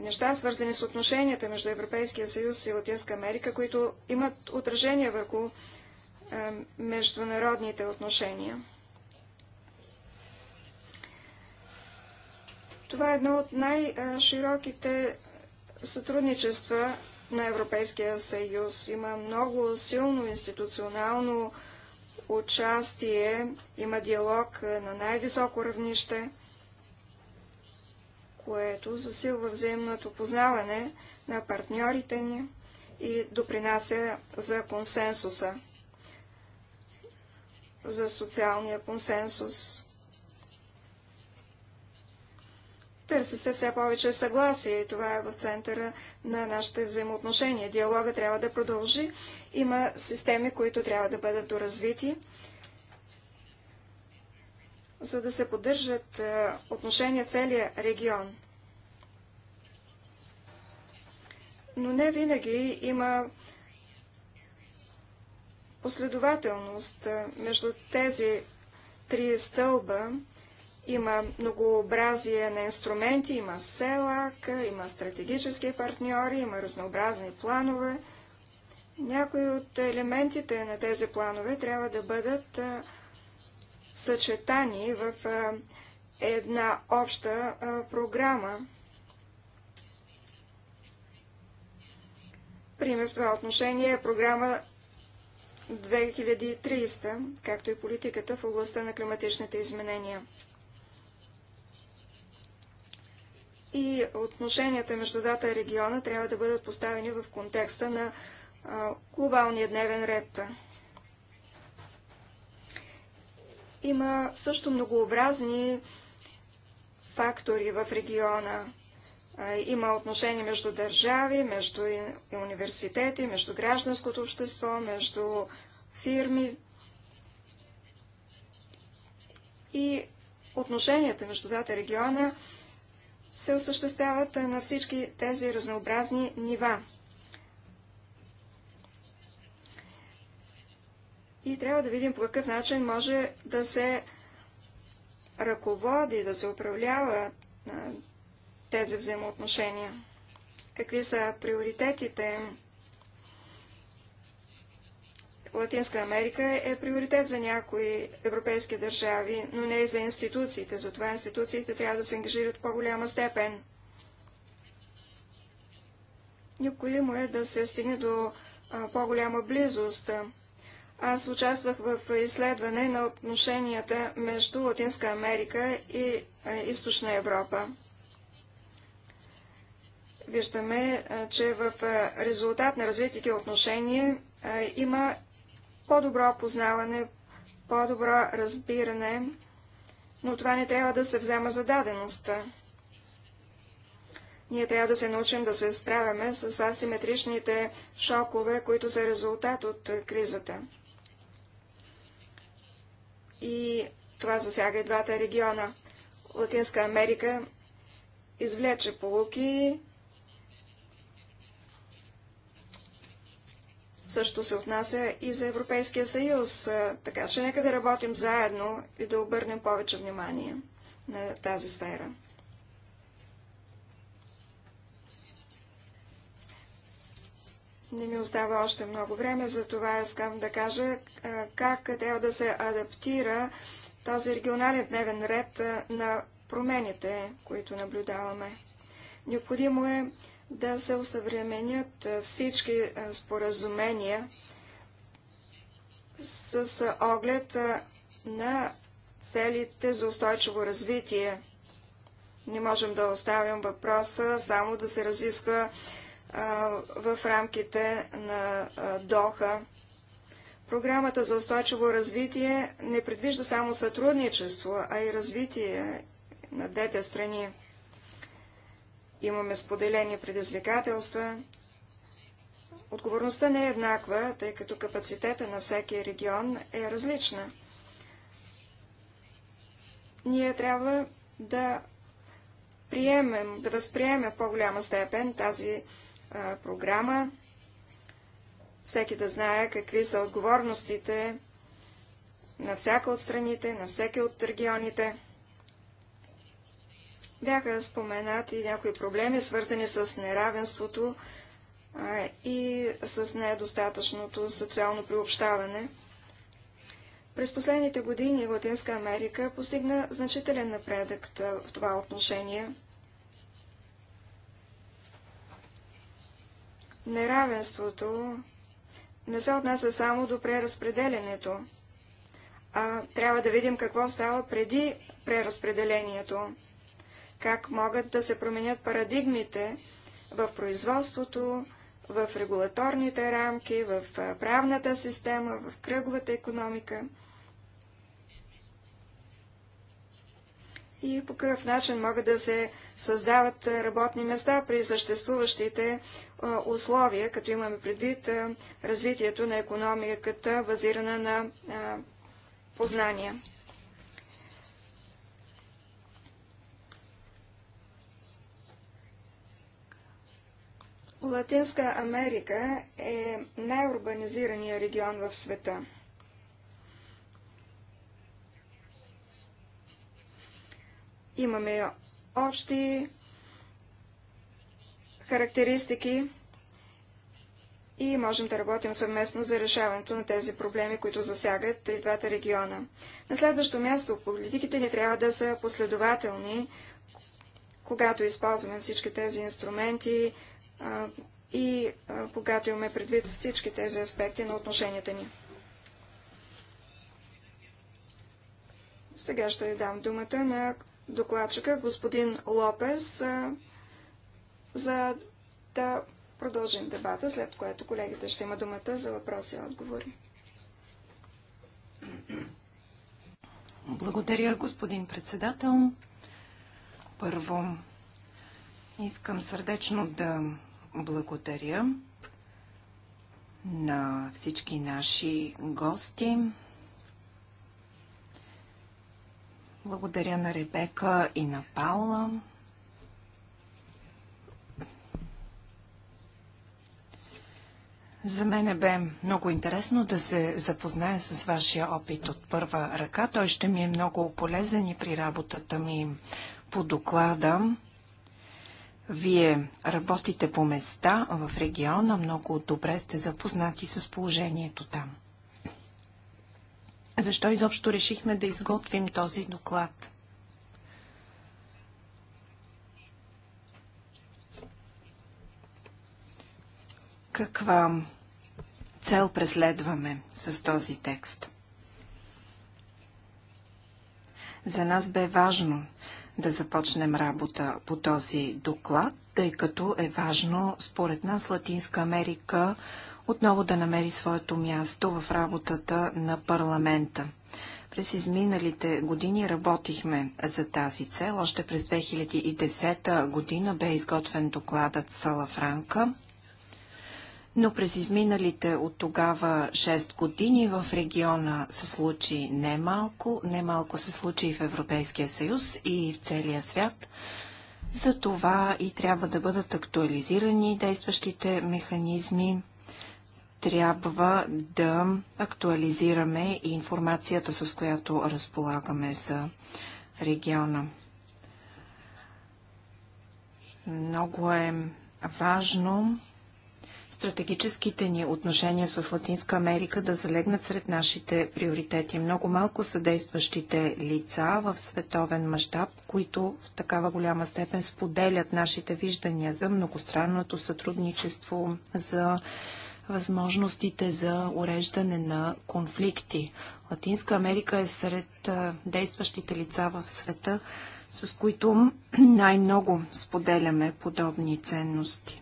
неща, свързани с отношенията между Европейския съюз и Латинска Америка, които имат отражение върху международните отношения. Това е едно от най-широките сътрудничества на Европейския съюз. Има много силно институционално участие, има диалог е, на най-високо равнище, което засилва взаимното познаване на партньорите ни и допринася за консенсуса, за социалния консенсус. Търси се все повече съгласие. Това е в центъра на нашите взаимоотношения. Диалога трябва да продължи. Има системи, които трябва да бъдат доразвити. За да се поддържат е, отношения целия регион. Но не винаги има последователност е, между тези три стълба има многообразие на инструменти, има СЕЛАК, има стратегически партньори, има разнообразни планове. Някои от елементите на тези планове трябва да бъдат съчетани в една обща програма. Пример в това отношение е програма 2300, както и политиката в областта на климатичните изменения. и отношенията между дата и региона трябва да бъдат поставени в контекста на глобалния дневен ред. Има също многообразни фактори в региона. има отношения между държави, между университети, между гражданското общество, между фирми. И отношенията между двата региона се осъществяват е, на всички тези разнообразни нива. И трябва да видим по какъв начин може да се ръководи, да се управлява е, тези взаимоотношения. Какви са приоритетите Латинска Америка е приоритет за някои европейски държави, но не и за институциите. Затова институциите трябва да се ангажират в по-голяма степен. Необходимо е да се стигне до по-голяма близост. Аз участвах в изследване на отношенията между Латинска Америка и Източна Европа. Виждаме, че в резултат на развитите отношения има по-добро познаване, по-добро разбиране, но това не трябва да се взема за дадеността. Ние трябва да се научим да се справяме с асиметричните шокове, които са резултат от кризата. И това засяга и двата региона. Латинска Америка извлече полуки Също се отнася и за Европейския съюз, така че нека да работим заедно и да обърнем повече внимание на тази сфера. Не ми остава още много време, затова искам да кажа как трябва да се адаптира този регионален дневен ред на промените, които наблюдаваме. Необходимо е да се усъвременят всички споразумения с оглед на целите за устойчиво развитие. Не можем да оставим въпроса само да се разисква в рамките на Доха. Програмата за устойчиво развитие не предвижда само сътрудничество, а и развитие на двете страни. Имаме споделени предизвикателства. Отговорността не е еднаква, тъй като капацитета на всеки регион е различна. Ние трябва да приемем, да възприемем в по-голяма степен тази а, програма, всеки да знае какви са отговорностите на всяка от страните, на всеки от регионите. Бяха споменати някои проблеми, свързани с неравенството а, и с недостатъчното социално приобщаване. През последните години Латинска Америка постигна значителен напредък в това отношение. Неравенството не се отнася само до преразпределенето, а трябва да видим какво става преди преразпределението как могат да се променят парадигмите в производството, в регулаторните рамки, в правната система, в кръговата економика. И по какъв начин могат да се създават работни места при съществуващите условия, като имаме предвид развитието на економиката, базирана на познания. Латинска Америка е най-урбанизирания регион в света. Имаме общи характеристики и можем да работим съвместно за решаването на тези проблеми, които засягат и двата региона. На следващо място, политиките ни трябва да са последователни, когато използваме всички тези инструменти, и когато имаме предвид всички тези аспекти на отношенията ни. Сега ще дам думата на докладчика господин Лопес, за да продължим дебата, след което колегите ще има думата за въпроси и отговори.
Благодаря, господин председател. Първо, искам сърдечно да благодаря на всички наши гости. Благодаря на Ребека и на Паула. За мен е бе много интересно да се запозная с вашия опит от първа ръка. Той ще ми е много полезен и при работата ми по доклада. Вие работите по места в региона, много добре сте запознати с положението там. Защо изобщо решихме да изготвим този доклад? Каква цел преследваме с този текст? За нас бе важно да започнем работа по този доклад, тъй като е важно, според нас, Латинска Америка отново да намери своето място в работата на парламента. През изминалите години работихме за тази цел. Още през 2010 година бе изготвен докладът Салафранка. Но през изминалите от тогава 6 години в региона се случи немалко, немалко се случи и в Европейския съюз и в целия свят. За това и трябва да бъдат актуализирани действащите механизми. Трябва да актуализираме и информацията, с която разполагаме за региона. Много е важно стратегическите ни отношения с Латинска Америка да залегнат сред нашите приоритети. Много малко са действащите лица в световен мащаб, които в такава голяма степен споделят нашите виждания за многостранното сътрудничество, за възможностите за уреждане на конфликти. Латинска Америка е сред действащите лица в света, с които най-много споделяме подобни ценности.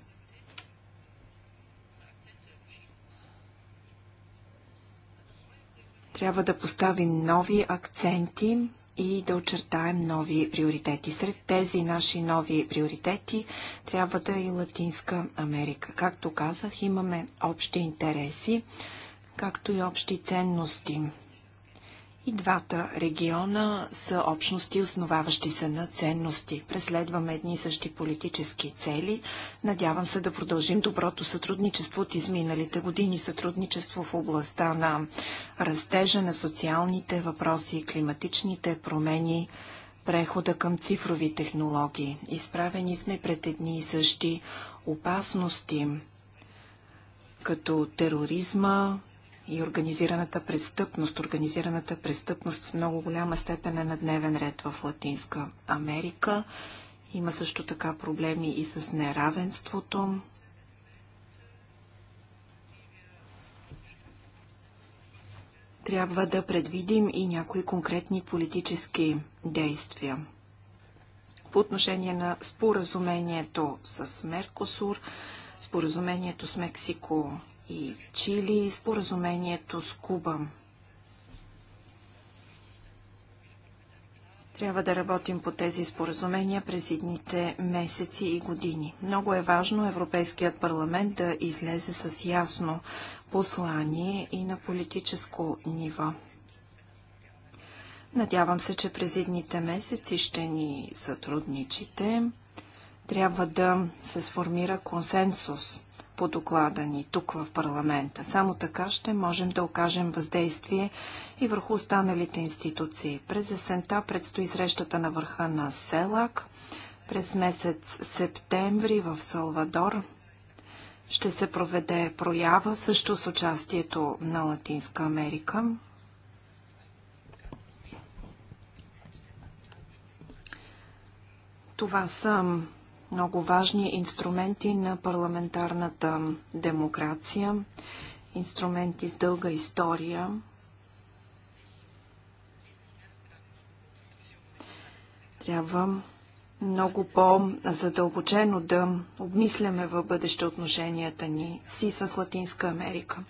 Трябва да поставим нови акценти и да очертаем нови приоритети. Сред тези наши нови приоритети трябва да е и Латинска Америка. Както казах, имаме общи интереси, както и общи ценности. И двата региона са общности, основаващи се на ценности. Преследваме едни и същи политически цели. Надявам се да продължим доброто сътрудничество от изминалите години. Сътрудничество в областта на растежа на социалните въпроси, климатичните промени, прехода към цифрови технологии. Изправени сме пред едни и същи опасности, като тероризма, и организираната престъпност. Организираната престъпност в много голяма степен е на дневен ред в Латинска Америка. Има също така проблеми и с неравенството. Трябва да предвидим и някои конкретни политически действия. По отношение на споразумението с Меркосур, споразумението с Мексико и Чили и споразумението с Куба. Трябва да работим по тези споразумения през едните месеци и години. Много е важно Европейският парламент да излезе с ясно послание и на политическо ниво. Надявам се, че през едните месеци ще ни сътрудничите. Трябва да се сформира консенсус по доклада ни тук в парламента. Само така ще можем да окажем въздействие и върху останалите институции. През есента предстои срещата на върха на Селак. През месец септември в Салвадор ще се проведе проява също с участието на Латинска Америка. Това са много важни инструменти на парламентарната демокрация, инструменти с дълга история. Трябва много по-задълбочено да обмисляме в бъдеще отношенията ни си с Латинска Америка.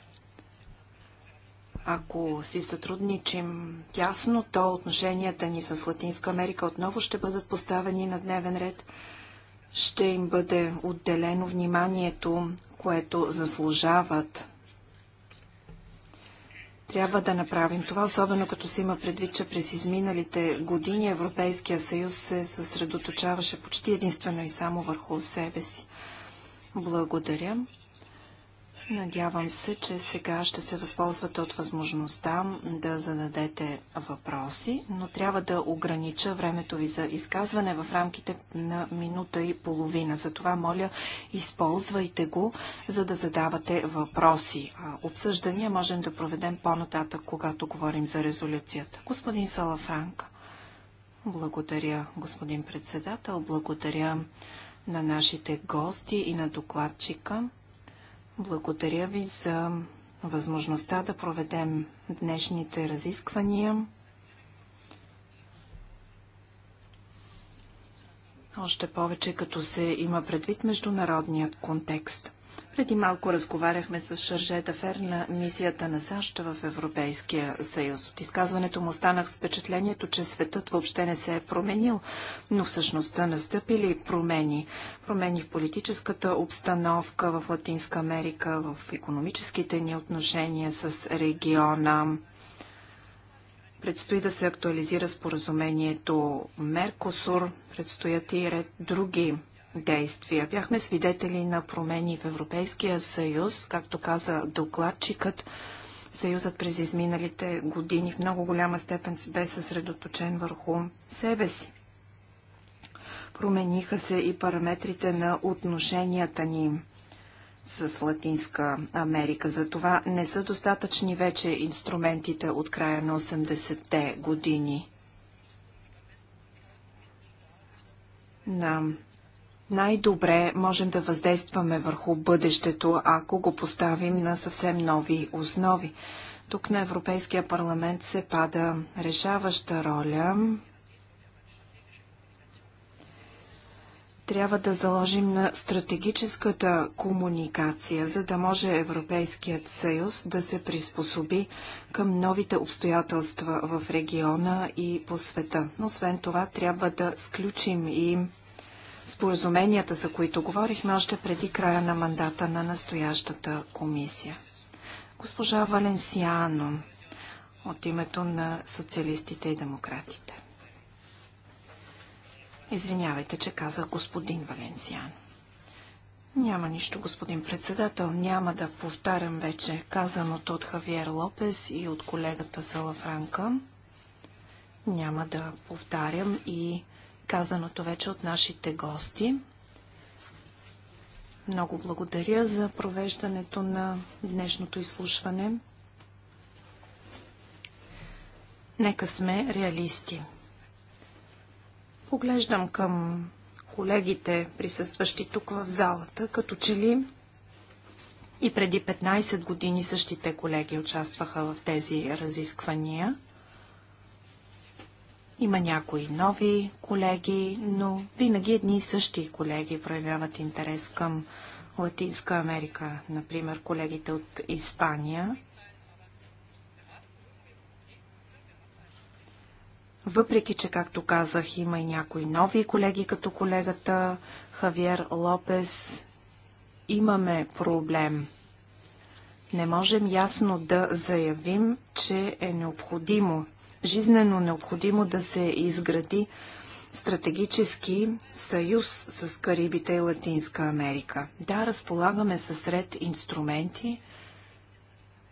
Ако си сътрудничим тясно, то отношенията ни с Латинска Америка отново ще бъдат поставени на дневен ред – ще им бъде отделено вниманието, което заслужават. Трябва да направим това, особено като се има предвид, че през изминалите години Европейския съюз се съсредоточаваше почти единствено и само върху себе си. Благодаря. Надявам се, че сега ще се възползвате от възможността да зададете въпроси, но трябва да огранича времето ви за изказване в рамките на минута и половина. Затова, моля, използвайте го, за да задавате въпроси. Обсъждания можем да проведем по-нататък, когато говорим за резолюцията. Господин Салафранк. Благодаря, господин председател. Благодаря на нашите гости и на докладчика. Благодаря ви за възможността да проведем днешните разисквания. Още повече като се има предвид международният контекст. Преди малко разговаряхме с Шаржета Фер на мисията на САЩ в Европейския съюз. От изказването му останах с впечатлението, че светът въобще не се е променил, но всъщност са настъпили промени. Промени в политическата обстановка в Латинска Америка, в економическите ни отношения с региона. Предстои да се актуализира споразумението Меркосур, предстоят и ред други действия. Бяхме свидетели на промени в Европейския съюз, както каза докладчикът. Съюзът през изминалите години в много голяма степен бе съсредоточен върху себе си. Промениха се и параметрите на отношенията ни с Латинска Америка. Затова не са достатъчни вече инструментите от края на 80-те години. На най-добре можем да въздействаме върху бъдещето, ако го поставим на съвсем нови основи. Тук на Европейския парламент се пада решаваща роля. Трябва да заложим на стратегическата комуникация, за да може Европейският съюз да се приспособи към новите обстоятелства в региона и по света. Но освен това трябва да сключим и споразуменията, за които говорихме още преди края на мандата на настоящата комисия. Госпожа Валенсиано от името на социалистите и демократите. Извинявайте, че казах господин Валенсиано. Няма нищо, господин председател. Няма да повтарям вече казаното от Хавиер Лопес и от колегата Салафранка. Няма да повтарям и казаното вече от нашите гости. Много благодаря за провеждането на днешното изслушване. Нека сме реалисти. Поглеждам към колегите, присъстващи тук в залата, като че ли и преди 15 години същите колеги участваха в тези разисквания. Има някои нови колеги, но винаги едни и същи колеги проявяват интерес към Латинска Америка, например колегите от Испания. Въпреки, че, както казах, има и някои нови колеги, като колегата Хавиер Лопес, имаме проблем. Не можем ясно да заявим, че е необходимо жизнено необходимо да се изгради стратегически съюз с Карибите и Латинска Америка. Да, разполагаме със ред инструменти,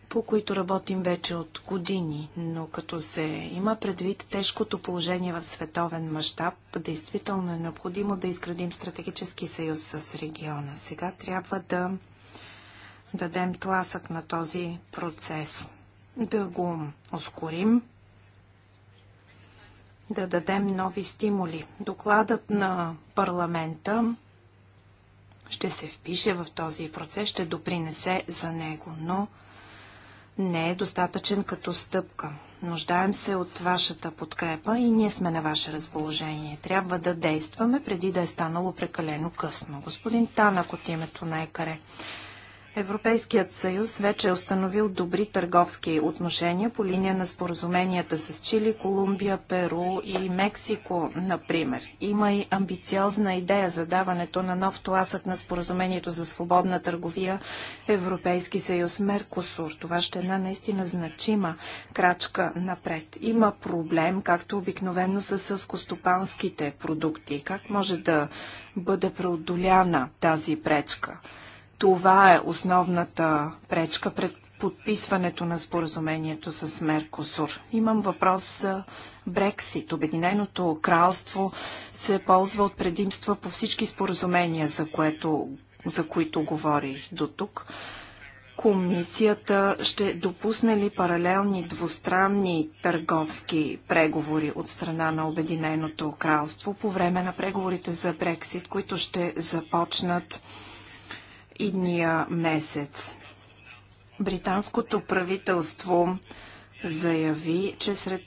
по които работим вече от години, но като се има предвид тежкото положение в световен мащаб, действително е необходимо да изградим стратегически съюз с региона. Сега трябва да дадем тласък на този процес, да го ускорим, да дадем нови стимули. Докладът на парламента ще се впише в този процес, ще допринесе за него, но не е достатъчен като стъпка. Нуждаем се от вашата подкрепа и ние сме на ваше разположение. Трябва да действаме преди да е станало прекалено късно. Господин Танак от името на Екаре. Европейският съюз вече е установил добри търговски отношения по линия на споразуменията с Чили, Колумбия, Перу и Мексико, например. Има и амбициозна идея за даването на нов тласък на споразумението за свободна търговия Европейски съюз Меркосур. Това ще е една наистина значима крачка напред. Има проблем, както обикновено с скостопанските продукти. Как може да бъде преодоляна тази пречка? Това е основната пречка пред подписването на споразумението с Меркосур. Имам въпрос за Брексит. Обединеното кралство се ползва от предимства по всички споразумения, за, което, за които говорих до тук. Комисията ще допусне ли паралелни двустранни търговски преговори от страна на Обединеното кралство по време на преговорите за Брексит, които ще започнат идния месец. Британското правителство заяви, че сред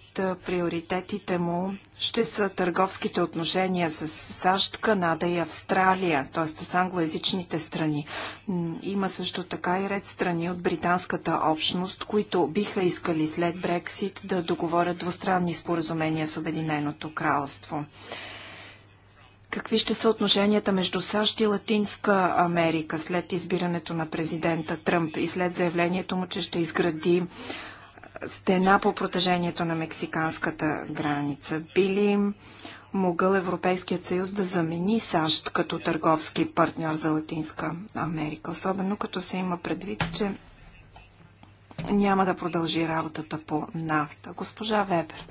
приоритетите му ще са търговските отношения с САЩ, Канада и Австралия, т.е. с англоязичните страни. Има също така и ред страни от британската общност, които биха искали след Брексит да договорят двустранни споразумения с Обединеното кралство. Какви ще са отношенията между САЩ и Латинска Америка след избирането на президента Тръмп и след заявлението му, че ще изгради стена по протежението на мексиканската граница? Би ли могъл Европейският съюз да замени САЩ като търговски партньор за Латинска Америка? Особено като се има предвид, че няма да продължи работата по нафта. Госпожа Вебер.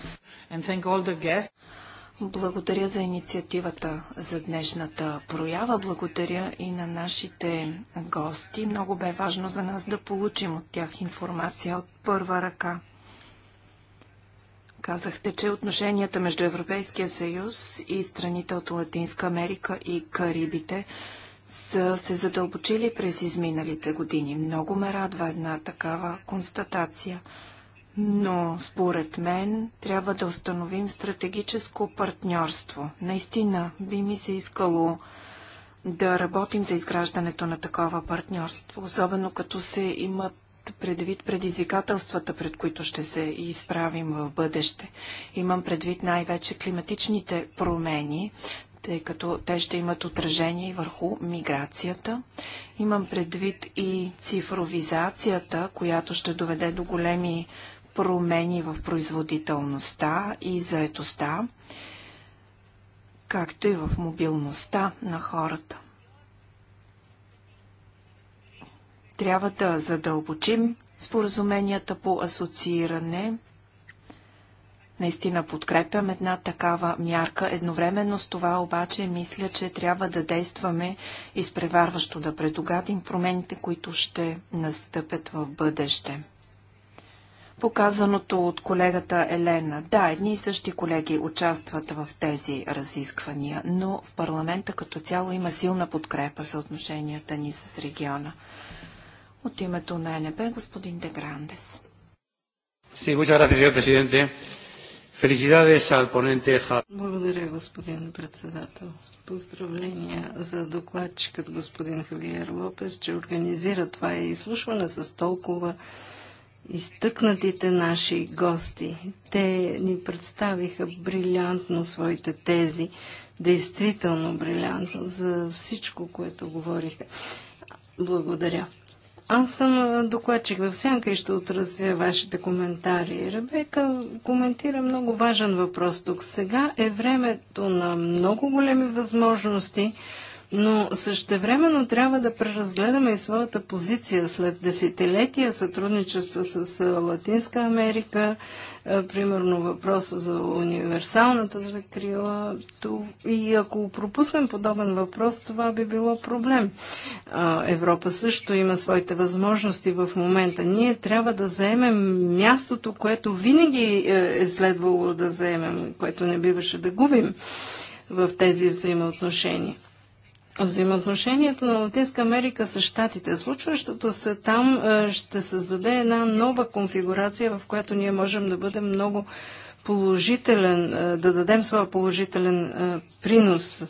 Благодаря за инициативата за днешната проява. Благодаря и на нашите гости. Много бе важно за нас да получим от тях информация от първа ръка. Казахте, че отношенията между Европейския съюз и страните от Латинска Америка и Карибите са се задълбочили през изминалите години. Много ме радва една такава констатация – но според мен трябва да установим стратегическо партньорство. Наистина би ми се искало да работим за изграждането на такова партньорство, особено като се имат предвид предизвикателствата, пред които ще се изправим в бъдеще. Имам предвид най-вече климатичните промени, тъй като те ще имат отражение върху миграцията. Имам предвид и цифровизацията, която ще доведе до големи промени в производителността и заетостта, както и в мобилността на хората. Трябва да задълбочим споразуменията по асоцииране. Наистина подкрепям една такава мярка. Едновременно с това обаче мисля, че трябва да действаме изпреварващо, да предугадим промените, които ще настъпят в бъдеще показаното от колегата Елена. Да, едни и същи колеги участват в тези разисквания, но в парламента като цяло има силна подкрепа за отношенията ни с региона. От името на НБ господин Деграндес.
Sí, muchas gracias, señor presidente. Felicidades al ponente
Благодаря, господин
председател. Поздравления за докладчикът господин Хавиер Лопес, че организира това изслушване с толкова изтъкнатите наши гости. Те ни представиха брилянтно своите тези, действително брилянтно за всичко, което говориха. Благодаря. Аз съм докладчик в сянка и ще отразя вашите коментари. Ребека коментира много важен въпрос тук. Сега е времето на много големи възможности, но същевременно трябва да преразгледаме и своята позиция след десетилетия сътрудничество с Латинска Америка, примерно въпроса за универсалната закрила. И ако пропуснем подобен въпрос, това би било проблем. Европа също има своите възможности в момента. Ние трябва да заемем мястото, което винаги е, е следвало да заемем, което не биваше да губим в тези взаимоотношения. Взаимоотношенията на Латинска Америка с щатите, случващото се там, е, ще създаде една нова конфигурация, в която ние можем да бъдем много положителен, е, да дадем своя положителен е, принос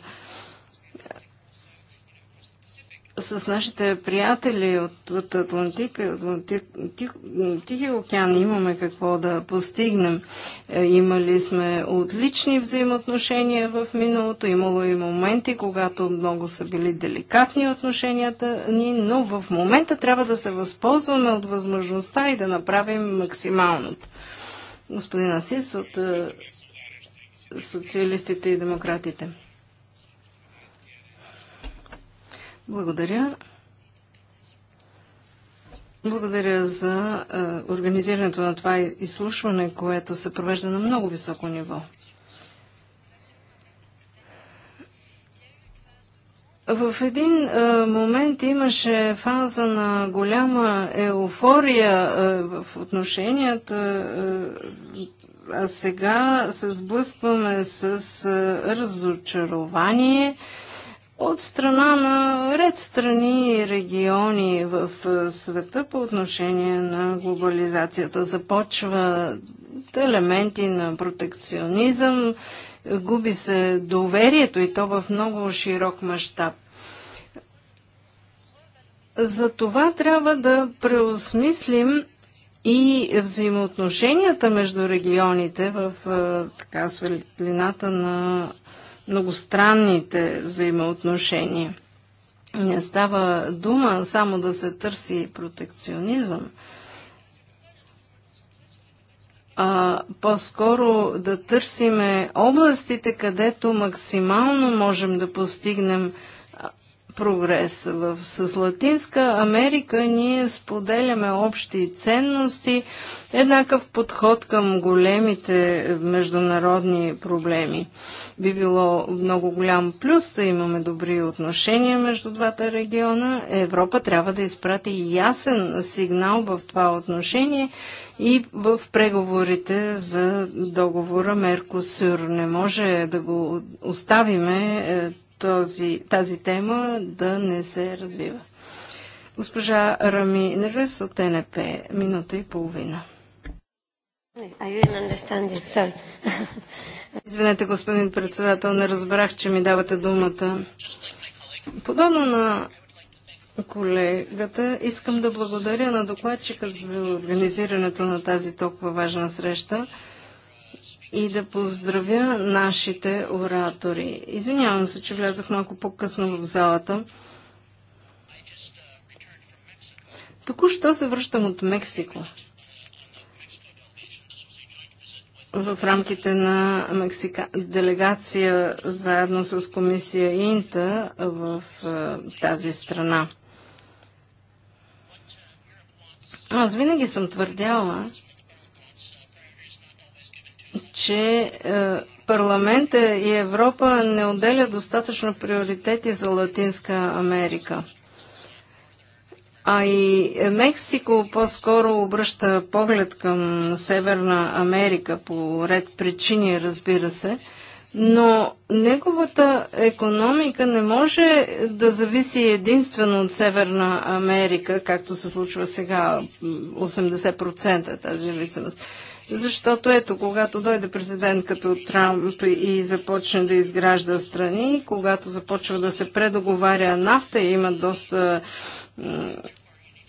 с нашите приятели от, от Атлантика и от Тихия океан имаме какво да постигнем. Е, имали сме отлични взаимоотношения в миналото, имало и моменти, когато много са били деликатни отношенията ни, но в момента трябва да се възползваме от възможността и да направим максималното. Господин Асис от е, социалистите и демократите. Благодаря. Благодаря за е, организирането на това изслушване, което се провежда на много високо ниво. В един е, момент имаше фаза на голяма еуфория е, в отношенията, е, а сега се сблъскваме с е, разочарование. Е, от страна на ред страни и региони в света по отношение на глобализацията. Започва елементи на протекционизъм, губи се доверието и то в много широк мащаб. За това трябва да преосмислим и взаимоотношенията между регионите в така светлината на многостранните взаимоотношения. Не става дума само да се търси протекционизъм, а по-скоро да търсиме областите, където максимално можем да постигнем прогрес. В, с Латинска Америка ние споделяме общи ценности, еднакъв подход към големите международни проблеми. Би било много голям плюс да имаме добри отношения между двата региона. Европа трябва да изпрати ясен сигнал в това отношение и в преговорите за договора Меркосюр. Не може да го оставиме е, този, тази тема да не се развива. Госпожа Рами Нерес от НП, минута и половина. Извинете, господин председател, не разбрах, че ми давате думата. Подобно на колегата, искам да благодаря на докладчика за организирането на тази толкова важна среща и да поздравя нашите оратори. Извинявам се, че влязах малко по-късно в залата. Току-що се връщам от Мексико. В рамките на Мексика... делегация заедно с комисия Инта в е, тази страна. Аз винаги съм твърдяла, че е, парламента и Европа не отделя достатъчно приоритети за Латинска Америка. А и Мексико по-скоро обръща поглед към Северна Америка по ред причини, разбира се, но неговата економика не може да зависи единствено от Северна Америка, както се случва сега 80% тази зависимост. Защото ето, когато дойде президент като Трамп и започне да изгражда страни, когато започва да се предоговаря нафта и има доста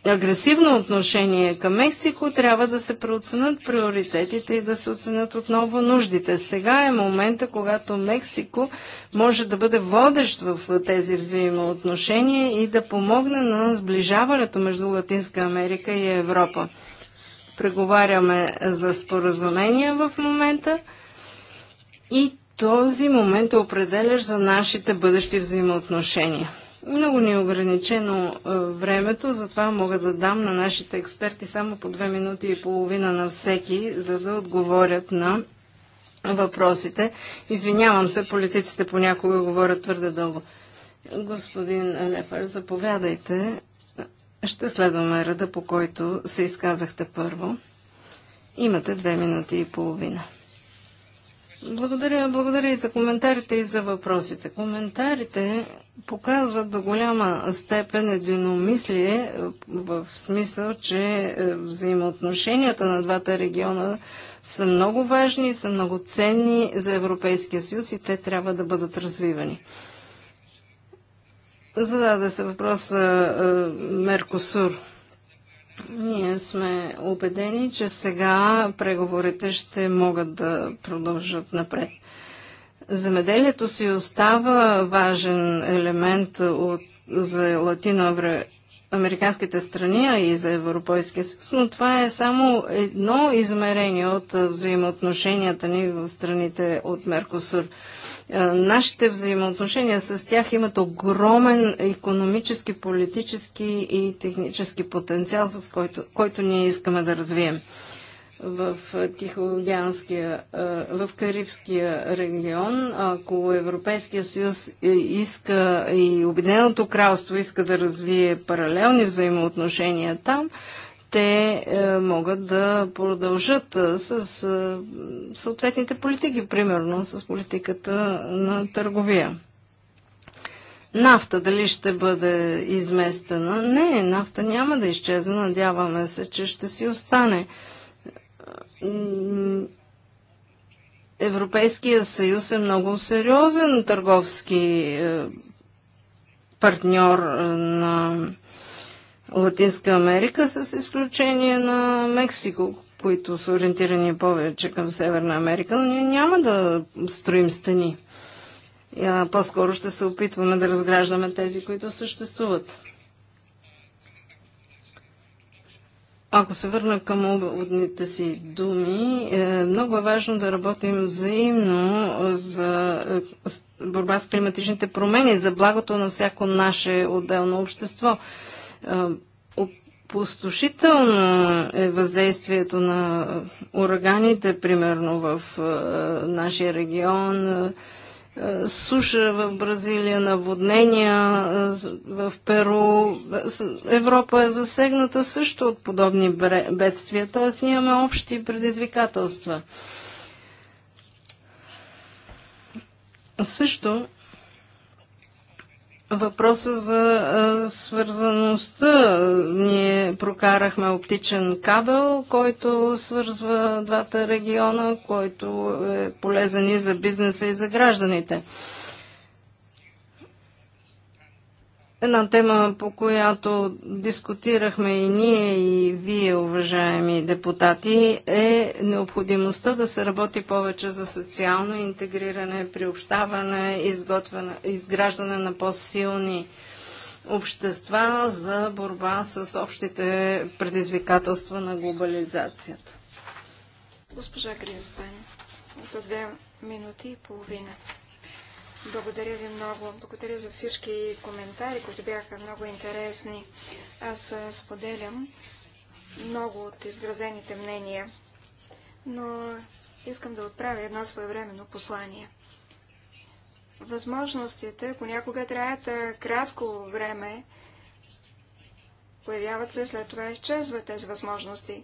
агресивно отношение към Мексико, трябва да се преоценят приоритетите и да се оценят отново нуждите. Сега е момента, когато Мексико може да бъде водещ в тези взаимоотношения и да помогне на сближаването между Латинска Америка и Европа преговаряме за споразумения в момента и този момент е определящ за нашите бъдещи взаимоотношения. Много ни е ограничено е, времето, затова мога да дам на нашите експерти само по две минути и половина на всеки, за да отговорят на въпросите. Извинявам се, политиците понякога говорят твърде дълго. Господин Лефар, заповядайте ще следваме ръда, по който се изказахте първо. Имате две минути и половина. Благодаря, благодаря и за коментарите и за въпросите. Коментарите показват до голяма степен единомислие в смисъл, че е, взаимоотношенията на двата региона са много важни и са много ценни за Европейския съюз и те трябва да бъдат развивани. Зададе се въпроса Меркосур. Ние сме убедени, че сега преговорите ще могат да продължат напред. Земеделието си остава важен елемент от, за латиноамериканските страни, и за Европейския съюз, но това е само едно измерение от взаимоотношенията ни в страните от Меркосур. Е, нашите взаимоотношения с тях имат огромен економически, политически и технически потенциал, с който, който ние искаме да развием в Тихоокеанския, е, в Карибския регион. Ако Европейския съюз е, иска и Обединеното кралство иска да развие паралелни взаимоотношения там, те е, могат да продължат е, с е, съответните политики, примерно с политиката на търговия. Нафта дали ще бъде изместена? Не, нафта няма да изчезне. Надяваме се, че ще си остане. Европейския съюз е много сериозен търговски е, партньор е, на Латинска Америка, с изключение на Мексико, които са ориентирани повече към Северна Америка, но ние няма да строим стени. По-скоро ще се опитваме да разграждаме тези, които съществуват. Ако се върна към обводните си думи, е, много е важно да работим взаимно за е, борба с климатичните промени, за благото на всяко наше отделно общество. Опустошително е въздействието на ураганите, примерно в нашия регион суша в Бразилия, наводнения в Перу. Европа е засегната също от подобни бедствия, т.е. ние имаме общи предизвикателства. Също въпроса за свързаността. Ние прокарахме оптичен кабел, който свързва двата региона, който е полезен и за бизнеса и за гражданите. Една тема, по която дискутирахме и ние, и вие, уважаеми депутати, е необходимостта да се работи повече за социално интегриране, приобщаване, изграждане на по-силни общества за борба с общите предизвикателства на глобализацията.
Госпожа Гринспен, за две минути и половина. Благодаря ви много. Благодаря за всички коментари, които бяха много интересни. Аз споделям много от изгразените мнения, но искам да отправя едно своевременно послание. Възможностите понякога траят кратко време, появяват се, след това изчезват тези възможности.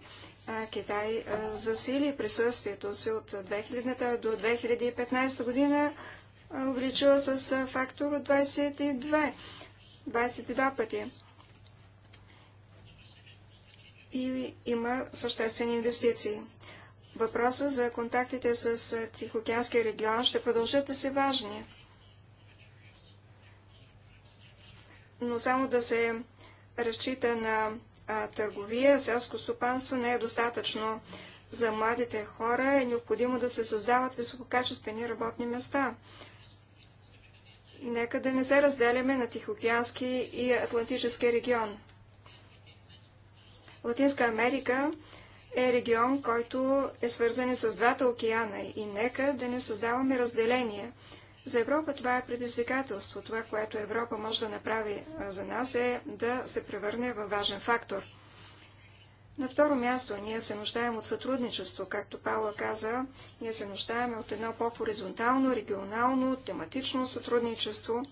Китай засили присъствието си от 2000 до 2015 година увеличила с фактор 22, 22 пъти. И има съществени инвестиции. Въпроса за контактите с Тихоокеанския регион ще продължат да са важни. Но само да се разчита на търговия, селско стопанство не е достатъчно. За младите хора е необходимо да се създават висококачествени работни места. Нека да не се разделяме на Тихоокеански и Атлантически регион. Латинска Америка е регион, който е свързан с двата океана и нека да не създаваме разделения. За Европа това е предизвикателство. Това, което Европа може да направи за нас е да се превърне във важен фактор – на второ място, ние се нуждаем от сътрудничество, както Павла каза, ние се нуждаем от едно по-хоризонтално, регионално, тематично сътрудничество.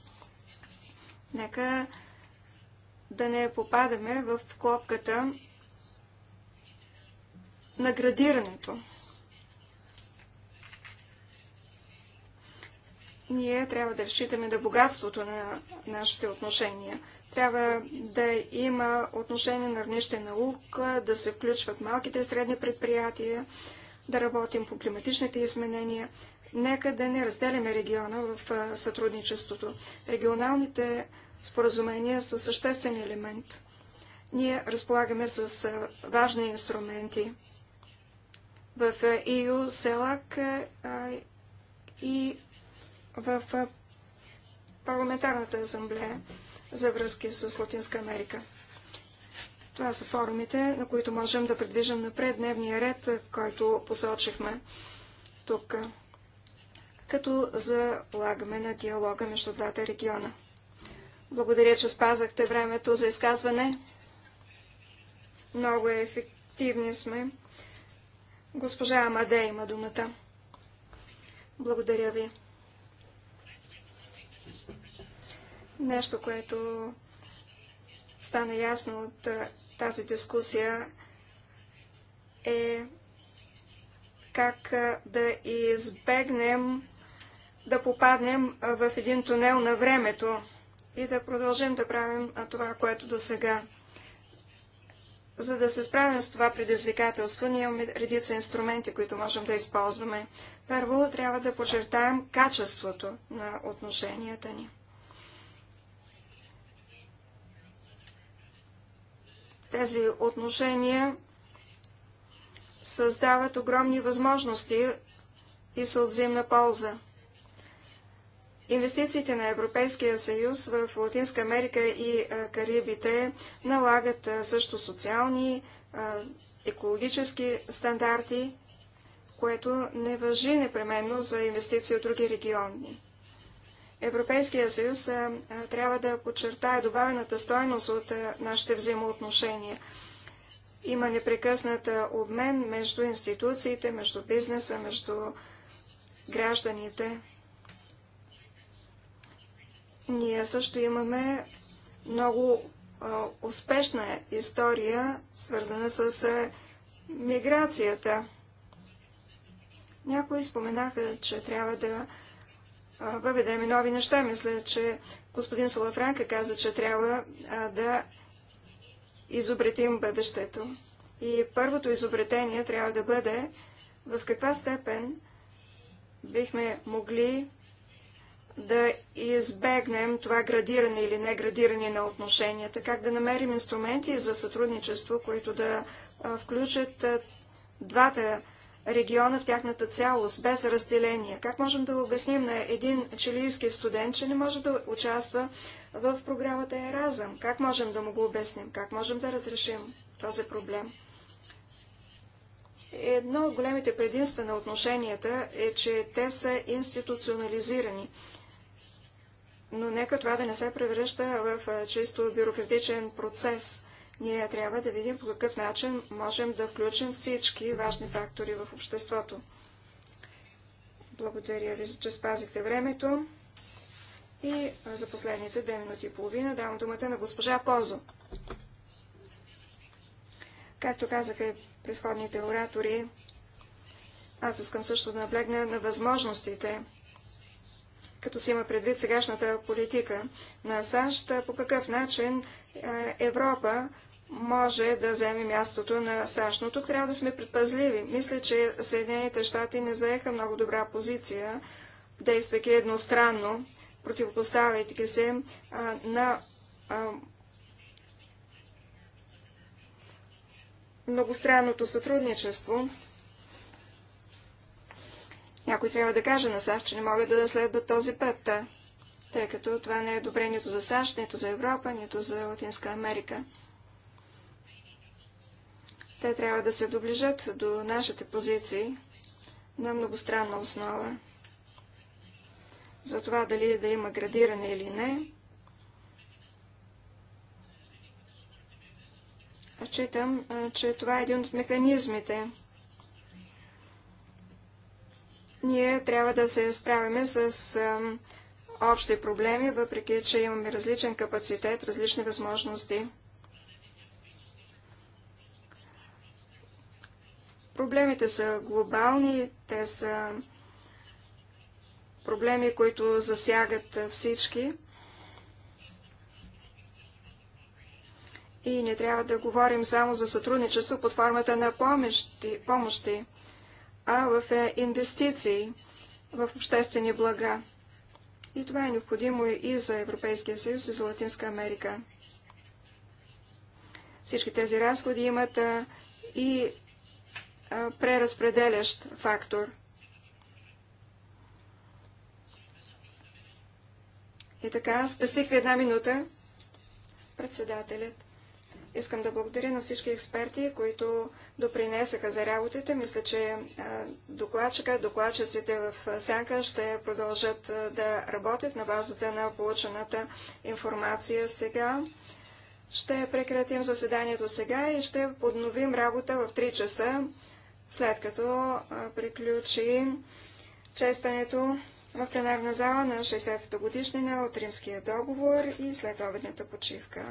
Нека да не попадаме в клопката на градирането. Ние трябва да разчитаме на богатството на нашите отношения – трябва да има отношение на равнище наука, да се включват малките и средни предприятия, да работим по климатичните изменения. Нека да не разделяме региона в сътрудничеството. Регионалните споразумения са съществен елемент. Ние разполагаме с важни инструменти. В ИУ СЕЛАК и в парламентарната асамблея за връзки с Латинска Америка. Това са форумите, на които можем да предвижим напред дневния ред, който посочихме тук, като залагаме на диалога между двата региона. Благодаря, че спазахте времето за изказване. Много ефективни сме. Госпожа Амаде има думата. Благодаря ви. Нещо, което стана ясно от тази дискусия е как да избегнем да попаднем в един тунел на времето и да продължим да правим това, което до сега. За да се справим с това предизвикателство, ние имаме редица инструменти, които можем да използваме. Първо трябва да почертаем качеството на отношенията ни. Тези отношения създават огромни възможности и са от взаимна полза. Инвестициите на Европейския съюз в Латинска Америка и Карибите налагат също социални, екологически стандарти, което не въжи непременно за инвестиции от други региони. Европейския съюз трябва да подчертае добавената стойност от нашите взаимоотношения. Има непрекъснат обмен между институциите, между бизнеса, между гражданите. Ние също имаме много успешна история, свързана с миграцията. Някои споменаха, че трябва да въведем и нови неща. Мисля, че господин Салафранка каза, че трябва а, да изобретим бъдещето. И първото изобретение трябва да бъде в каква степен бихме могли да избегнем това градиране или неградиране на отношенията, как да намерим инструменти за сътрудничество, които да а, включат а, двата региона в тяхната цялост, без разделение. Как можем да обясним на един чилийски студент, че не може да участва в програмата Еразъм? Как можем да му го обясним? Как можем да разрешим този проблем? Едно от големите предимства на отношенията е, че те са институционализирани. Но нека това да не се превръща в чисто бюрократичен процес. Ние трябва да видим по какъв начин можем да включим всички важни фактори в обществото. Благодаря ви, че спазихте времето. И за последните две минути и половина давам думата на госпожа Позо. Както казаха и предходните оратори, аз искам също да наблегна на възможностите, като се има предвид сегашната политика на САЩ, по какъв начин Европа може да вземе мястото на САЩ. Но тук трябва да сме предпазливи. Мисля, че Съединените щати не заеха много добра позиция, действайки едностранно, противопоставяйки се а, на а, многостранното сътрудничество. Някой трябва да каже на САЩ, че не могат да следват този път, тъй като това не е добре нито за САЩ, нито за Европа, нито за Латинска Америка. Те трябва да се доближат до нашите позиции на многостранна основа. За това дали да има градиране или не, Читам, че това е един от механизмите. Ние трябва да се справяме с общи проблеми, въпреки че имаме различен капацитет, различни възможности. Проблемите са глобални, те са проблеми, които засягат всички. И не трябва да говорим само за сътрудничество под формата на помощи, помощи а в е, инвестиции в обществени блага. И това е необходимо и за Европейския съюз и за Латинска Америка. Всички тези разходи имат и преразпределящ фактор. И така, спестих ви една минута, председателят. Искам да благодаря на всички експерти, които допринесаха за работите. Мисля, че докладчика, докладчиците в Сянка ще продължат да работят на базата на получената информация сега. Ще прекратим заседанието сега и ще подновим работа в 3 часа след като приключи честването в пленарна зала на 60-та годишнина от Римския договор и след обедната почивка.